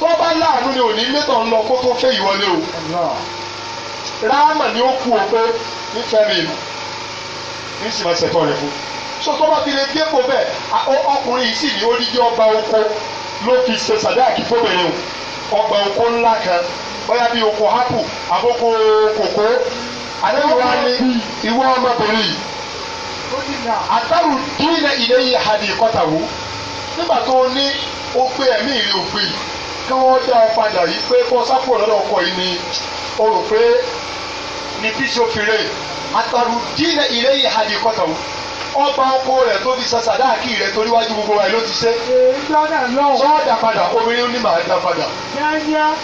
tó bá láàánú ni òní létọ̀ ń lọ kó tó fẹ́ ìwọlé o ráàmà ni ó kú o pé nífẹ̀ẹ́ mi ní sì máa ṣẹ̀tọ́ rẹ̀ fún so tó bá fi lè dépò bẹ́ẹ̀ ọkùnrin yìí sì ní oníjì ọba oko ló fi ṣe sàdáàkì tó bẹ̀rẹ̀ o ọgbà oko ńlá kan bóyá bíi oko hapu àkókò kòkó àdéhùn wa ní ìwọ ọmọbìnrin yìí àtàrù dúrínà ilé yìí hàdí ìkọ́tàwó nígbà tó o ní o pé ẹ̀mí ìrè òpin kí wọ́n dá ọ padà yìí pé kó sápò lọ́dọ̀ ọkọ yìí ni o rò pé ní bíṣọ̀pù àtàrù dúrínà ilé yìí hàdí ìkọ́tàwó ọba ọkọ rẹ̀ tó fi sàṣàdáàkì rẹ̀ torí wájú gbogbo wa ló ti ṣe. sọ́ọ̀dà padà obìnrin ní màá dá padà.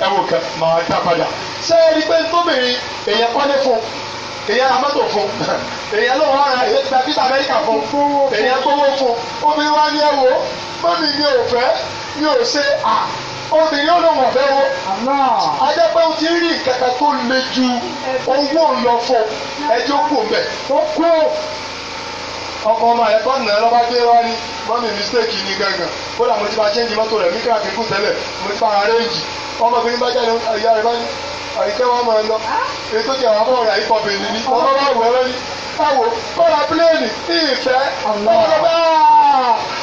ẹ wò kẹ màá dá padà. ṣé ẹni pé tóbìnrin èèyàn kọ́lé fún èyàn ra mọ́tò fún èyàn ló wọ́n ra èyàn gba títà amẹ́ríkà fún èyàn gbowó fún obìnrin wa ní ẹ̀wò mọ́mí mi ò fẹ́ mi ò ṣe à obìnrin ó lóun ọ̀fẹ́ wo ajẹ́ pé ó ti rí nǹkan kan tó le ju owó ńlọ fún ẹjọ́ kù mẹ́. ó kú ọkọ ọmọ ẹ̀ bọ́ọ̀nù náà lọ́ba gbé wá ní mọ́mí mistake ni gangan kódà mo ti bá change mọ́tò rẹ̀ mí kíláàkì kù tẹ́lẹ̀ mo ti bá arrange ọmọ mi bá jáde ìyá rẹ̀ bá ní àyíkẹ́ wa máa lọ ètò ìjà wa máa rà yí pọ̀bì ní ní ọmọ bá wù ẹ lọ́ní báwo kọ́ra pílẹ́ẹ̀nì ní ìfẹ́ ọlọ́ba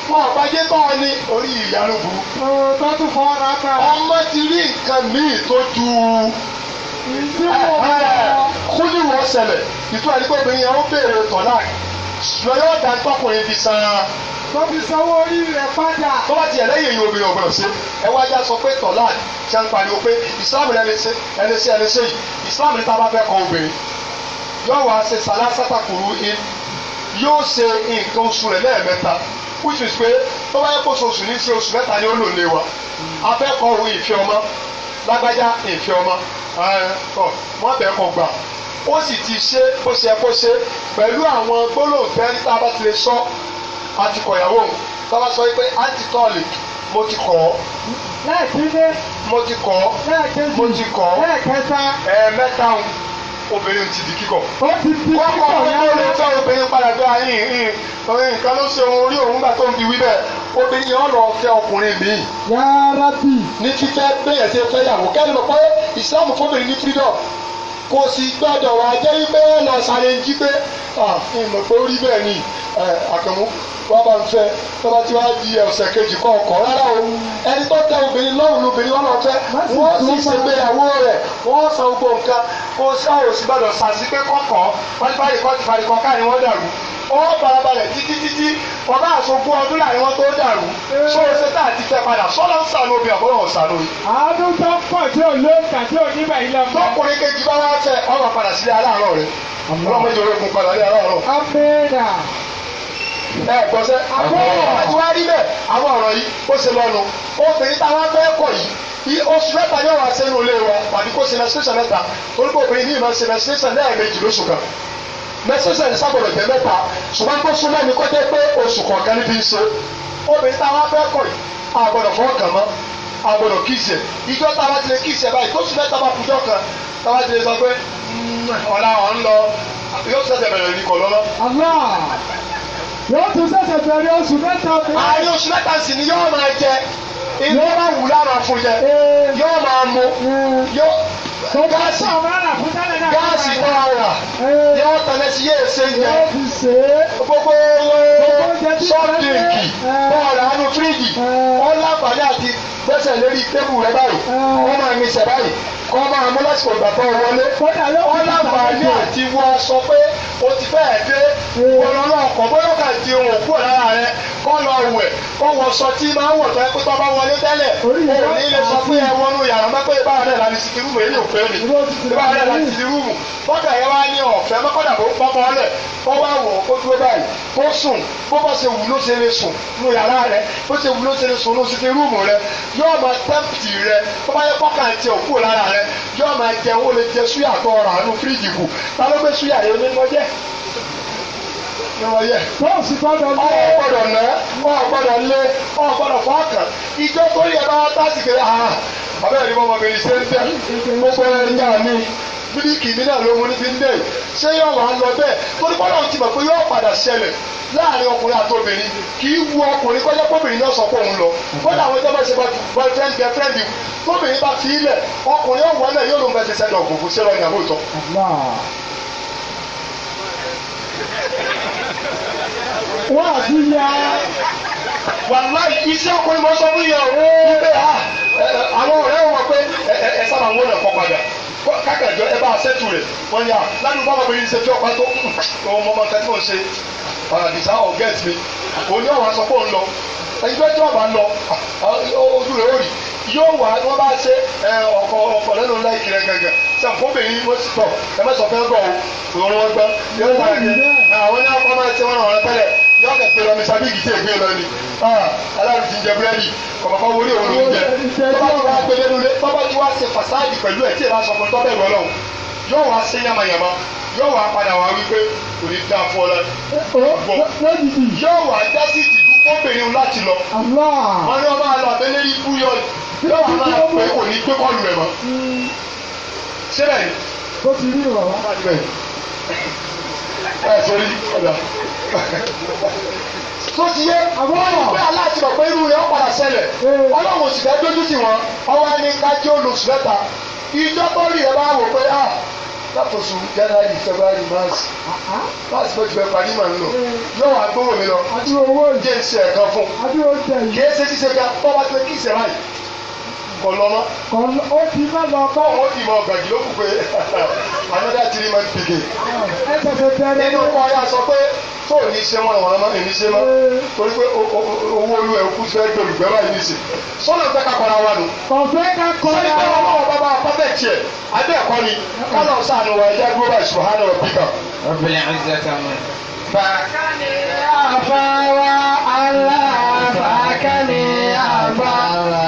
wọn àbájẹ́ tọ́ ọ ní orí ìyanu burú. tó tún fọ́ ọ́nà ká. ọmọ ti rí nǹkan míì tó ju kúlíwọ̀ ṣẹlẹ̀ ìtura ẹni pé yọyọ ọ̀dà tọkùnrin fi san. tó fi sanwó orí rẹ̀ padà. tó bá tiẹ̀ lẹ́yìn èyí obìnrin ọ̀gbọ̀n ṣe ẹ wá já sọ pé tọ́lá ṣe ń pariwo pé ìsìlámù rẹ ẹni ṣe ẹni ṣe ẹni ṣe yìí ìsìlámù níta bá fẹ́ kọ obìnrin yóò wá ṣe sàlásátà kùrú in yóò ṣe nǹkan oṣù rẹ̀ lẹ́ẹ̀mẹ́ta which is pé tó bá yẹ kó oṣooṣù ní ṣe oṣù mẹ́ta ni ó lò lé wa afẹ́kọ̀ọ́ ìfẹ́ ọmọ lágbájá ìfẹ́ ọmọ ẹ̀ ọ̀ wọ́n bẹ̀ kọ̀ gbà ó sì ti ṣe bó ṣe kó ṣe pẹ̀lú àwọn gbólóǹfẹ́ tá a bá ti lè sọ àti kọ̀yàwó tá a bá sọ pé antitọ́ọ̀lì mo ti kọ̀ ọ́. lẹ́ẹ̀kíndé. mo ti kọ̀ ọ́. lẹ́ẹ̀kejì mo ti kọ̀ ọ́. lẹ́ẹ̀kẹta. ẹ̀ẹ̀mẹ́ta o obìnrin ti di kíkọ̀. ó ti di kíkọ̀ yára. kọ́kọ́ kókó lè tẹ obìnrin padà bí ayín ah, ìhìn orin nǹkan ló ṣe ohun orí òun gbà tó ń fi wí bẹ́ẹ̀ obìnrin yẹn lọ fẹ́ ọkùnrin míì. yára bì. ní fífẹ́ bẹ́ẹ̀ ṣe fẹ́ yàwó kẹ́lẹ́ mọ̀ pé ìsìlámù fóbìnrin ní freedom kò sì gbọ́dọ̀ wá jẹ́ wípé wọ́n lọ ṣàlẹ́jì pé ìmọ̀ pé ó bẹ́ẹ̀ ni àkànmú wọ́n bá ń fẹ́ tó bá ti wá di ọ̀sẹ̀ kejì kan ọkọ̀ rárá o ẹni tó tẹ obìnrin lọ́rùn lóbìnrin lọ́nà ọ̀fẹ́ wọ́n sì ṣègbéyàwó rẹ̀ wọ́n san gbogbo nǹkan kó sáà ò sì gbọ́dọ̀ ṣàṣì pé kọ̀ọ̀kan wọ́n ti parí kọ́ ti parí kọ́ káà wọ́n dàrú ó farabalẹ̀ títí títí ọba àsokún ọdún láàrin wọn tó dàrú sọ ṣe tá àti tẹ padà sọlọ ń sànú obì àbúrò wọn sànú. àádọ́ tó ń pọ̀ tí ò lóǹkà tí ò nígbà yìí lọ́mọ. tọkùnrin kejì bá wá tẹ ọ̀rọ̀ padà sílé aláàárọ̀ rẹ ọlọ́mọ ìjọba ìkùn padà sílé aláàárọ̀. amẹ́nà. ẹ gbọ́sẹ̀ àwọn ọ̀rọ̀ àti wá rí bẹ́ẹ̀ àwọn ọ̀rọ̀ yìí ó ṣe lọ́nu obìnrin táwọn fẹ́ kọ̀ yìí oṣù mẹ́ta yóò wá sẹ́nu ilé wa wà ní kó sinẹ́sítẹ́sán mẹ́ta orúkọ obìnrin yìí máa sinẹ́sítẹ́sán lẹ́ẹ̀mejì lóṣù kan nẹ́sẹ̀sẹ̀ ní sábọ̀dọ̀ jẹ́ mẹ́ta ṣùgbọ́n tó súnmọ́ ẹni kó jẹ́ pé oṣù kọ̀ọ̀kan níbi iṣẹ́ obìnrin táwa fẹ́ kọ̀ yìí àgbọ̀dọ̀ fọ́ọ̀kàn mọ́ àgbọ̀dọ̀ kìsẹ̀ ìjọ táwa ti lè kìsẹ̀ báyìí tó sùn mẹ́ta bá kan táwa ti lè sọ pé hmm, ọ̀la ọ̀ ń lọ yóò ṣẹ̀ṣẹ̀ bẹ̀rẹ̀ ní kọ̀ lọ́lọ́. yóò tún ṣẹ̀ṣẹ̀ bẹ̀rẹ̀ oṣù mẹ́ta. àárín oṣù mẹ́ta sì ni yóò máa jẹ ilé máa fún jẹ eh. yóò máa mu hmm. yóò gáàsì gáàsì náà wà yóò tẹ̀lé sí yéé ṣe jẹ gbogbo sọ́ọ̀dìnkì bọ́ọ̀lù àánú fíríjì ó àti gbẹ́sẹ̀ lérí tébù rẹ báyìí ah. wọ́n máa ní sẹ̀ báyìí kọ́ máa mú lásìkò ìgbà tó wọlé wọ́n láǹfààní àti wọ́n sọ pé o ti fẹ́ẹ̀ dé hmm. wọn lọ́nà ọkọ̀ bóyá kà di ohun òkú lára rẹ kọ́ lọ wẹ̀ kọ́ wọ sọ tí máa ń wọ̀ tó ẹ pé tọ́ bá wọlé tẹ́lẹ̀ o ní ilé sọ pé ẹ wọnú yàrá mọ́ pé báwa náà láti ti rúùmù èyí ò fẹ́ mi báwa náà láti ti rúùmù bọ́kà yẹn wá ní ọ̀fẹ́ mọ́kànlá kó pọ́pọ́ lẹ̀ kó wá wọ̀ kó dúró báyìí kó sùn bó bá ṣe wù ló ṣe lè sùn nù yàrá rẹ bó ṣe wù ló ṣe lè sùn ló ṣe ti rúùmù rẹ yóò máa tẹ́pìtì rẹ tó bá yẹ kọ́kà jẹ òkú lára rẹ yóò máa jẹ owó lè jẹ súyà tó ọ̀rọ̀ àánú fíríjì kù ta ló gbé súyà yẹn ní mọ́jẹ́ bọ́ọ̀sì gbọ́dọ̀ lé ọ gbọ́dọ̀ lé ọ gbọ́dọ̀ lé ọ gbọ́dọ̀ fọ́ọ̀kàn ìjọ tó yẹ bá tásìkè ha abẹ́rẹ́ ni mo mọ̀ mi ṣe ń tẹ́ gbogbo ẹ̀ ń yà mí mílíkì mi náà ló mu ní ti ń dé ṣé yóò wá lọ bẹ́ẹ̀ torípọ́lọ́ ti mọ̀ pé yóò padà ṣẹlẹ̀ láàrin ọkùnrin àtòbìnrin kì í wu ọkùnrin kọjá pọ́bìnrin náà sọ pé òun lọ kódà àwọn ìjọba ṣe boyfriend girlfriend tóbìnrin bá fi ilẹ̀ ọkùnrin ọ̀wọ́ náà yóò ló ń bẹ ti sẹ́nu ọ̀gbọ̀gbọ̀ ṣé lọ ìyàwó ìtọ́. wọ́n àti ya wàláì iṣẹ́ ọkùnrin mọ́ sọ́dún yẹn o. àwọn ọ̀rẹ́ wọn pé ẹ sábà ń wọ́n náà kọ́ padà kákàjọ ẹ bá ṣètù rẹ̀ wọ́n yà ládùúgbò àwọn obìnrin ṣe fi tó òun mọ ọmọ nǹkan tí mò ń ṣe mi òun ni ọ̀wá sọ pé òun lọ tí wọ́n bá lọ ojú rẹ̀ ó rí yóò wá wọ́n bá ṣe ọkọ̀ ọkọ̀ lẹ́nu ńlá ìkìlẹ̀ gẹ̀gẹ̀ sàǹfọ̀bìnrin wọ́n ti tọ̀ ẹ mẹ́sàn-án fẹ́ bọ̀ òun wọ́n gbọ́ yóò wá ní àwọn ní akọ́ máa ṣe wọn àwọn ẹgbẹ́ yọ ọkẹ pé ọmọ sábì kìí ṣe ìpín lọ ni ah, aláàrùn ti ń jẹ búrẹ́dì kọ̀mọ̀kọ́ wọlé òun ló ń jẹ bàbá tí wàá gbélé lulẹ̀ bàbá tí wàá ṣe fàṣáàdì pẹ̀lú ẹ̀ tí èèyàn sọ fún tọ́bẹ̀ ìwọ lọ́hùn yóò wá sí yamayama yóò wá padà wá wípé kò ní dáa fún ọ lọ yóò wá dá sí ìtìjú fóbìnrin láti lọ wọn ni wọn máa lọ abẹ́lé ikú yọ yóò wá máa pé kò ní gbé kọlù rẹ mọ́ síbẹ̀ hmm. ni. bó ti rí ìrọ̀lá ẹ sori ọ̀dà. tó ti yé àwọn ọmọ pé aláàtì mọ̀ pé irú rẹ̀ ó padà ṣẹlẹ̀ ọlọ́run sì fẹ́ dójú tì wọ́n ọwọ́ ní kájí olóṣù mẹ́ta ìjọ tó rí ẹ bá wò pé ah lápòsù january february march march bó ti bẹ parí màá ń lò yóò wá gbówó mi lọ jẹ́ ìṣe ẹ̀kan fún kì í ṣe ṣíṣe ká bọ́ bá ti kí ìṣe báyìí kọ lọ́mọ. kọ ó ti má lọ bọ́. ó ti mọ gàdí ló kù pé another three months pikin. ẹ tẹ̀sẹ̀ tẹ̀lé. nínú kọ́ ya sọ pé tó ní ṣe wọn àwọn ọmọ èmi ṣe mọ torí pé owó olú ẹ kú fẹ́ tó olùgbẹ́ báyìí ní ìsìn sọ́nà fẹ́ ká kọ́ra wa nù. kọ̀fẹ́ ká kọ́ra wa. sọ́nà fẹ́ bàbá pọ́tẹ́ tiẹ̀ abẹ́ ẹ̀kọ́ ni kọ́nà sànù wa ẹ̀jẹ̀ gbé bá ìṣòwò hánà ọ̀bí kan. ọ̀bìnrin àwọn ìṣẹ́ ta mọ́. fàákàní àfáwá aláàfáàkàní àbáwá.